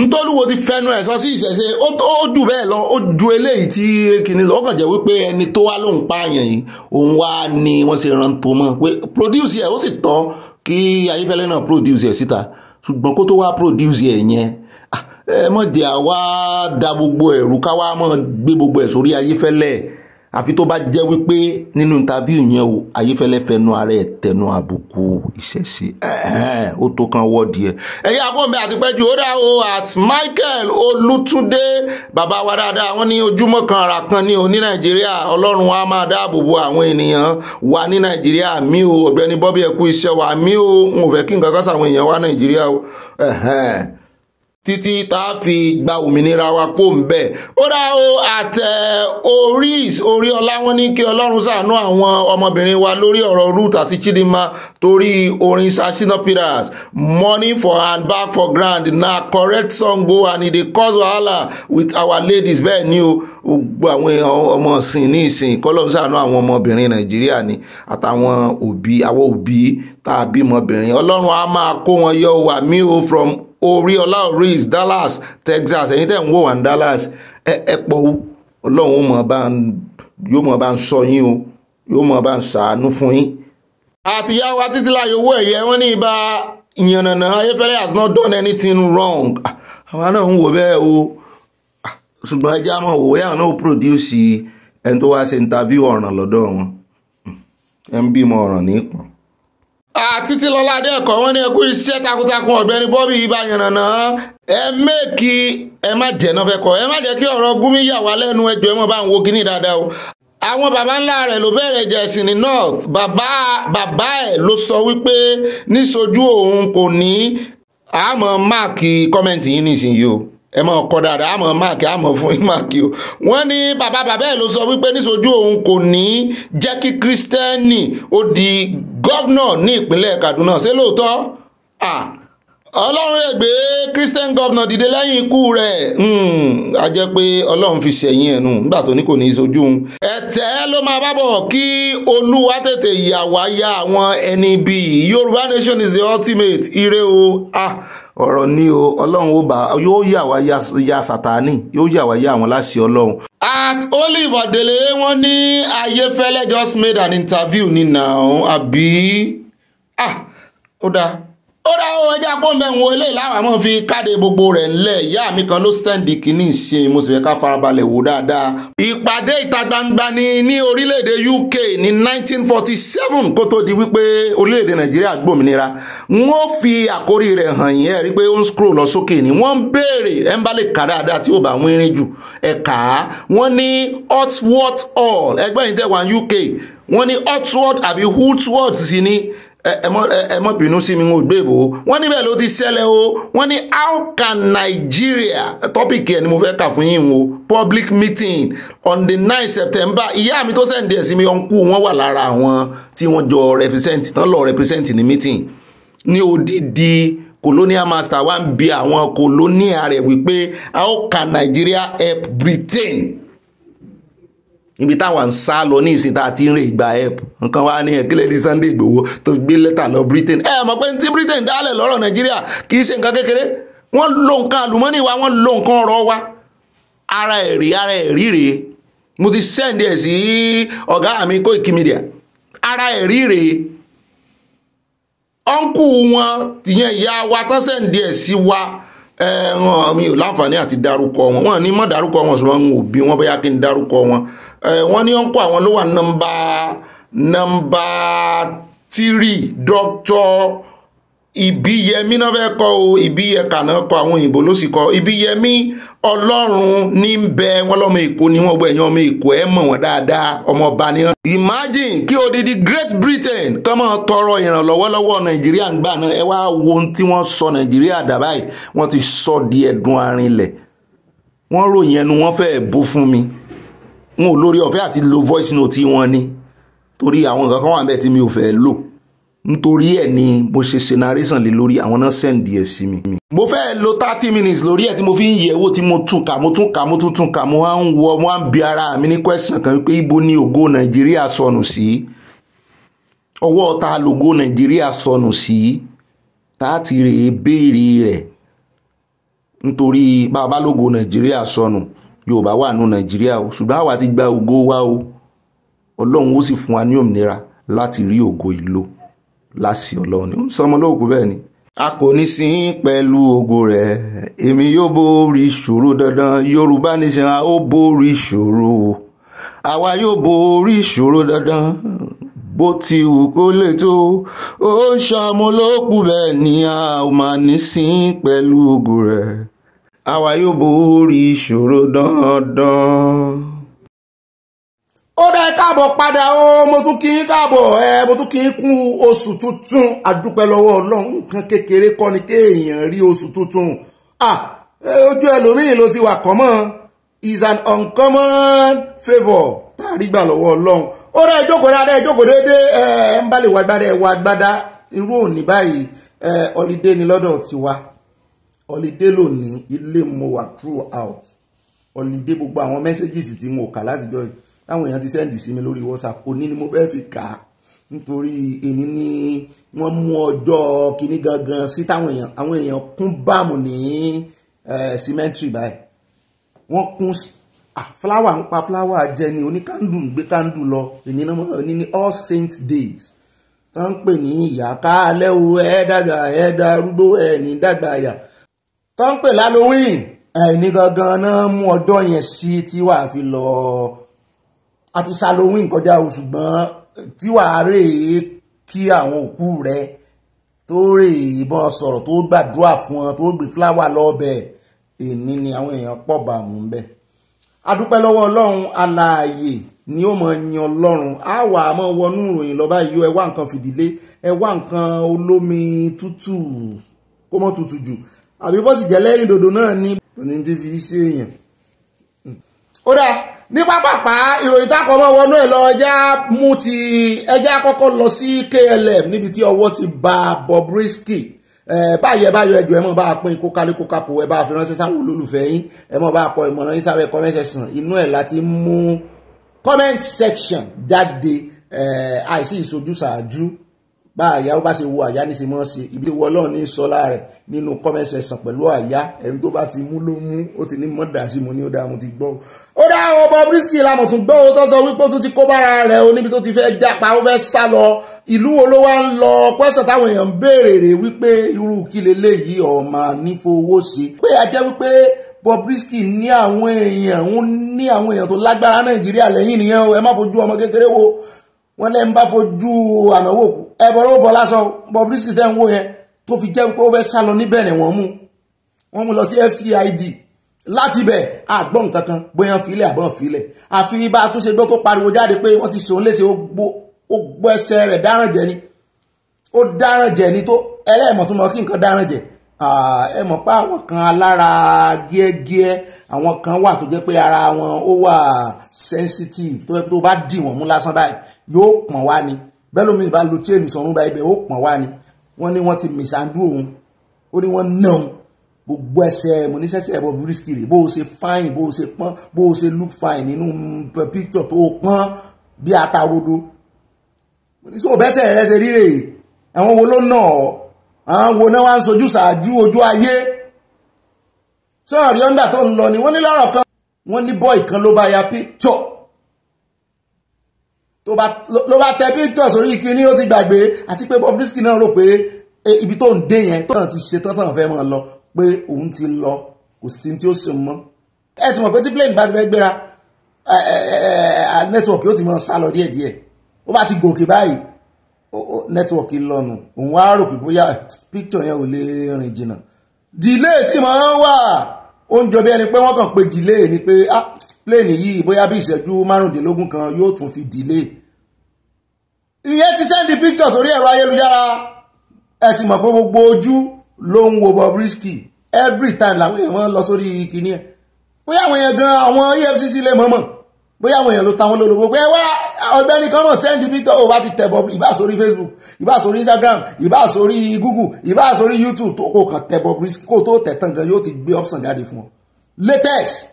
ntọ́lúwo ti fẹnu ẹ̀ sọ sí ìṣẹ̀ṣe ó jù bẹ́ẹ̀ lọ ó ju eléyìí tí kìnìún lọ ó kàn jẹ́ wípé ẹni tó wá lóun pààyàn yìí òun wá ni wọ́n ṣe ran tó mọ́ pé produce ẹ̀ ó sì tọ́ kí ayífẹ́lẹ́ náà produce ẹ̀ síta ṣùgbọ́n kó tó wá produce ẹ̀ yẹn ah, ẹ mọ̀jẹ̀ àwa da gbogbo ẹ̀rù káwá mọ̀ gbé gbogbo ẹ̀ sórí ayífẹ́lẹ́ ẹ̀ àfi tó bá jẹ́ wípé nínú interview yẹn o ayéfẹ́lẹ́ fẹnu ara ẹ̀ tẹnu àbùkù ìṣẹ̀ṣe ó tó kan wọ́ọ̀dì ẹ̀. ẹ̀yin akọ́nbẹ àti pẹ́jù ó dá o at Michael Olútúndé bàbá wa dáadáa wọ́n ní ojúmọ́ kan ara kan ní o ní nàìjíríà ọlọ́run wa máa dáàbò bo àwọn ènìyàn wa ní nàìjíríà mi o ọ̀gbẹ́ni Bobby ẹ̀kú iṣẹ́ wa mi o n ò fẹ́ kí nǹkan kan sàwọn èèyàn wa nàìjíríà o títí tá a fi gba òmìnira wa kó ń bẹ̀. ó dá o àtẹ eh, orí orí ọlá wọn ní kí ọlọ́run ṣàánú àwọn ọmọbìnrin wa lórí ọ̀rọ̀ Ruth àti Chidinma torí orin Sashina Pillars money for hand back for grand na correct song go and e dey cause wahala with our ladies bẹ́ẹ̀ ni o gbogbo àwọn ọmọ ìsìn ní ìsìn kọ́lọ́run ṣàánú àwọn ọmọbìnrin Nàìjíríà ni àtàwọn òbí àwọn òbí tá a bímọbìnrin ọlọ́run á máa kó wọn yọ wà mí o from Oríọlá Oris Dallas Texas ẹ̀yin tẹ̀ ń wò wá ní Dallas ẹ ẹ pọ̀ o ọlọ́run ó mọ̀ bá ń yóò mọ̀ bá ń sọ yín o yóò mọ̀ bá ń sàánú fún yín. àti yá wa títí láyé owó ẹ̀yẹ wọn ní ibà ìyànnànà Ayéfẹ́lẹ́ has not done anything wrong àwa náà ń wò bẹ́ẹ̀ o ṣùgbọ́n ẹja mọ̀ wò yàrá náà ó produce ẹni tó wá ṣe interview ọ̀ràn lọ́dọ̀ wọn ẹ ń bímọ ọ̀ràn ní ìpọ̀n. Títílọlá Adéẹ̀kọ́ wọ́n ní ẹ kú iṣẹ́ takuntakun ọ̀gbẹ́ni Bobby ibà yànnàná ẹ méèkì ẹ má jẹ́ náà fẹ́ kọ́ ẹ má jẹ́ kí ọ̀rọ̀ Gumi yà wá lẹ́nu ẹjọ́ ẹ mọ̀ bá ń wo kíní dáadáa o àwọn baba ńlá rẹ̀ ló bẹ̀rẹ̀ jẹ̀sìn ní north bàbá bàbá ẹ̀ ló sọ wípé níṣojú òun kò ní àmọ́ máàkì kọ́mẹ̀ntì yín nísìnyí o ẹ mọ̀ ọkọ dáadáa àmọ́ máàkì àmọ́ fún yín máàkì o wọ́n ní bàbá bàbá ẹ̀ ló sọ wípé níṣojú òun kò ní jẹ́ kí kírísítẹ́nì ó di gọ́vnọ̀ ní ìpínlẹ̀ Kaduna ṣé lóòótọ́ ọlọ́run rẹ̀ gbé Christian governor dìde lẹ́yìn ikú rẹ̀ hmm, a jẹ́ pé ọlọ́run fi ṣẹ̀yìn ẹ̀nu nígbà tó ní kò ní í sojú un. ẹ̀tẹ́ ló máa bá bọ̀ kí olúwa tètè yà wá ya àwọn ẹni bíi Yorùbá nation is the ultimate ire o. Ah ọ̀rọ̀ ni o ọlọ́run ó bá yóò yà wá ya sátánì yóò yà wá ya àwọn láṣẹ ọlọ́run. at olive adele wọn ní ayéfẹ́lẹ́ just made an interview ní nàá àbí ah ó dáa ó dá owó ẹjẹ́ apọ́nbẹ́ ń wo eléyìí láwọn àmọ́ fi káde gbogbo rẹ̀ ńlẹ̀ ìyá mi kan ló sẹ́ǹdì kìíní ṣe mo sì fẹ́ ká farabalẹ̀ wò dáadáa. ìpàdé ìta gbangba ni ní orílẹ̀-èdè UK ní 1947 kó tó di wípé orílẹ̀-èdè Nàìjíríà gbòmìnira wọ́n fi àkórí rẹ̀ hàn yín ẹ̀ rí pé ó ń scroll lọ sókè ni wọ́n ń béèrè ẹ̀ ń bá lè kà dáadáa tí ó bá wọn irin jù ẹ̀ kà á wọ́n ní hot what all ẹgbẹ́ yìí tẹ̀ wá UK wọ́n ní hot what àbí hoot what sí ni ẹ bínú sí mi ò gbé ìbò wọ́n níbẹ̀ ló ti ṣẹlẹ̀ o wọ́n ní how can Nigeria topic ẹ̀ ni mo fẹ́ kà fún yín o public meeting on the nine September ìyá mi tó sẹ́ǹdì ẹ̀ sí mi ọ̀nkú wọn wà lára àwọn tí wọ́n jọ represent tán lọ represent ní meeting ní odidi colonial master wa ń bi àwọn colonial rẹ̀ wípé how can Nigeria help Britain ibi táwọn ń sá lọ ní ìsìn tá a ti ń rè gba help nǹkan wá ní ẹ̀kílẹ̀ ní Sunday Ìgbòho tó gbé lẹ́tà lọ Britain ẹ mọ̀ pé ti Britain dálẹ̀ lọ́rọ̀ Nàìjíríà kì í ṣe nǹkan kékeré wọ́n lo nǹkan àlùmọ́nì wa wọ́n lo nǹkan ọ̀rọ̀ wa ara ẹ̀rí ara ẹ̀rí rèé mo ti send ẹ̀ sí ọ̀gá mi Koiki Media ara ẹ̀rí rèé ọ̀nkù wọn tìyẹn ìyá wa tán send ẹ̀ sí wa ẹ̀hàn mi ò láǹfààní àti dárúkọ wọn wọn ní mọ̀ dárúkọ wọn ṣùgbọ́n n ò bí wọn bóyá kí n dárúkọ wọn wọn ní ọ̀nkọ́ àwọn ló wà nọ́mbà nọ́mbà tírì dókítà ìbíyẹmí náà fẹ́ kọ́ o ìbíyẹka náà kọ́ àwọn òyìnbó ló sì kọ́ ìbíyẹmí ọlọ́run ní ń bẹ wọn lọ́mọ èkó ni wọ́n gbọ́ ẹ̀yìn ọmọ èkó ẹ̀ mọ̀ wọ́n dáadáa ọmọ ọba ni wọ́n. imagine kí odidi Great Britain kọ́ mọ́ tọrọ ìrànlọ́wọ́ lọ́wọ́ nàìjíríà ń gbà náà ẹ wá wo ohun tí wọ́n sọ nàìjíríà dà báyìí wọ́n ti sọ di ẹ̀dùn arinlẹ̀ wọ́n ròyìn ẹnu wọn fẹ́ bú fún mi wọn ò lórí ọ̀fẹ́ àti lo voice note wọn ni torí àwọn nǹkan kan wà bẹ́ẹ̀ tí mi ò fẹ́ lò nítorí ẹ̀ ni mo ṣe ṣe narration lé lórí àwọn náà send ẹ̀ sí mi. mo fẹ́ lo thirty minutes lórí ẹ̀ tí mo fi ń yẹ̀wò tí mo tún kà mo tún kà mo tún tún kà mo wá ń mo wá bi ara mi ní question kan pé ibo ni ògo nàìjíríà sọnù sí ọwọ́ ta lògo nàìjíríà sọnù sí láti rèé béèrè rẹ̀ nítorí bàbá lògo nàìjíríà sọnù yorùbá wà nù nàìjíríà o ṣùgbọ́n àwa ti gba ògo wa o ọlọ́run ó sì fún wa ní òmìnira láti rí ògo ìlò láṣì ọlọ́run ni ó ń sọmọ lóògùn bẹ́ẹ̀ ni. a kò ní sin pẹ̀lú ògo rẹ̀ èmi yóò borí ìṣòro dandan yorùbá nation a ó borí ìṣòro àwa yóò borí ìṣòro dandan bó ti wù kó lè tó ó ń sọmọ lóògùn bẹ́ẹ̀ ni a ò máa ní sin pẹ̀lú ògo rẹ̀ àwa yóò borí ìṣòro dandan ó dá káàbọ̀ padà o mo tún kí yín káàbọ̀ ẹ mo tún kí yín kún oṣù tuntun àdúpẹ́ lọ́wọ́ ọlọ́run nǹkan kékeré kọ́ ni kéèyàn rí oṣù tuntun ojú ẹlòmíì ló ti wà kọ́mọ́ is an uncommon favour tá gbà lọ́wọ́ ọlọ́run ó dá ẹ dáadáa ẹ jókòó ẹ ẹ ń bá lè wá gbádá ẹ wá gbádá irú òní báyìí ẹ ọlídé ni lọ́dọ̀ tiwa ọlídé lónìí ilé mo wà throughout ọlídé gbogbo àwọn mẹ́sẹ́gìsì tí mo kà láti yìí táwọn èèyàn ti sẹ́ndì sí mi lórí whatsapp òní ni mo fẹ́ fi kà á nítorí èmi ni wọ́n mú ọjọ́ kínní gangan sí táwọn èèyàn àwọn èèyàn kún báàmù ní cemetery báyìí wọ́n kún fúláwà ń pa fúláwà jẹ ni oníkàndù ń gbé kàndù lọ èmi náà ní ní all saint days tó ń pè ní ìyá káàlẹ́ o ẹ dàgbà ẹ darúgbó ẹ ní dàgbà àyà tó ń pè lálówìn ẹni gangan náà mú ọjọ́ yẹn sí tí wàá fi lọ́ọ́ àti salowin kọjá o ṣùgbọ́n tí wàá rèé kí àwọn òkú rẹ tó rèé ìbọn sọ̀rọ̀ tó gbàdúrà fún wọn tó gbé fúláwà lọ́ọ̀bẹ̀ èmi ni àwọn èèyàn pọ̀ bá mú bẹ́ adúpẹ́ lọ́wọ́ ọlọ́run alààyè ni ó mọ yin ọlọ́run á wà á mọ wọnú ìròyìn lọ́ba yìí ẹ wá nǹkan fìdílé ẹ wá nǹkan olómi tútù kó mọ́ tútù jù àbí bọ́sì jẹ́ lẹ́yìn dòdò náà ní. ó dáa ní pápápá ìròyìn tákọ̀ mọ́ wọnú ẹ̀ lọ ẹja mú ti ẹja kọ́kọ́ lọ sí KLM níbi tí ọwọ́ ti ba Bobrisky báyẹ̀ báyọ̀ ẹjọ́ ẹ mọ̀ bá pín kó kálí kó kápò ẹ bá fi ránṣẹ́ sáwọn olólùfẹ́ yín ẹ mọ̀ bá kọ ìmọ̀ràn yín sábẹ́ comment section inú ẹ̀ láti mú comment section jáde àìsí ìsojú ṣáájú bá àyà ó bá ṣe wo àyà ní ṣe mọ́ ṣe ibi tí wọlọ́ ní sọlá rẹ̀ nínú kọ́mẹ́sì ẹ̀sán pẹ̀lú àyà ẹni tó bá ti mú ló mú ó ti ní mọ́dà sí mo ní ó dáa mo ti gbọ́ o. ó dá àwọn ọmọ Bobrisky lamọ̀ tún gbọ́ o tó sọ wípé ó tún ti kó bára rẹ̀ o níbi tó ti fẹ́ jápa ó fẹ́ sá lọ ìlú wo ló wá ń lọ pẹ́sẹ̀ táwọn èèyàn ń béèrè rè wípé irú kí leléyìí ọ̀ma nífowóṣe pé a jẹ́ wípé Bobrisky ní àwọn èèyàn ń ní àwọn èèyàn tó lágbára Nàìjíríà lẹ́yìn nìyẹn o ẹ má fojú ọmọ kékeré wo wọ́n lẹ́ ń bá fojú ànáwó kù ẹ̀bọ̀rọ̀ bọ̀ lásán Bobrisky tẹ́ ń wó yẹn tó fi jẹ́ pé ó fẹ́ sá lọ níbẹ̀rẹ̀ wọ́n mú wọ́n mú lọ sí FCID láti ibẹ̀ àgbọ̀n kankan bóyá filẹ̀ àbọ̀n filẹ̀ àfi bá a tún ṣe gbọ́ tó pariwo jáde pé wọ́n ti sòun léṣe ó gbọ́ ẹsẹ̀ rẹ̀ dáràn jẹ ni ó dáràn jẹ ni tó ẹlẹ́ẹ̀mọ̀ tó mọ kí nǹkan dáràn jẹ ẹ mọ̀ pé àwọn kan alára gíẹ́gíẹ́ àwọn kan wà tó jẹ́ pé ara wọn ó wà sensitive tó bá dì wọ́n mú lásán báyìí yóò pọ̀n wá ni bẹ́lómi ìbá lu chain sọ̀run bá ibẹ̀ ó pọ̀n wá ni wọ́n ní wọ́n ti mìsàndú òun ó ní wọ́n ná òun gbogbo ẹsẹ̀ mo ẹ̀bọ̀ bírísìkì rè bó o ṣe fine bó o ṣe pọ́n bó o ṣe look fine nínú mm, picture tó o pọ́n bí atarodo mo ní sọ bẹ́sẹ̀ rẹ ṣe ríre àwọn wo ló nà ọ́ àwọn wo náà wá ń sojú ṣáájú ojú ayé sọ́ọ̀rì ọ́ndà tó ń lọ ni wọ́n ní lọ́rọ̀ kan wọ́n ní bọ́ì kan ló bá ya picture ló bá tẹ picture sórí kínní ó ti gbàgbé àti pé Bobrisky náà rò pé e, ibi tó ń dé yẹn tó náà ti ṣe tán tán fẹ́ mọ́ lọ pé òun ti lọ kò sí tí ó sùn mọ́ ẹ sì mọ̀ pé tí plane bá ti fẹ́ gbéra network yóò ti mọ̀ sálọ díẹ̀díẹ̀ ó bá ti gòkè báyìí network lọ́nu òun wá rò pé bóyá picture yẹn ò lè rìn jìnnà delay sì máa ń wà ó ń jọ bí ẹni pé wọ́n kàn pé delay ni pé ah pléènì yìí bóyá bí ìṣẹ́jú márùndínlógún kan yóò tún fi dìlé ìyẹn ti sẹ́ndì pictures orí ẹ̀rọ ayélujára ẹ sì mọ̀ pé gbogbo ojú ló ń wo Bobrisky every time làwọn èèyàn lọ sórí kìíní ẹ̀ bóyá àwọn èèyàn gan àwọn EFCC lè mọ̀ọ́mọ̀ bóyá àwọn èèyàn ló ta wọn lólobó pé wá ọ̀gbẹ́ni kan mọ̀ sẹ́ndì picture ò bá ti tẹ̀ Bobrisky ìbá sórí Facebook ìbá sórí Instagram ìbá sórí Google ìbá sórí YouTube tó kò kàn tẹ̀ Bobrisky kó tó tẹ̀ tán gan yóò ti gbé option jáde fún ọ latest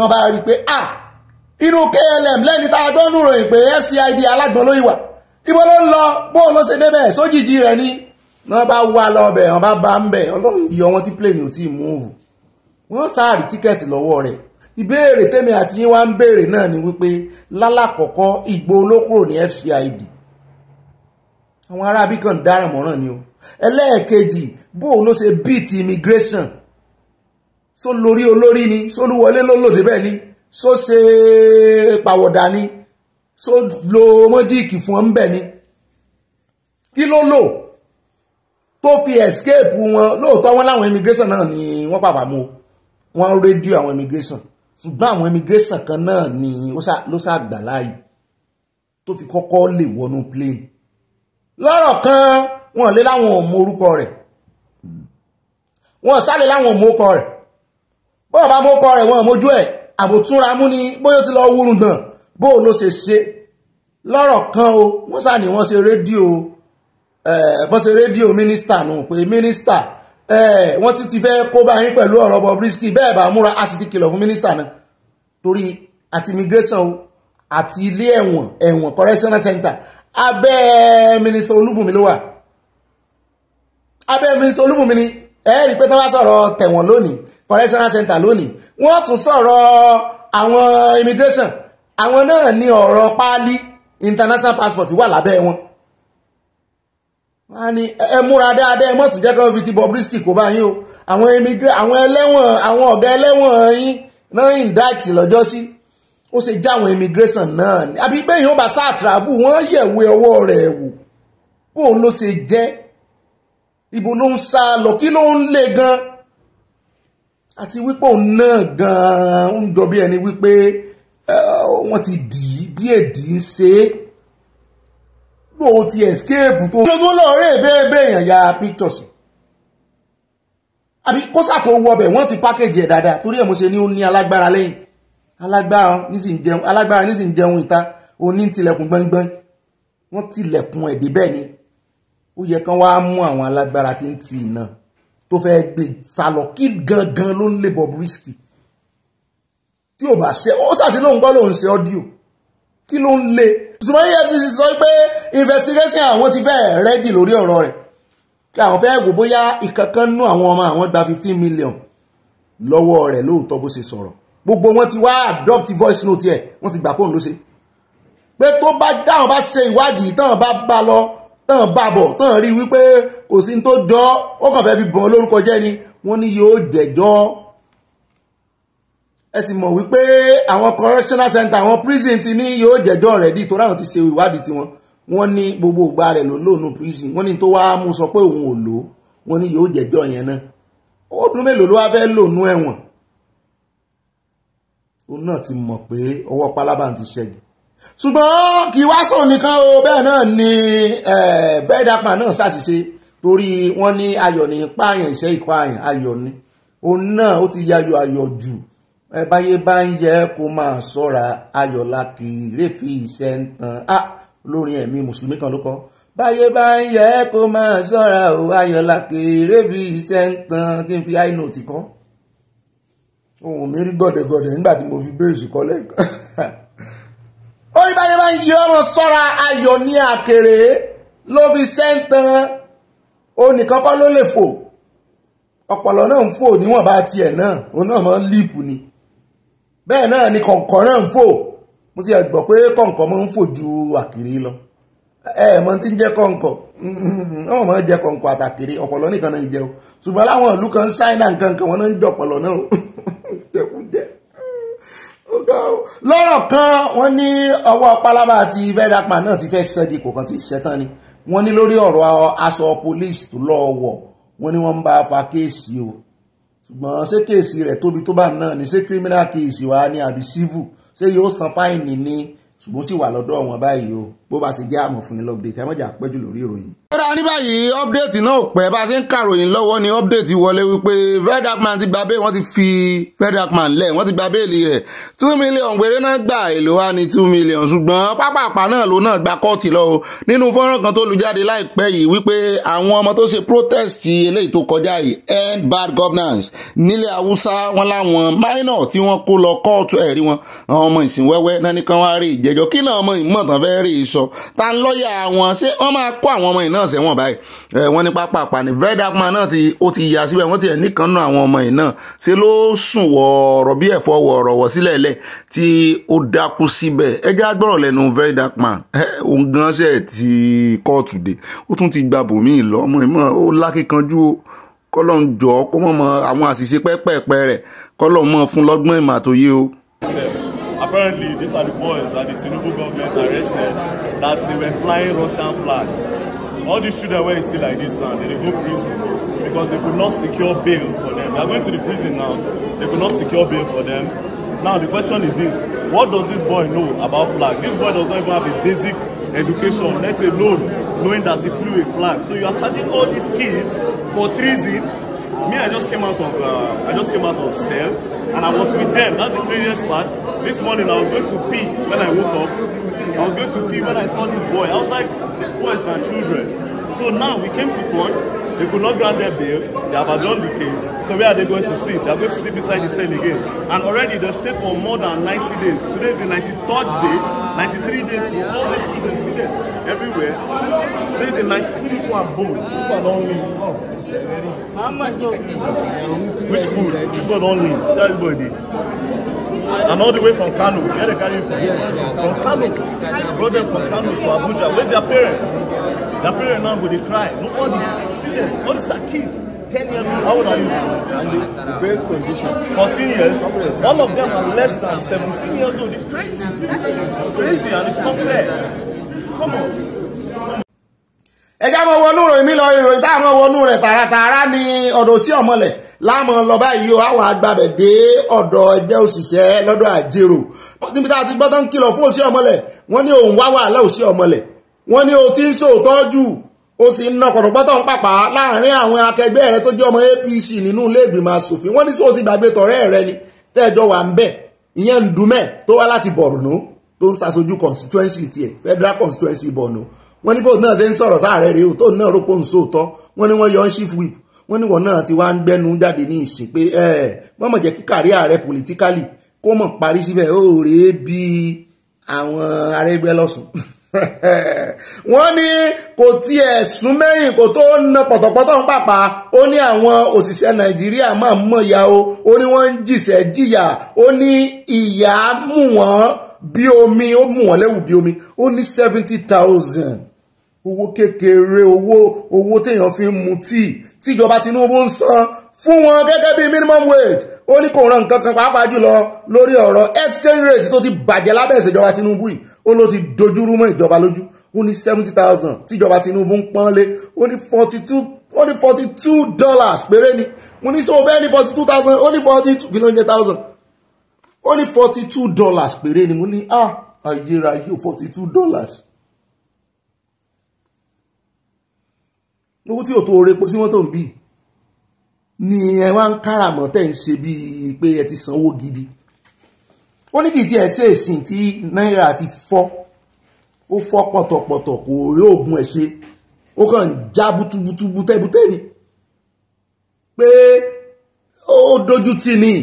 wọ́n bá rí i pé à ah, inú KLM lẹ́ni tá a gbọ́ nù ròyìn pé FCID alágbọ̀n ló ìwà ibo ló ń lọ bó ló ṣe débẹ̀ sójijì rẹ̀ ni wọ́n bá wà lọ́bẹ̀ wọ́n bá bá ń bẹ̀ ọlọ́run yọ wọn tí plane ò tí ì múùvù wọ́n sáàrí tíkẹ́ẹ̀tì lọ́wọ́ rẹ̀ ìbéèrè tèmi àti yín wá ń béèrè náà ni wípé lálàkọ̀kọ́ ìgbó olókùrò ní FCID àwọn arábí kan dáràn mọ́ràn ni o ẹlẹ́ẹ̀kejì bó ló ṣe beat immigration só lórí olórí ni sólúwọlé ló lòdì bẹ́ẹ̀ ni só ṣe pàwọ̀dà ni só lo mọ́jíìkì fún ọ ń bẹ̀ ni kí ló lò tó fi escape wọn lóòótọ́ wọn láwọn immigration náà ni wọ́n pàpà mú wọn rédíò àwọn immigration ṣùgbọ́n àwọn immigration kan náà ni ló ṣàgbà láàyè tó fi kọ́kọ́ lè wọnú plane lọ́rọ̀ kan wọn lé láwọn ò mọ orúkọ rẹ̀ wọn sálẹ̀ láwọn ò mọ orúkọ rẹ̀ bọ́ọ̀ bá mọ́kọ rẹ̀ wọ́n mójú ẹ̀ àbòtúnra mú ni bóyá ti lọ wúrun gbọ̀n bó ló ṣe ṣe lọ́rọ̀ kan o wọ́n sá ni wọ́n ṣe rédíò bọ́n ṣe rédíò mínísítà nù pé mínísítà wọ́n ti ti fẹ́ kó bá yín pẹ̀lú ọ̀rọ̀ Bobrisky bẹ́ẹ̀ bá múra a sì ti kìlọ̀ fún mínísítà náà torí àti immigration o àti ilé ẹ̀wọ̀n ẹ̀wọ̀n correctional center abẹ́ mínísítà Olúbùnmi ló wà abẹ́ mínísítà Olúbùnmi ni ẹ̀ẹ́rì pé tí wọ́n bá sọ̀rọ̀ tẹ̀wọ̀n lónìí correctional center lónìí wọ́n tún sọ̀rọ̀ àwọn immigration àwọn náà ní ọ̀rọ̀ páálí international passport wà lábẹ́ wọn wọ́n ní ẹ múra dáadáa ẹ mọ̀ tún jẹ́ kí wọ́n fi ti Bobrisky kó bá yín o àwọn immigrant àwọn ẹlẹ́wọ̀n àwọn ọ̀gá ẹlẹ́wọ̀n yín náà indict lọ́jọ́ sí ó ṣe já àwọn immigration náà ni àbí pé èèyàn bá sáà travel wọ́n yẹ̀wé ọwọ́ rẹ̀ wò bóun ló ṣe jẹ́ ibo ló ń sá lọ kí ló ń le gan-an àti wípé òun náà gan-an ń jọ bí ẹni wípé wọ́n ti dì í bí èdè ń ṣe é ló ti escape tó tó lọ́ọ̀rẹ́ bẹ́ẹ̀ èèyàn ya pictures àbí kó sàtò wọ ọbẹ̀ wọ́n ti package ẹ̀ dáadáa torí ẹ̀ mo ṣe ní ó ní alágbára lẹ́yìn alágbára nísìn jẹun alágbára nísìn jẹun ìta oní tilẹ̀kùn gbọ́ngbọ́n wọ́n tilẹ̀kùn ẹ̀dẹ́ bẹ́ẹ̀ ni ó yẹ kán wá mú àwọn alágbára tí ń ti ìná tó fẹ́ gbé sálọ kí gangan ló ń lé Bobrisky tí ò bá ṣe ó sàtí lóun gbọ́ lóun ṣe ọ́díò kí ló ń lé ṣùgbọ́n EFCC sọ pé investigation àwọn ti fẹ́ẹ́ rẹ́dì lórí ọ̀rọ̀ rẹ̀ kí àwọn fẹ́ẹ́ wò bóyá ìkankan nú àwọn ọmọ àwọn gba fifteen million lọ́wọ́ rẹ̀ lóòótọ́ bó ṣe sọ̀rọ̀ gbogbo wọn ti wá adopt voice note yẹ wọ́n ti gbà pé òun ló ṣe pé tó bá dáhùn bá ṣe ìwádìí táwọn bá bá lọ tán bàbọ̀ tán rí wípé kò sí tó jọ ó kàn fẹ́ẹ́ fi bọ̀n lórúkọ jẹ́ ni wọ́n ní yóò jẹ̀jọ́ ẹ sì mọ̀ wípé àwọn correctional center àwọn prison ti ní yóò jẹ̀jọ́ rẹ̀ dì tó ráwọn ti ṣe ìwádìí tiwọn wọ́n ní gbogbo ìgbà rẹ̀ ló lóònù prison wọ́n ní tó wá mú sọ pé òun ò lò ó wọ́n ní yóò jẹ̀jọ́ yẹn náà ọdún mélòó ló wá fẹ́ lòónú ẹ̀wọ̀n òun náà ti mọ̀ pé ọwọ́ pálábá ti ṣẹ́gun ṣùgbọ́n kì í wá sùn nìkan o bẹ́ẹ̀ náà ni bẹ́ẹ̀dàpà náà ṣàṣìṣe torí wọ́n ní ayọ̀ ní pààyàn ìṣe ìpààyàn ayọ̀ ni òun náà ó ti yayọ̀ ayọ̀ jù ẹ báyé bá ń yẹ kó máa ṣọ́ra ayọ̀ la kì í réfi ìṣe ń tan á ah, olórin ẹ̀mí mùsùlùmí kan ló kọ́ báyé bá ń yẹ kó máa ṣọ́ra o ayọ̀ la kì í réfi ìṣe ń tan kí n fi high note kọ́ ohun mi rí gọ̀dẹ̀gọ̀dẹ̀ nígbà tí mo fi bẹ́ẹ̀sì kọ́ lẹ́ẹ̀kan. ó ní báyẹn bá ń yí ọmọ sọ́ra ayọ̀ ní àkèrè ló fi sẹ́ńtàn onìkan kọ́ ló lè fò ọ̀pọ̀lọ́ náà ń fò níwọ̀nba tiẹ̀ náà òun náà máa ń líìpù ni bẹ́ẹ̀ náà ni kọ̀ǹkọ̀ náà ń fò mo ti gbọ́ pé kọ̀ǹkọ̀ máa ń fò ju àkèrè lọ ẹ ẹ mọ tí ń jẹ kọ̀ǹkọ̀ ọmọ máa ń jẹ kọ̀ǹkọ̀ àtàkèrè ọ̀pọ̀lọ́ nìkan náà ń jẹ o ṣùgbọ́n láwọn ìlú kan ṣáínà nǹkan kan wọn náà ń jẹ ọ̀pọ̀lọ́ náà o jẹkújẹ lọ́rọ̀ kan wọ́n ní ọwọ́ pálábá àti fẹ́dàpà náà ti fẹ́ sẹ́dí kò kàn ti ṣẹ́tàn ni wọ́n ní lórí ọ̀rọ̀ aṣọ police tó lọ́ọ́ wọ̀ wọ́n ní wọ́n ń bá a fa kéèsì o ṣùgbọ́n ṣé kéèsì rẹ̀ tóbi tó bá náà ni ṣé criminal kéèsì wa ni àbí civil ṣé yóò san fáìnì ni ṣùgbọ́n sì wà lọ́dọ̀ wọn báyìí o bó bá sì jẹ́ àmọ̀ fún yín lọ́pdẹ̀tì ẹ má jà pẹ́jù lórí ìròyìn. lọ́dà ní báyìí ọ́pdẹ̀tì náà pẹ́ bá a ṣe ń kàròyìn lọ́wọ́ ni ọ́pdẹ̀tì wọlé wípé fedakman ti gba bẹ́ẹ̀ wọ́n ti fi fedakman lẹ̀ wọ́n ti gba bẹ́ẹ̀lì rẹ̀ two million péré náà gbà èlò wa ní two million ṣùgbọ́n pápápá náà ló náà gba kọ́ọ̀tì lọ nínú fọ́nrán kan tó lu jáde láìpẹ́ yìí wípé àwọn ọmọ tó ṣe protest eléyìí tó kọjá yìí end bad governance nílẹ̀ haúsá wọn láwọn minor tí wọ́n kó lọ kóòtù ẹ̀rí wọn àwọn ọmọ ìsìn wẹ́wẹ́ náà nìkan wá rí ìjẹ́jọ́ kí náà ọmọ ìmọ̀tàn fẹ́ rí ìs sọ ta ń lọ́ọ̀yà wọn ṣé wọ́n máa kó àwọn ọmọ yìí náà sẹ́wọ̀n báyìí wọ́n ní pápápá ni vedakman náà ti ó ti yà síbẹ̀ wọ́n ti ẹ̀ nìkan náà àwọn ọmọ yìí náà ṣe ló sùn wọ̀ọ̀rọ̀ bí ẹ̀fọ́ wọ̀ọ̀rọ̀wọ̀ sílẹ̀ lẹ̀ tí ó dákú síbẹ̀ ẹ já gbọ́rọ̀ lẹ́nu vedakman òun gan ṣe ti kóòtù dé ó tún ti gba bòmíì lọ ọmọ ìmọ̀ ó lákìkanjú kọ́lọ́n jọ kó mọ̀ àwọn àṣìṣe pẹ́pẹ́ẹ̀pẹ́ rẹ̀ kọ́lọ́n mọ̀ fún lọ́gbọ́n ìmọ̀ àtòyé apparently these are the boys that the Tinubu government arrested that they were flying Russian flag. All these children were still like this now, they, they go prison because they could not secure bail for them. They are going to the prison now. They could not secure bail for them. Now the question is this, what does this boy know about flag? This boy does not even have a basic education, let alone knowing that he flew a flag. So you are charging all these kids for treason. Me, I just came out of, uh, I just came out of cell and I was with them. That's the craziest part. This morning I was going to pee when I woke up. I was going to pee when I saw this boy. I was like, this boy is my children. So now we came to court. They could not grant their bail. They have adjourned the case. So where are they going to sleep? They are going to sleep inside the cell again. And already they stayed for more than 90 days. Today is the 93rd day. 93 days for all the children seated everywhere. Today is the 93rd. day. one boom. This one don't leave. Oh. Which food? This one don't leave. See how and all the way from Kano. Where they carry from? from Kano. Brought them from Kano to Abuja. Where's their parents? Their parents now go, they cry. Nobody. See them. All these are kids. 10 years old. How old are you? And the, the condition. 14 years. All of them are less than 17 years old. It's crazy. It's crazy and it's not fair. Come on ẹjá mọ wọnú ìròyìn mi lọ ìròyìn táwọn wọnú rẹ̀ tààràtààrà ni ọ̀dọ̀ sí ọ̀mọ̀lẹ̀ láàmú lọ́ba yìí o àwọn agbábẹ̀ dé ọ̀dọ̀ ẹgbẹ́ òṣìṣẹ́ lọ́dọ̀ àjèrò níbi tá a ti gbọ́ tán kìlọ̀ fún òsì ọ̀mọ̀lẹ̀ wọ́n ní òun wá wàhálà òsì ọ̀mọ̀lẹ̀ wọ́n ní o ti ń sòótọ́ jù ó sì ń na kọ̀rọ̀gbọ́tọ̀ ń pàpà láàrin àwọn akẹgbẹ́ rẹ tó jẹ́ ọmọ APC nínú ilé ìgbìmọ̀ asòfin wọ́n ní sóò ti gbàgbé tọ̀rẹ́ rẹ ni tẹ́ẹ̀jọ wà ń bẹ̀ ìyẹn Ndume tó wá láti Borno tó ń ṣàṣojú constituency tiẹ̀ federal constituency Borno wọ́n ní bóun náà ṣe ń sọ̀rọ̀ sáàrẹ̀ rèé tó náà rò pé òun sóòótọ́ wọ́n ní wọ́n yọ ń ṣífù ìbò wọ́n ní wọ́n náà ti wá ń gbẹ́nu jáde ní ìsìn pé ẹ wọ́n mọ̀ jẹ́ kí kárí ààrẹ pòlítíkálì kó mọ̀ parí síbẹ̀ ó rèé bí àwọn Arẹ́gbẹ́lọ́sùn wọ́n ní kò tiẹ̀ sún mẹ́yìn kò tó na pọ̀tọ̀pọ̀tọ̀ ń pàpà ó ní àwọn òṣìṣẹ́ nàìjíríà máa ń mọ̀ya o ó ní wọ́n ń jìṣẹ́ jìyà ó ní ìyà mú wọ́n bí omi ó mú wọn lẹ́wù bí omi ó ní seventy thousand owó kékeré owó owó téèyàn fi ń mu tíì tíjọba Tinubu ń san fún wọn gẹ́gẹ́ bí minimum wage ó ní kò ràn nǹkan kan pàápàá jùlọ lórí ọ̀rọ̀ exchange rate tó ti bàjẹ́ lábẹ́ ìṣèjọba Tinubu yìí ó ló ti dojúrú mọ́ ìjọba lójú ó ní seventy thousand tíjọba Tinubu ń pọ́nlé ó ní forty two ó ní forty two dollars péré ni mo ní sọ fẹ́ ní forty two thousand ó ní forty two kìlóńjẹ thousand ó ní forty two dollars péré ni mo ní ah ayérayé forty two dollars owó tí ò tó o sí mọ́tò ń bì ni ẹ wá ń káràmọ́ tẹ̀ ń ṣe bíi pé ẹ ti sanwó gidi ó ní kì í tiẹ̀ ṣe ìsìn tí náírà ti fọ́ ó fọ́ pọ̀tọ̀pọ̀tọ̀ kò rí oògùn ẹ̀ ṣe ó kàn ń já bútúbútú bútẹ́bútẹ́ ni pé ó dojú tì ní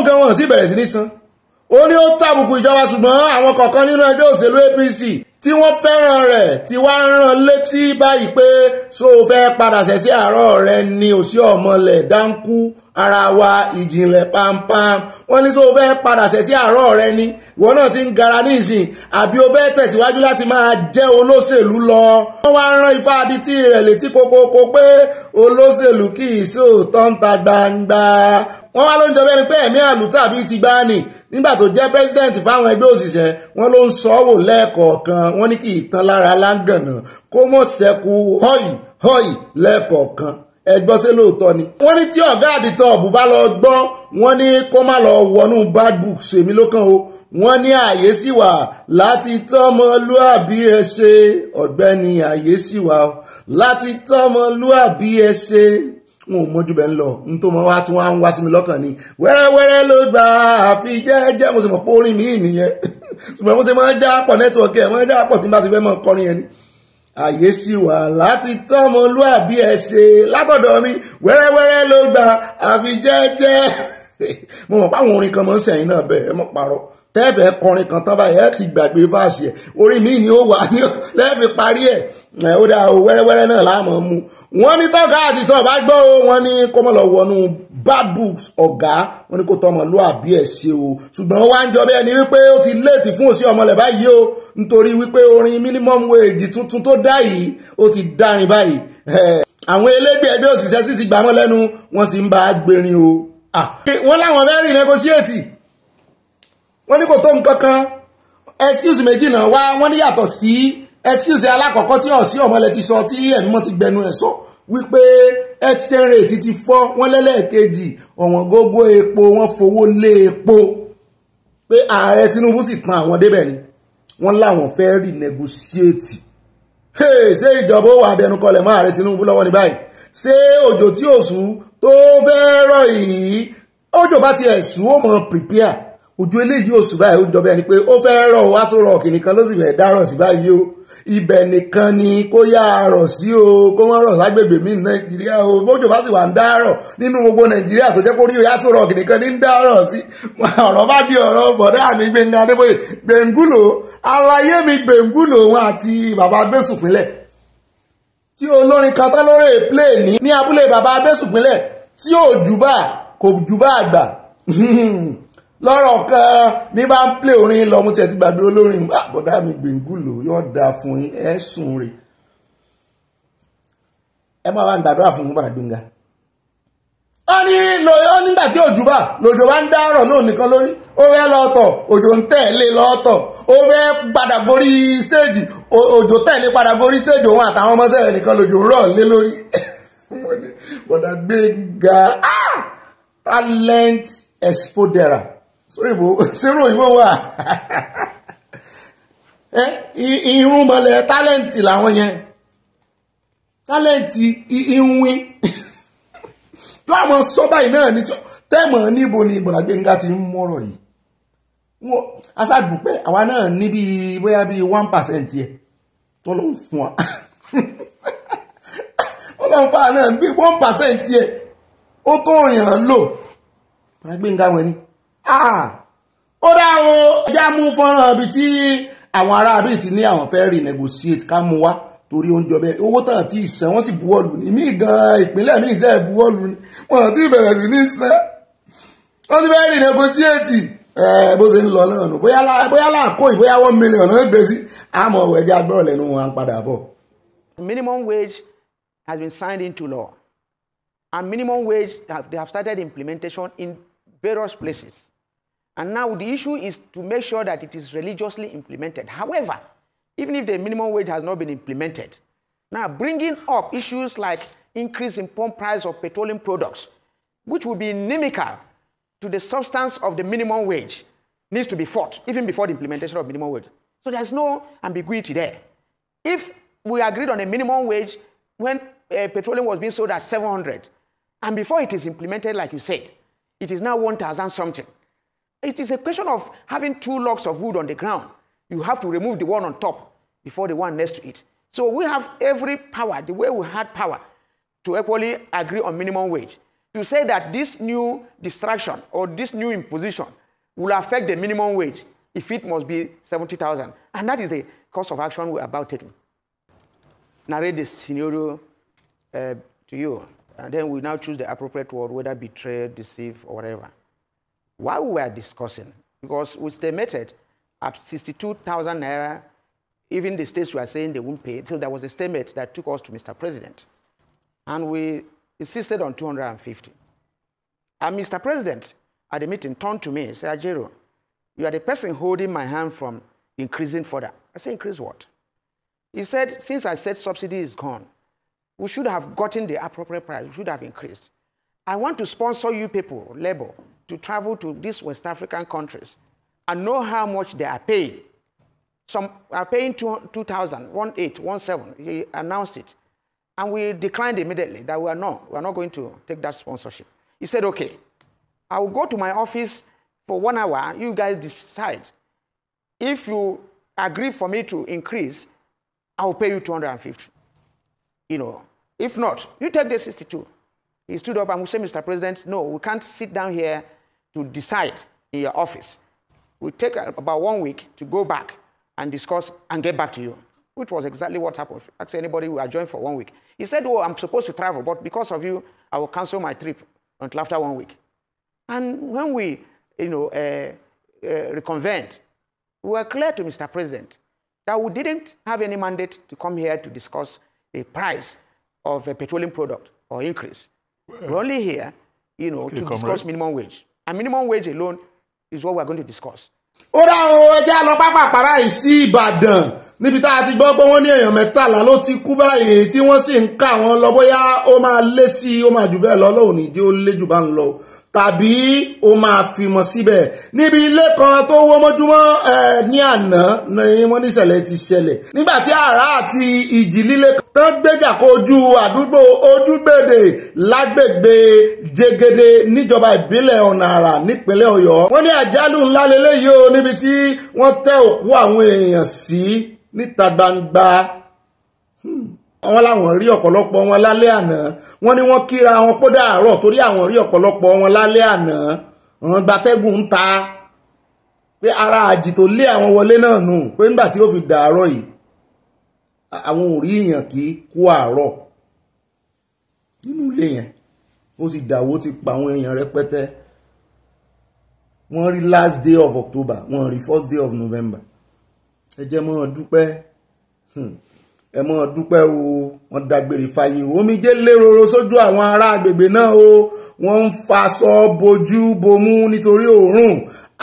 nǹkan wọn ti bẹ̀rẹ̀ sí ní san ó ní ó tàbùkù ìjọba ṣùgbọ́n àwọn kọ̀ọ̀kan nínú ẹgbẹ́ òṣèlú APC tí wọ́n fẹ́ràn rẹ̀ tí wá ń rán létí báyìí pé so fẹ́ padà ṣẹ̀ṣẹ̀ àárọ̀ rẹ ni òsì ọ̀mọlẹ̀ dáńkú ara wa ìjìnlẹ̀ pampam wọ́n ní so fẹ́ padà ṣẹ̀ṣẹ̀ àárọ̀ rẹ ni ìwọ náà ti ń gara nísìn àbí o fẹ́ tẹ̀síwájú láti máa jẹ́ olóṣèlú lọ. wọ́n wá rán ifá abití rẹ̀ létí kokoko pé olóṣèlú kì í sóòótọ́ ń ta gbangba wọ́n wá ló ń jọ bẹ́ni pé ẹ̀mí àlùtà bíi ti gbani nígbà tó jẹ́ president fáwọn ẹgbẹ́ òṣìṣẹ́ wọn ló ń sọ ọ́ wò lẹ́ẹ̀kọ̀ọ̀kan wọn ní kí ìtàn lára láǹgànà kó mọ̀ sẹ́kù họ́ì họ́ì lẹ́ẹ̀kọ̀ọ̀kan ẹgbọ́n ṣe lóòótọ́ ni. wọ́n ní tí ọ̀gá àdìtọ̀ ọ̀bùbá lọ gbọ́ wọ́n ní kó má lọ wọnú bad books èmi lókàn o wọ́n ní ààyè sì wà láti tọ́mọlúàbí ẹ ṣe ọ̀gbẹ́ni ààyè sì wà láti tọ́mọlúàbí ẹ ṣe n ò mọ́jú bẹ́ẹ̀ ń lọ n tó mọ́ wá tí wọ́n á ń wá sí mi lọ́kàn ni wẹ́rẹ́wẹ́rẹ́ ló gbà àfi jẹ́ẹ́jẹ́ mo sì mọ̀ pé orin mi nìyẹn ṣùgbọ́n mo ṣe máa ń já pọ̀ nẹ́tíwọ̀kì ẹ̀ máa ń já pọ̀ tí n bá ti fẹ́ mọ́ kọrin yẹn ni àyè sì wà láti tán ọmọlúàbí ẹ ṣe látọ̀dọ̀ mi wẹ́rẹ́wẹ́rẹ́ ló gbà àfi jẹ́ẹ́jẹ́ mo mọ̀ páwọn orin kan mọ̀ ń sẹ̀yìn náà bẹ́ẹ̀ ẹ mọ̀ parọ́ tẹ́ẹ̀fẹ̀ kọrin kan tán báyìí ẹ ti gbàgbé fáàsì ẹ̀ orin mi ni ó wà ní lẹ́ẹ̀fi parí ẹ̀ ó dáa o wẹ́rẹ́wẹ́rẹ́ náà láàmú mu wọ́n ní tọ́ka àtìtọ́ bá gbọ́ o wọ́n ní kó mọ̀ lọ wọnú bad books ọ̀gá wọ́n ní kó tọmọ lọ àbí ẹ̀ ṣe o ṣùgbọ́n wá ń jọ bẹ́ẹ̀ ni wípé ó ti léètì fún òsì ọmọlẹ̀ báyìí o nítorí wípé orin minimum wage tuntun tó dá yìí ó ti dárin báyìí àwọn ẹlẹ́gbẹ́ ẹgbẹ́ òṣìṣẹ́ sì ti gbàmọ́ lẹ́nu wọ́n ti ń bá a gbèrin o wọ́n láwọn fẹ́ rìn negotiate wọ́n ní kò tó nǹkan kan excuse méjì náà wá wọ́n ní yàtọ̀ sí excuse alákọ̀ọ́kọ́ tí ọ̀sí ọ̀mọ́lẹ̀ ti sọ tí ẹ̀mímọ́ ti gbẹnu ẹ̀ sọ wípé exchange rate ti fọ́ wọ́n lẹ́lẹ́ẹ̀kejì ọ̀wọ́n gógó epo wọ́n fowó lé epo pé ààrẹ Tinubu sì tan àwọn débẹ̀ ni wọ́n láwọn fẹ́ rí negotiate ṣé ìjọba ó wà dẹnu kọlẹ̀ mọ́ ààrẹ Tinubu lọ́wọ́ ní báyìí ṣé òjò tí òṣù tó fẹ́ rọ̀ yìí òjò bá ti ẹ̀sùn ó mọ̀ prepare ojú eléyìí oṣù báyìí ó ń jọ bẹ́ẹ̀ ni pé ó fẹ́ rọ̀ wá sọ̀rọ̀ ọ̀kì nìkan ló sì fẹ́ dáràn sí báyìí o ibẹ̀ nìkan ni kó yá rọ̀ sí o kó wọ́n rọ̀ ságbègbè míì nàìjíríà o bójú bá sì wà ń dáràn nínú gbogbo nàìjíríà tó jẹ́ kó rí oyá sọ̀rọ̀ ọ̀kì nìkan ní ń dáràn sí ọ̀rọ̀ bá di ọ̀rọ̀ bọ̀dá mi Gbẹ́ngà Adébóyè Gbẹ̀ngúlò alayé mi Gbẹ̀ngúlò wọn lọ́rọ̀ kan ní bá ń plé orin lọ mo tiẹ̀ ti gbàgbé olórin àbọ̀dá ah, mi gbìngúlò yóò da fún yín ẹ sùn rè ẹ máa wá ń gbàdúrà fún Gbàdà Gbénga ó ní lóyún nígbà tí òjò bá lòjò bá ń dárọ̀ lóun nìkan lórí ó fẹ́ lọ́ọ̀tọ̀ òjò ń tẹ̀lé lọ́ọ̀tọ̀ ó fẹ́ padà gorí stéèjì òjò tẹ̀lé padà gorí stéèjì òun àtàwọn ọmọ sẹ́rẹ̀ nìkan lòjò rọ̀ lé lórí Gbàdà Gbénga ah! talent expodera sóyìnbó sérò òyìnbó wà irun mọ̀lẹ̀ tálẹ́ǹtì làwọn yẹn tálẹ́ǹtì ìwìn tó àwọn sọ́bà yìí náà ní tẹ́mọ̀ níbo ni Bọ̀dá Gbénga ti ń mọ́rọ̀ yìí wọn aṣáàdùpẹ́ àwa náà ní bíi bóyá bíi one percent yẹ tó ló ń fún wa ó lọ́n fa náà bíi one percent yẹ ó tó yàn lò Bọ̀dá Gbénga wọn ni. Ah, ó dáhùn ẹja mú fọ́nrán ibi tí àwọn ará bíi ti ní àwọn fẹ́ renegotiate ká mú wá torí oúnjẹ ọbẹ̀ owó tàn tí ìsàn wọ́n sì buwọ́lù ní mí gan ìpínlẹ̀ mí ìṣe buwọ́lù ni wọ́n ti bẹ̀rẹ̀ sí ní sẹ́ wọ́n ti fẹ́ renegotiate bó ṣe ń lọ náà nù bóyá láàkó ìbóyá one million náà gbé sí àmọ́ ẹja gbọ́rọ̀ lẹ́nu wọn padà bọ̀. minimum wage has been signed into law and minimum wage they have started implementation in various places. And now the issue is to make sure that it is religiously implemented. However, even if the minimum wage has not been implemented, now bringing up issues like increase in pump price of petroleum products, which will be inimical to the substance of the minimum wage, needs to be fought, even before the implementation of minimum wage. So there's no ambiguity there. If we agreed on a minimum wage when uh, petroleum was being sold at 700, and before it is implemented, like you said, it is now 1,000 something. It is a question of having two logs of wood on the ground. You have to remove the one on top before the one next to it. So we have every power, the way we had power, to equally agree on minimum wage. To say that this new distraction or this new imposition will affect the minimum wage if it must be 70,000. And that is the course of action we're about taking. Narrate this scenario uh, to you, and then we now choose the appropriate word, whether betray, deceive, or whatever. While we were discussing, because we estimated at 62,000 naira, even the states were saying they won't pay. So there was a statement that took us to Mr. President. And we insisted on 250. And Mr. President, at the meeting, turned to me and said, Ajero, you are the person holding my hand from increasing further. I said, increase what? He said, since I said subsidy is gone, we should have gotten the appropriate price. We should have increased. I want to sponsor you people, labor, to travel to these West African countries and know how much they are paying. Some are paying 2,000, 1,800, 1,700. He announced it. And we declined immediately that we are not, we are not going to take that sponsorship. He said, okay, I will go to my office for one hour. You guys decide. If you agree for me to increase, I will pay you 250. You know, if not, you take the 62. He stood up and we said, Mr. President, no, we can't sit down here to decide in your office. We take about one week to go back and discuss and get back to you, which was exactly what happened. Ask anybody who joined for one week. He said, oh, I'm supposed to travel, but because of you, I will cancel my trip until after one week. And when we, you know, uh, uh, reconvened, we were clear to Mr. President that we didn't have any mandate to come here to discuss the price of a petroleum product or increase. Well, We're only here, you know, okay, to comrade. discuss minimum wage. and minimum wage alone is what we are going to discuss. ó dá o ẹja lọ pápá pàrà yìí sí Ìbàdàn níbi tá a ti gbọ́ pé wọ́n ní èèyàn mẹ́tàlá ló ti kú báyìí tí wọ́n sì ń ká wọn lọ bóyá ó máa lé sí i ó máa jù bẹ́ẹ̀ lọ lọ́wọ́ nídìí ó lé jù bá ń lọ tàbí o máa fìmọ̀ síbẹ̀ níbi ilé kan tó wó mọ́júmọ́ ẹ ní àná ni wọ́n níṣẹ̀lẹ̀ ti ṣẹlẹ̀ nígbà tí àrá àti ìjì líle tán gbéjà kojú àdúgbò ojúgbèdè lágbègbè jẹgẹdẹ níjọba ìbílẹ̀ ọ̀nà àrà nípínlẹ̀ ọ̀yọ́ wọ́n ní àjálù ńlá lélẹ́yìí o níbi tí wọ́n tẹ òkú àwọn èèyàn sí níta gbangba. Hmm wọ́n láwọn rí ọ̀pọ̀lọpọ̀ wọn lálẹ́ àná wọ́n ní wọ́n kíra wọn pọ́ dàárọ̀ torí àwọn rí ọ̀pọ̀lọpọ̀ wọn lálẹ́ àná wọ́n gbatẹ́gùn ń ta pé ara àjì tó lé àwọn wọlé náà nù pé nígbà tí ó fi dàárọ̀ yìí àwọn ò rí èèyàn kí kú àárọ̀ nínú ilé yẹn ó sì dàwó ti pa àwọn èèyàn rẹpẹtẹ wọ́n rí last day of October wọ́n rí first day of November ẹ jẹ́ mọ́ ọ dúpẹ́. Hmm ẹ mọ́ dúpẹ́ o wọ́n dágbére fáyé omijé léròrò sójú àwọn ará agbègbè náà o wọ́n ń faṣọ bojú bomú nítorí òórùn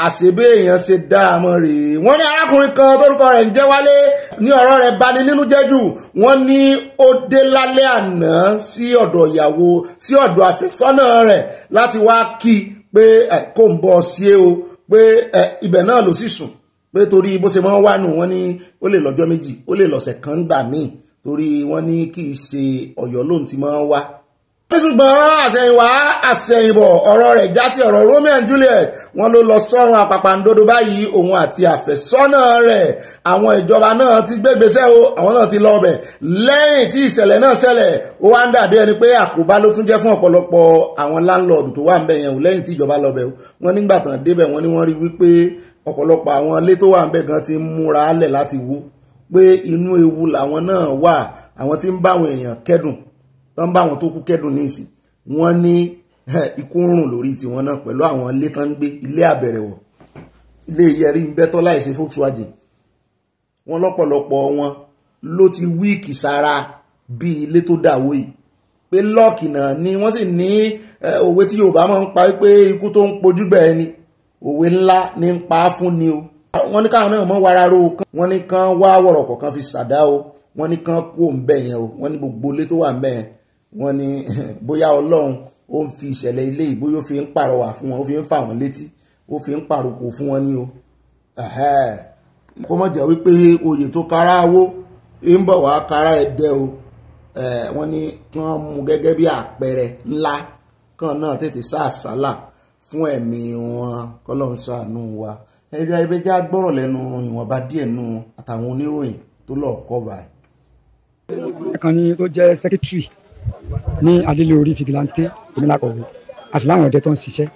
àṣebé èèyàn ṣe dáàmọ́ rèé wọ́n ní arákùnrin kan tórúkọ rẹ̀ ń jẹ́ wálé ní ọ̀rọ̀ rẹ̀ bani nínú jẹ́jù wọ́n ní ó dé lálẹ́ àná sí ọ̀dọ̀ ìyàwó sí ọ̀dọ̀ àfẹ́sọ́nà rẹ̀ láti wá kí pé kò ń bọ̀ sí e o pé ibẹ̀ náà ló sì sùn pé torí bó ṣe máa ń wá nù wọ́n ní ó lè lọ́jọ́ méjì ó lè lọ́sẹ̀ kan gbà míì torí wọ́n ní kì í ṣe ọ̀yọ́ lóun ti máa ń wá ṣùgbọ́n àṣẹ̀yìnwá àṣẹ̀yìnbọ̀ ọ̀rọ̀ rẹ̀ já sí ọ̀rọ̀ Romeo and Juliet wọn ló lọ sọ́run àpàpàǹdodo báyìí òun àti àfẹ́sọ́nà rẹ̀ àwọn ìjọba náà ti gbégbèsẹ́ o àwọn náà ti lọ ọbẹ̀ lẹ́yìn tí ìṣẹ̀lẹ̀ náà ṣẹlẹ̀ ó wá ń dàbí ẹni pé àkóbá ló tún jẹ́ fún ọ̀pọ̀lọpọ̀ àwọn láńlọ́ọ̀dù tó wà ń bẹ̀ o lẹ́yìn tí ìjọba lọ bẹ̀ wọ́n nígbà tán débẹ̀ wọ́n ní wọ́n rí wípé ọ̀pọ̀lọpọ̀ àwọn ilé tó wà ń bẹ̀ gan ti ń múra lẹ̀ láti wó pé inú ewu làwọn náà wà àwọn tí ń bá àwọn èèyàn kẹ́dùn tó ń bá àwọn tó kú kẹ́dùn ní ìsìn wọ́n ní ikú ń rùn lórí tiwọn náà pẹ̀lú àwọn ilé tó ń gbé ilé àbẹ̀rẹ̀wọ̀ ilé yẹrí ń bẹ́tọ́ láìsí Volkswagen wọn lọ́pọ̀lọpọ̀ wọn ló ti wíìkì sára bí ilé tó dàwó yìí pé lọ́ọ̀kì náà ni wọ́n sì ní òwe tí Yorùbá máa ń pa pé ikú tó ń pojú bẹ́ẹ̀ ni òwe ńlá ní ń pa á fún ni o wọ́n ní káwọn náà mọ́ wàrà ro kan wọ́n ní kan wá wọ̀rọ̀ kọ̀ọ̀kan fi ṣàdá o wọ́n ní kán kó ń bẹ̀ yẹn o wọ́n ní gbogbo ilé tó wà ń bẹ̀ yẹn wọ́n ní bóyá ọlọ́run ó ń fi ìṣẹ̀lẹ̀ ilé yìí bóyá fi ń pàrọwà fún wọn ó fi ń fà wọ́n létí ó fi ń pàrokò fún wọn ni o kó mọ̀ jẹ́ wípé oyè tó kára owó ń bọ̀ wá kára ẹ̀dẹ́ o wọ́n ní kí wọ́n mú gẹ́gẹ́ bí àpẹẹrẹ ńlá kan náà tètè sá àsálà fún ẹ̀mí wọn kọ́lọ́run ṣàánú wa ẹbí ayébẹ́já gbọ́rọ̀ lẹ́nu ìwọ̀nba díẹ̀ nù àtàwọn oníròyìn tó lọ́ọ́ kọ́va ẹ̀. ẹ̀kan ni tó jẹ́ sẹ́kítírì ní adílé orí fìgìláńtì ìmìlàkọ̀wé àti láwọn ọ̀dẹ́ tó ń ṣiṣẹ́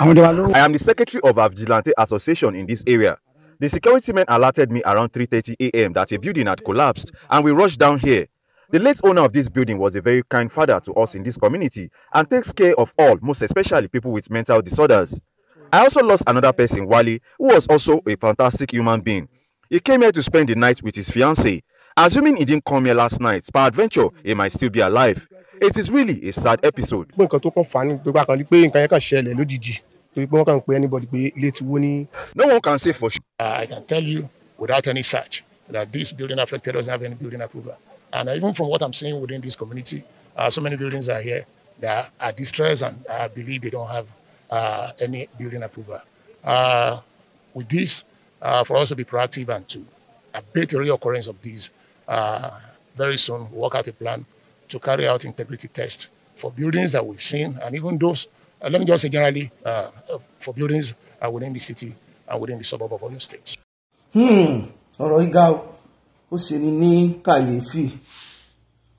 àwọn ọ̀dẹ́ wa ló. I am the secretary of our vigilante association in this area. The security men alerted me around 3:30 a.m. that a building had collapsed and we rushed down here. The late owner of this building was a very kind father to us in this community and takes care of all, most especially people with mental disorders. I also lost another person, Wally, who was also a fantastic human being. He came here to spend the night with his fiancée. Assuming he didn't come here last night, by adventure he might still be alive. It is really a sad episode. No one can say for sure. I can tell you without any search that this building affected us have any building approval. And uh, even from what I'm seeing within this community, uh, so many buildings are here that are distressed and I believe they don't have uh, any building approval. with this, for us to be proactive and to abate the reoccurrence of these, very soon work out a plan to carry out integrity tests for buildings that we've seen and even those, uh, let me just say generally, uh, for buildings uh, within the city and within the suburb of Oyo states. Hmm, All right, go. ó sì ní ní kàyéfì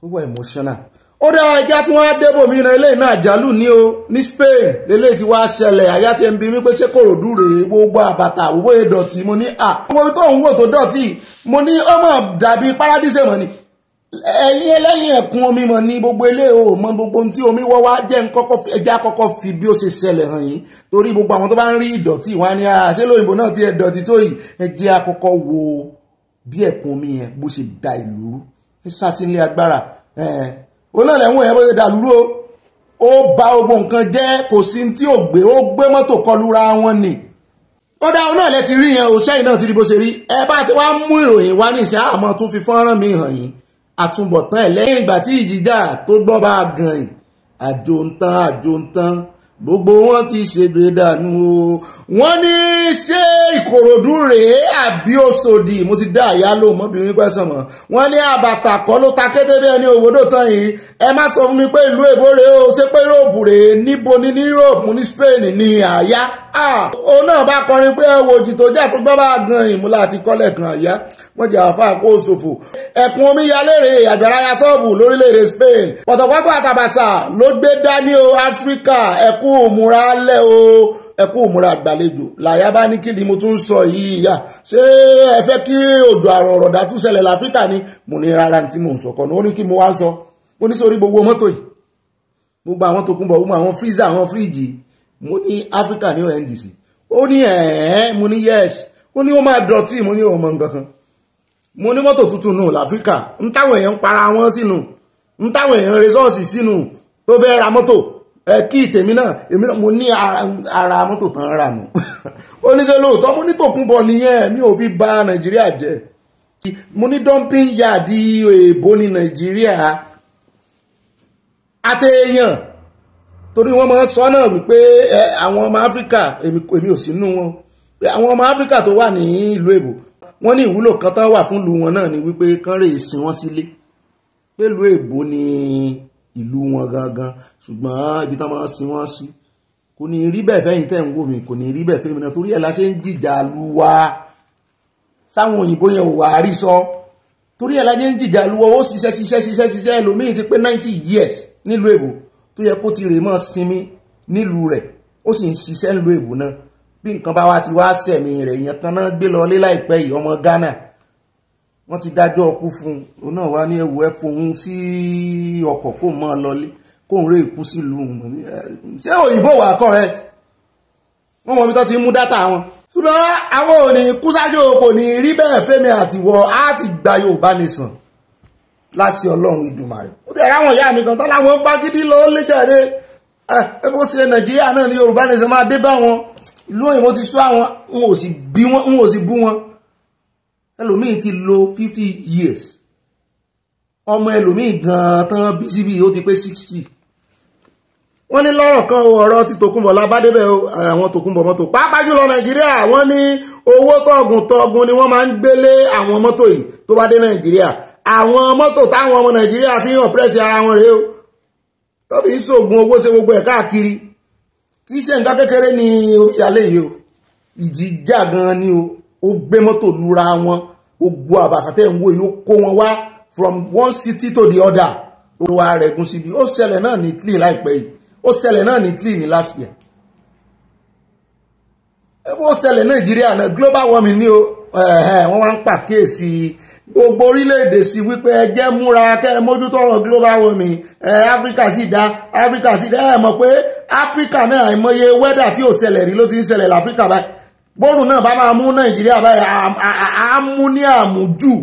ó emotional ó dá ẹja tí wọ́n á débò eléyìí náà jálù ní o ní Spain eléyìí tí wàá ṣẹlẹ̀ àyà tí ń bi mí pé ṣé Kòròdú rèé gbogbo àbàtà àwòwò ìdọ̀tí mo ní à gbogbo tó ń wò tó dọ̀tí mo ní ọmọ dàbí paradíṣẹ̀ mọ́ ni ẹ̀yin ẹlẹ́yìn ẹ̀kún omi mọ̀ ní gbogbo ilé o mọ gbogbo ohun tí omi wọ́ wá jẹ́ ẹja kọ́kọ́ fi bí ó ṣe ṣẹlẹ̀ hàn yín torí gbogbo àwọn tó bá ń rí ìdọ̀tí wọn ni àṣẹ lóyìnbó náà ti ẹ̀ tó yìí ẹjẹ́ àkọ́kọ́ wo bí ẹ̀kún omi yẹn bó ṣe da ìlú ń sá sílé agbára onáàlẹ̀ ń wọ̀ yẹn bó ṣe da ìlú rú ó ba gbogbo nǹkan jẹ́ kò sí tí ò gbé ó gbé mọ́tò kọlura wọn ni ó dá onáàlẹ̀ ti rí yẹn òṣèyìn náà ti rí bó ṣe rí ẹ bá ṣe wá mú ìròyìn wá ní ìṣẹ́ àmọ́ tún fi fọ́nrán mi hàn yín àtúbọ̀tán ẹ̀ lẹ́yìn ìgbà tí ìjìjà tó gbọ́ bá gan àjò ń tán àjò ń tán gbogbo wọn ti ṣègbè dànù o wọ́n ní ṣé ìkòròdú rèé àbí òṣòdì mo ti dá àyà lò mọ́bìnrin pẹ̀sán mọ́ wọ́n ní àbàtà kọ́ ló ta kété bí ẹni òwòdó tán yìí ẹ má sọ fún mi pé ìlú èbó rèé o ṣé pé yúròpù rèé níbo ni ní yúròpù ní Spain ní àyà òun náà bá kọrin pé ẹwọ òjì tó jà tó gbọ́ bá gan ìmúlá àti kọ́lẹ̀ kan àyà wọ́n jẹ́ àfa kó ṣòfò ẹ̀kún omíyalére àjàráyà sọ́ọ̀bù lórílẹ̀‐èdè Spain pọ̀tọ̀pọ̀tọ̀ àtàbàṣà ló gbé dání o Áfíríkà ẹ̀kú òmùra lẹ́ o ẹ̀kú òmùra àgbàlejò làyà bá ní kí ni mo tún sọ yìí yá ṣé ẹ fẹ́ kí òjò àrùn tún ṣẹlẹ̀ láfíríkà ni mo ní rárá tí mò ń sọ kọ́ni ó ní kí mo wá ń sọ ó ní sórí gbogbo mọ́tò yìí gbogbo àwọn tó kún àwọn fírísà àwọn fíríjì yìí mo ní Africa ní NDC ó ní ẹ̀ẹ́ mo ní yes ó ní ó máa dọ̀tí mo ní ọmọ nǹkan kan mo ní mọ́tò tuntun nù láfíríkà ń táwọn èèyàn ń para wọn sínú ń táwọn èèyàn resọ́ọ̀sì sínú tó fẹ́ ra mọ́tò ẹ kí tèmi náà èmi náà mo ní ara mọ́tò tán rà nù ó ní ṣe lóòótọ́ mo ní tòkúnbọ̀ nìyẹn mi ò fi bà nàìjíríà jẹ́ mo ní dumping yard èèbó ní nàìjíríà àtẹ̀yàn torí wọ́n máa ń sọ náà wípé àwọn ọmọ áfíríkà èmi ò sínú wọn pé àwọn ọmọ áfíríkà tó wà ní ìlú èbò wọ́n ní ìwúlò kan tán wà fún ìlú wọn náà ni wípé kán rè sin wọn sílé pé ìlú èbò ni ìlú wọn gangan ṣùgbọ́n ibi tán máa ń sin wọn sí kò ní rí bẹ́ẹ̀ fẹ́yìn tẹ́ ń wò mí kò ní rí bẹ́ẹ̀ fẹ́yìn torí ẹ̀ la ṣe ń jìjà lu wa sáwọn òyìnbó yẹn ò wá rí sọ torí ẹ̀ la ṣe ń jìjà lu wa ó ṣiṣẹ́ ṣiṣẹ́ ṣiṣẹ́ ṣiṣẹ́ ẹlòmíì ti pé ninety years nílùú èbò tó yẹ kó ti rè mọ́ sinmi nílùú rẹ̀ ó sì ń ṣiṣẹ́ ńlò èbò náà bí nǹkan bá wá ti wá sẹ̀mí rẹ̀ èèyàn kan náà gbé lọ lé láìpẹ́ yìí ọmọ Ghana wọ́n ti dájọ́ ọkú fún un òun náà wá ní ẹ̀wù ẹ̀ fohun sí ọkọ̀ kó mọ́ ọ lọlé kó ń rè kú sílùú ṣé òyìnbó wà correct wọ́n mọ̀ mi tó ti mú dátà wọn ṣùgbọ́n àwọn ò ní kú ṣáájú ní rí bẹ́ẹ̀ fẹ́mi àtiwọ́ á ti gba Yorùbá nìsàn láṣẹ ọlọ́run ìdùmàrè ó ti ráwọn ìyá mi kan tán láwọn fagídí lọ lè jàre ah, ẹ bó ṣe nàìjíríà náà ni yorùbá nation máa dé bá wọn ìlú òyìnbó ti sọ àwọn n ò sì bí wọn n ò sì bú wọn ẹlòmíì ti lo fifty years ọmọ ẹlòmíì gan-an tán bí síbi ó ti pé sixty wọ́n ní lọ́rọ̀ kan ọ̀rọ̀ ti tòkunbọ̀ lábádébẹ̀ àwọn tòkunbọ̀ mọ́tò pàápàá jùlọ nàìjíríà wọ́n ní owó tọ̀gùntọ̀gùn ni wọ́n máa ń gbélé àwọn mọ́tò yìí tó bá dé nàìjíríà àwọn mọ́tò táwọn ọmọ nàìjíríà fi hàn pírẹ́sì ara wọn rèé o tọ́bi ń ṣoògùn owó ṣe gbogbo ẹ̀ káàkiri kì í ṣe nǹkan kékeré ní omíyalé yìí o ìjì jà gan ni o ó gbé mọ́tò lura wọn gbogbo àbàṣà tẹ̀ ń wo yìí ó kó wọn wá from one city to the other ló wá rẹ̀gùn síbi ó ṣẹlẹ̀ náà ní Italy láìpẹ́ yìí ó ṣẹlẹ̀ náà ní Italy ní last year ó ṣẹlẹ̀ Nàìjíríà náà global warming ni o wọ́n wá ń pàkíyèsí gbogbo orílẹ̀-èdè sí wípé ẹ jẹ́ múra kẹ́ ẹ mójútó ọ̀rọ̀ global warming ẹ áfíríkà sì dá áfíríkà sì dá ẹ mọ̀ pé áfíríkà náà àìmọye wẹ́dà tí ò ṣẹlẹ̀ rí ló ti ń ṣẹlẹ̀ láfíríkà báyìí bóòrùn náà bá máa mú nàìjíríà báyìí á mú ní àmújù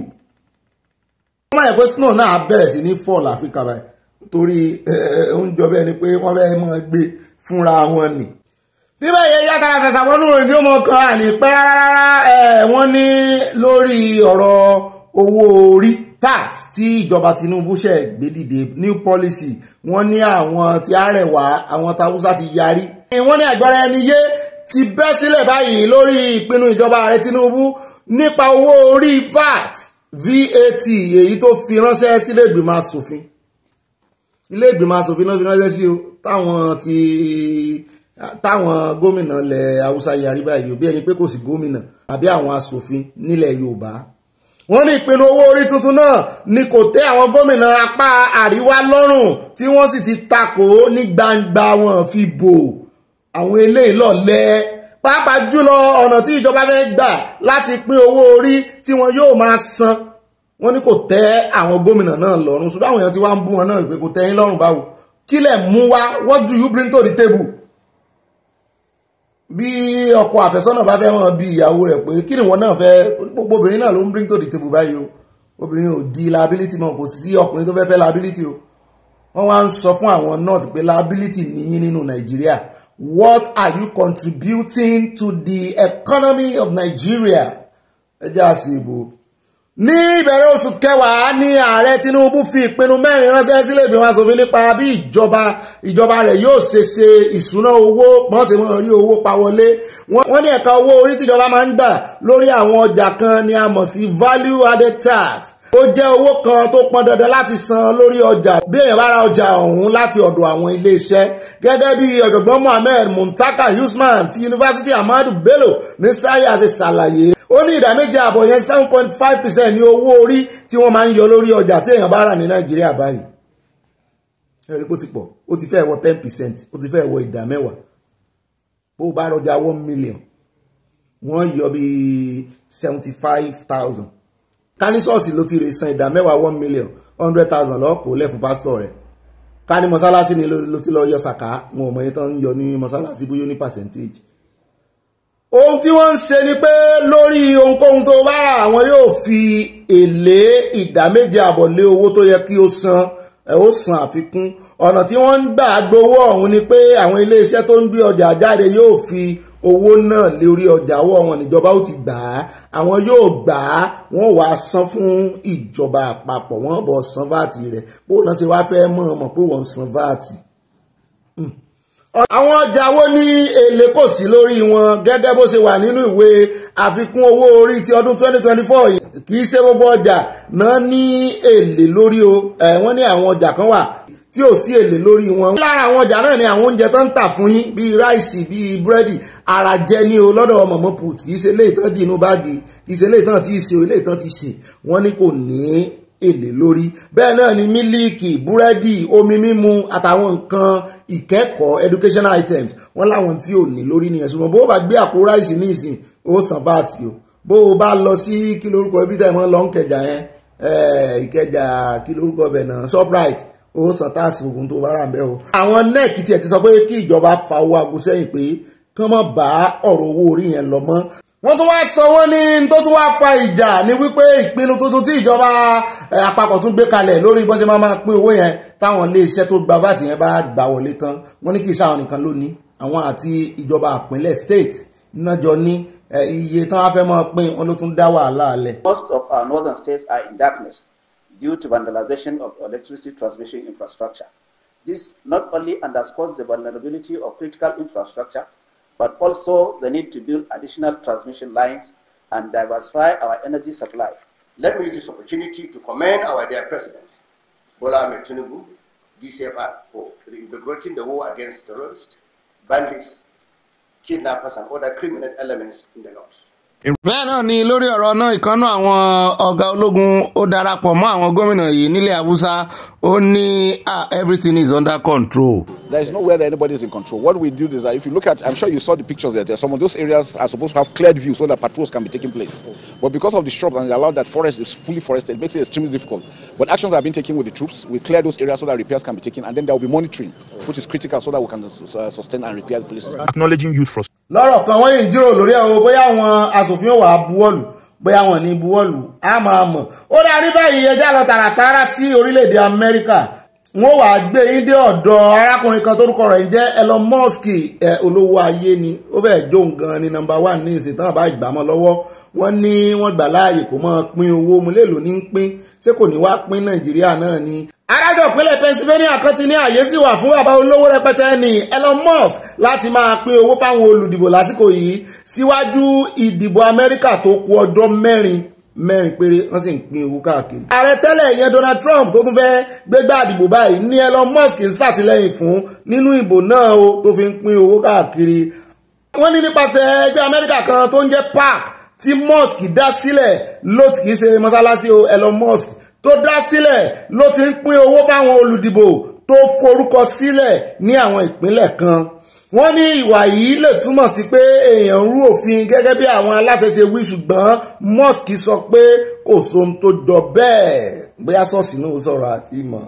wọ́n máa yẹ pé snow náà bẹ̀rẹ̀ sí ní fall áfíríkà báyìí torí oúnjẹ bẹ́ẹ̀ ni pé wọ́n fẹ́ máa gbé fúnra wọn nì níbẹ̀ yẹ yàtara ṣàṣàwọ́nú rẹ̀ tí ó mọ̀ kan àní pẹ́ rárá wọ́n ní lórí ọ̀rọ̀ owó orí tax tí ìjọba Tinubu ṣe gbé dìde new policy wọ́n ní àwọn ti Arẹwà àwọn tàwùsà ti yarí. wọ́n ní àgbára ẹni yé ti bẹ́ sílẹ̀ báyìí lórí ìpinnu ìjọba ààrẹ Tinubu nípa owó orí VAT VAT èyí tó fi ránṣẹ́ sílé ìgbìmọ̀ asòfin ilé ìgbìmọ̀ asòfin náà fi ránṣẹ́ sí o táwọn ti táwọn gómìnà ilẹ̀ haúsá yarí báyìí bí ẹni pé kò sí gómìnà àbí àwọn asòfin nílẹ̀ Yorùbá wọ́n ní ìpinnu owó orí tuntun náà ni kò tẹ́ àwọn gómìnà apá àríwá lọ́rùn tí wọ́n sì ti takò ní gbangba wọn fi bò àwọn eléyìí lọ́lẹ́ pàápàá jùlọ ọ̀nà tí ìjọba fẹ́ gbà láti pín owó orí tí wọn yóò máa san wọ́n ní kò tẹ́ àwọn gómìnà náà lọ́rùn ṣùgbọ́n àwọn èèyàn ti wá ń bú wọn náà pé kò tẹ́ yín lọ́rùn báwo kí lẹ̀ mú wá what do you bring to the table bí ọkọ àfẹ́sọ́nà bá fẹ́ hàn bí ìyàwó rẹ̀ pé kí ni wọn náà fẹ́ gbogbo obìnrin náà ló ń bring to the table báyìí o obìnrin ò di liability mọ́ kò sí ọkùnrin tó fẹ́ fẹ́ liability o wọ́n wá ń sọ fún àwọn north pé liability nìyín nínú nàìjíríà what are you contributing to the economy of Nigeria ẹ jẹ́ àsìbò ní ìbẹ̀rẹ̀ oṣù kẹwàá ní ààrẹ Tinubu fi ìpinnu mẹ́rin ránṣẹ́ sílé ìgbìmọ̀ asòfin nípa bí ìjọba ìjọba rẹ̀ yóò ṣe ṣe ìṣúná owó mọ́sẹ̀mọ́ rí owó pa wọlé wọ́n ní ẹ̀ka owó orí tíjọba máa ń gbà lórí àwọn ọjà kan ni a mọ̀ sí value added tax ó jẹ́ owó kan tó pọn dandan láti san lórí ọjà bí èèyàn bá ra ọjà ọ̀hún láti ọ̀dọ̀ àwọn iléeṣẹ́ gẹ́gẹ́ bí ọ̀jọ̀gbọ́n Mohammed Muntaka Usman ti yunifásitì Ahmadu Bello ní sáyà ṣe ṣàlàyé ó ní ìdá méje àbọ̀ yẹn seven point five percent ní owó orí tí wọ́n máa ń yọ lórí ọjà tí èèyàn bá rà ní Nàìjíríà báyìí ẹ̀rí kó ti pọ̀ ó ti fẹ́ wọ ten percent ó ti fẹ́ wọ ìdá mẹ́wàá bó o bá rọjà one million wọ́n yọ bíi seventy five thousand kánísọ́ọ̀sì ló ti re san ìdá mẹ́wàá one million hundred thousand lọ́pọ̀ lẹ́fún pásítọ̀ rẹ̀ Kani ní mọ́sálásí ni ló ti lọ yọ sàká wọn ò mọ iye tó ń yọ ní mọ́sálásí bóyá ní percentage. ohun tí wọ́n ń ṣe ni pé lórí ohunkóhun tó bá rà àwọn yóò fi èlé ìdá méje àbọ̀ lé owó tó yẹ kí ó san ẹ̀ ó san àfikún ọ̀nà tí wọ́n ń gbà gbowó ọ̀hún ni pé àwọn iléeṣẹ́ tó ń gbé ọjà jáde yóò fi owó náà lórí ọjà ọwọ́ wọn níjọba ó ti gbà á àwọn yóò gbà á wọ́n wàá san fún ìjọba àpapọ̀ wọ́n bọ̀ san vatì rẹ̀ bó náà ṣe wá fẹ́ mọ̀ mọ̀ pé wọ́n san vatì. Hmm. àwọn ọjà wo ni èlé kò sí lórí wọn gẹ́gẹ́ bó ṣe wà nínú ìwé àfikún owó orí ti ọdún 2024 yìí kì í ṣe gbogbo ọjà náà ní èlé lórí o wọ́n ní àwọn ọjà kan wà tí ò sí èlé lórí wọn. lára àwọn ọjà náà ni àwọn oúnjẹ tó ń tà fún yín bíi ráìsì bíi búrẹ́dì ara jẹ ní o lọ́dọ̀ mọ̀mọ́ put kì í ṣe eléyìí tán di inú báàgì kì í ṣe eléyìí tán ti ṣe o eléyìí tán ti ṣe wọ́n ní kò ní èlé lórí. bẹ́ẹ̀ náà ni mílíìkì búrẹ́dì omi mímu àtàwọn nǹkan ìkẹ́kọ̀ọ́ educational items wọ́n láwọn tí ò ní lórí nìyẹn ṣùgbọ́n bó bá gbé àpò ráìsì ní ìsìn ó san vat o bó o bá lọ sí kí lórúkọ ibi tẹ̀ mọ́ lọ́nkẹjà yẹn ìkẹjà kí lórúkọ bẹ̀ náà shoprite ó san táàsì tó bá rà ń bẹ́ o. àwọn nec tiẹ̀ ti sọ pé kí ìjọba fa owó aago sẹ́yìn pé kí wọ́n bá ọ̀rọ̀ owó orí yẹn lọ mọ́. wọ́n tún wáá sọ ní tó tún wáá fa ìjà ní wípé ìpinnu tuntun tí ìjọba àpapọ̀ tún gbé kalẹ̀ lórí bọ́n ṣe máa máa pín owó yẹn táwọn iléeṣẹ́ tó gba vat yẹn bá gbà wọlé tán wọ́n ní kì í sáwọn nìkan lónìí àwọn àti ìjọba àpínlẹ̀ state nájọ ní iye tán wá fẹ́ máa pín wọn wàhálà alẹ̀. Most of our northern states are in darkness due to vandalization of electricity transmission infrastructure. This not only underscores the vulnerability of critical infrastructure, but also the need to build additional transmission lines and diversify our energy supply. Let me use this opportunity to commend our dear President, Bola Ahmed Tinubu, DCFR, for reintegrating the war against terrorists, bandits, kidnappers, and other criminal elements in the North. bẹ́ẹ̀ náà ni lórí ọ̀rọ̀ náà ìkànnà àwọn ọ̀gá ológun ó darapọ̀ mọ́ àwọn gómìnà yìí nílẹ̀ haúsá ó ní ah, everything is under control. There is nowhere that anybody is in control. What we do is that if you look at, I'm sure you saw the pictures there. there some of those areas are supposed to have cleared views so that patrols can be taking place. But because of the shrubs and allowed that forest is fully forested, it makes it extremely difficult. But actions have been taken with the troops. We clear those areas so that repairs can be taken, and then there will be monitoring, which is critical so that we can uh, sustain and repair the places. Acknowledging youth frustration lọ́rọ̀ kan wọ́n yìí ń jíròrò lórí ẹ̀ o bóyá àwọn asòfin wà á buwọ́lù bóyá wọn ní buwọ́lù á máa mọ̀ ó darí báyìí ẹjẹ́ lọ tààràtààrà sí orílẹ̀-èdè Amẹ́ríkà wọ́n wàá gbé yín dé ọ̀dọ̀ arákùnrin kan torúkọ rẹ̀ jẹ́ Elon Musk ẹ̀ olówó ayé ni ó fẹ́ẹ́ jó nǹkan ni nọ́mbà one ní ìsìn tán àbá ìgbàmọ́ lọ́wọ́ wọ́n ní wọ́n gbà láàyè kó máa pín owó mu lélòó ní pín ṣé kò ní wá pín Nàìjíríà náà ni arájọ ìpínlẹ̀ Pennsylvania kan ti ní àyè sì wà fún bàbá olówó rẹpẹtẹ ní Elon Musk láti máa pín owó fáwọn olùdìbò lásìkò yìí síwájú ìdìbò Amẹ́ríkà tó kù ọjọ́ mẹ́rin mẹ́rin péré wọ́n sì ń pín owó káàkiri. ààrẹ tẹ́lẹ̀ ìyẹn Donald Trump tó tún fẹ́ẹ́ gbégbá àdìbò báyìí ní Elon Musk ń ṣàtìlẹ́yìn fún nínú ìbò náà o tó fi ń pín owó káàkiri. wọ́n ní nípasẹ̀ ẹgbẹ́ Amẹ́ríkà kan tó ń jẹ́ park tí Musk dá sílẹ̀ ló ti kì í ṣe mọ́sálásí o Elon Musk tó dá sílẹ̀ ló ti ń pín owó fáwọn olùdìbò tó forúkọ sílẹ̀ ní àwọn ìpínlẹ̀ kan wọ́n ní ìwà yìí lè túmọ̀ sí pé èèyàn rú òfin gẹ́gẹ́ bí àwọn aláṣẹ ṣe wí ṣùgbọ́n Musk sọ pé kò sóhun tó jọ bẹ́ẹ̀ bóyá ṣọ́ọ̀ṣì náà ó sọ̀rọ̀ àti ìmọ̀.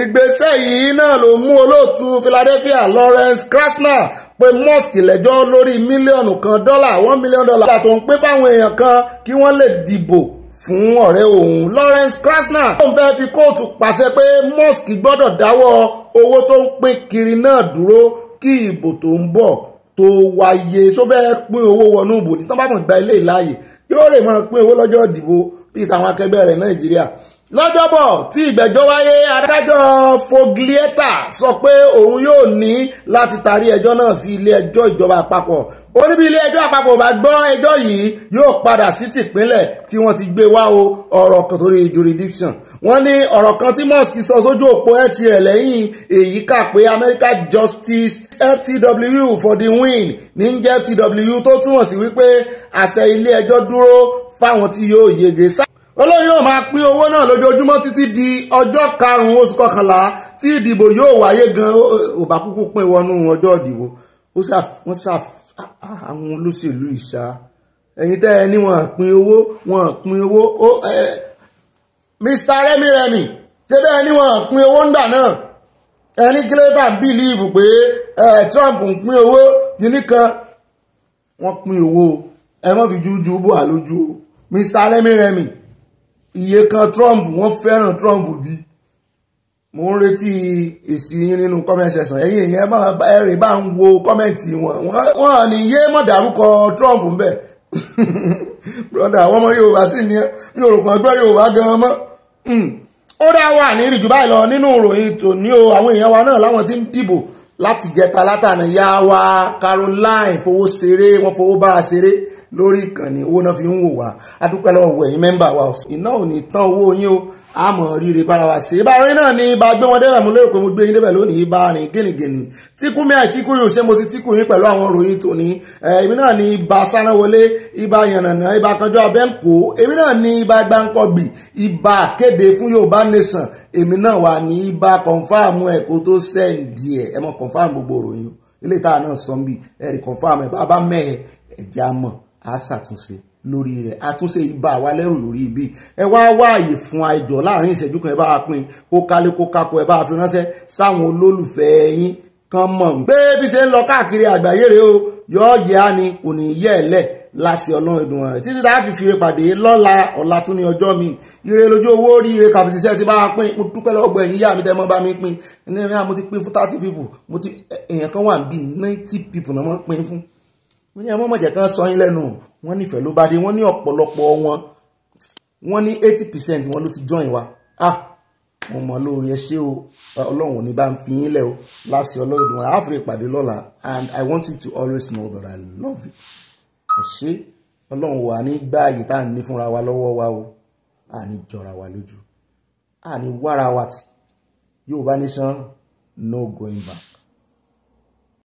ìgbésẹ̀ yìí náà ló mú olóòtú Philadelphia Lawrence Krasner pé Musk lẹ́jọ́ lórí mílíọ̀nù kan dọ́là one million dollar tó ń pé fáwọn èèyàn kan kí wọ́n lè dìbò fún ọ̀rẹ́ òun Lawrence Krasner tó ń fẹ́ fi kóòtù pàṣẹ pé Musk gbọ́dọ̀ dáwọ́ owó tó ń pín kiri náà dúró kí ìbò tó ń bọ̀ tó wáyé só fẹ́ pín owó wọnú ìbò ní tán mọ̀ gba ilé ìláyè yóò rè mọ́ pín owó lọ́jọ́ ìdìbò bíi tàwọn akẹgbẹ́ rẹ̀ Nàìjíríà lọ́jọ́bọ̀ tí ìgbẹ́jọ́ wáyé adájọ́ foglieta sọ pé òun yóò ní láti tarí ẹjọ́ náà sí ilé ẹjọ́ ìjọba àpapọ̀ ó ní bí ilé ẹjọ́ àpapọ̀ bá gbọ́ ẹjọ́ yìí yóò padà sí tìpínlẹ̀ tí wọ́n ti gbé wá o ọ̀rọ̀ kan torí jurisdiction wọ́n ní ọ̀rọ̀ kan tí musk sọ sójú òpó ẹ̀ tirẹ̀ lẹ́yìn èyí pé American Justice FTW for the win ní jẹ́ FTW tó túmọ̀ sí wípé àṣẹ ilé ẹjọ́ dúró fáwọn tí yóò yege sá olóyún yóò máa pín owó náà lójoojúmọ́ títí di ọjọ́ karùn-ún oṣù kọkànlá tí ìdìbò yóò wáyé gan ò bá kúkú pín wọnú ọjọ́ ìdìbò wọ́n ṣàf àwọn olóṣèlú ìṣá ẹ̀yin tẹ́ ẹ ní wọ́n pín owó wọ́n pín owó Mr Remi Remi ṣé bẹ́ẹ̀ ni wọ́n pín owó ńgbà náà ẹni kílẹ̀tà ń bìlíìfù pé Trump ń pín owó yìí kan wọ́n pín owó ẹ má fi jújú bò á lójú Mr Remi Remi iye kan Trump wọ́n fẹ́ràn Trump bí mo ń retí èsì yín nínú comment section ẹ̀yin èèyàn ẹ̀rìn bá ń wo comment wọn wọn ní yé mọ̀ dárúkọ Trump ń bẹ̀ brother àwọn ọmọ Yorùbá sì ní mi ò rò pọ̀ gbọ́ Yorùbá gan-an mọ́ hmm. ó dá wà ní ìrìjù báyìí lọ nínú ìròyìn tòní o àwọn èèyàn wa náà láwọn tí ń dìbò láti jẹta látànà yá wa Caroline fowó ṣeré wọ́n fowó bá a ṣeré lórí ìkànnì owó náà fi ń wò wá adúpẹ́ lọ́wọ́ wọ ẹ̀yin mẹ́mbà wa ọ̀sán. iná ò ní tán owó yín o àmọ̀ ríre bára wa ṣe bára yín náà ni bá gbé wọn débẹ̀ mo lérò pé mo gbé yín débẹ̀ lónìí bá rìn gínìgínì tíkú mi àìtíkú yóò ṣe mo ti tíkú yín pẹ̀lú àwọn ròyìn tòní èmi náà ni ibà sanáwọlé ibà yànnànà ibà kanjọ abẹ́ǹkó èmi náà ni ibà gbáǹkọ̀gbì ibà kéde fún Yorùbá nation èmi náà wà ní ibà kọ̀ǹfàmù ẹ̀ kó tó sẹ́ǹdì ẹ̀ ẹ̀ mọ̀ kọ̀ǹfàmù gbogbo ròyìn ilé ìta náà sọ ń ẹ̀rì kọ̀ǹfàmù ẹ̀ bá bá mẹ́ẹ̀ ẹ̀já mọ̀ á ṣàtúnṣe lórí rẹ̀ àtúnṣe ibà wa lẹ́rù lórí ibi ẹ wá wá àyè fún àìjọ láàrin ìṣẹ́jú kan ẹ bá pín kó kálé kó kákó ẹ bá fi ránṣẹ́ sáwọn olólùfẹ́ yín kan mọ̀ pé bí ṣe ń lọ káàkiri àgbáyé rèé o yóò yẹ á ni kò ní yẹ ẹ lẹ̀ láṣẹ ọlọ́run ìdùn rẹ̀ títí tá a fi fire pàdé lọ́la ọ̀la tún ní ọjọ́ mi ire lójú owó rí ire kàbìtì iṣẹ́ ti bá a pín mo dúpẹ́ lọ́gbọ̀ ẹ̀yìn yá mi tẹ́ mọ́ bá mi pín ní ẹ̀mí àmọ́ ti pín fún thirty people mo ti èèyàn kan wà bí ninety people náà mọ́ pín fún wọ́n ní àwọn mọ̀jẹ̀ kan sọ yín lẹ́nu wọ́n nífẹ̀ẹ́ ló bá dé wọ́n ní ọ̀pọ̀lọpọ̀ wọn wọ́n ní eighty percent wọn ló ti join wa ah mo mọ̀ lórí ẹ ṣé o ọlọ́run ò ní bá ń fi yín lẹ̀ o láti ọlọ́run ìdùnnú àáfíà ìpàdé lọ́la and i want you to always know that i love you ẹ ṣé ọlọ́run wà ní gbáàyè tá à ń ní fúnra wa lọ́wọ́ wa o à ní jọra wa lójú à ní wára wa tì yóò bá ní sàn no going back.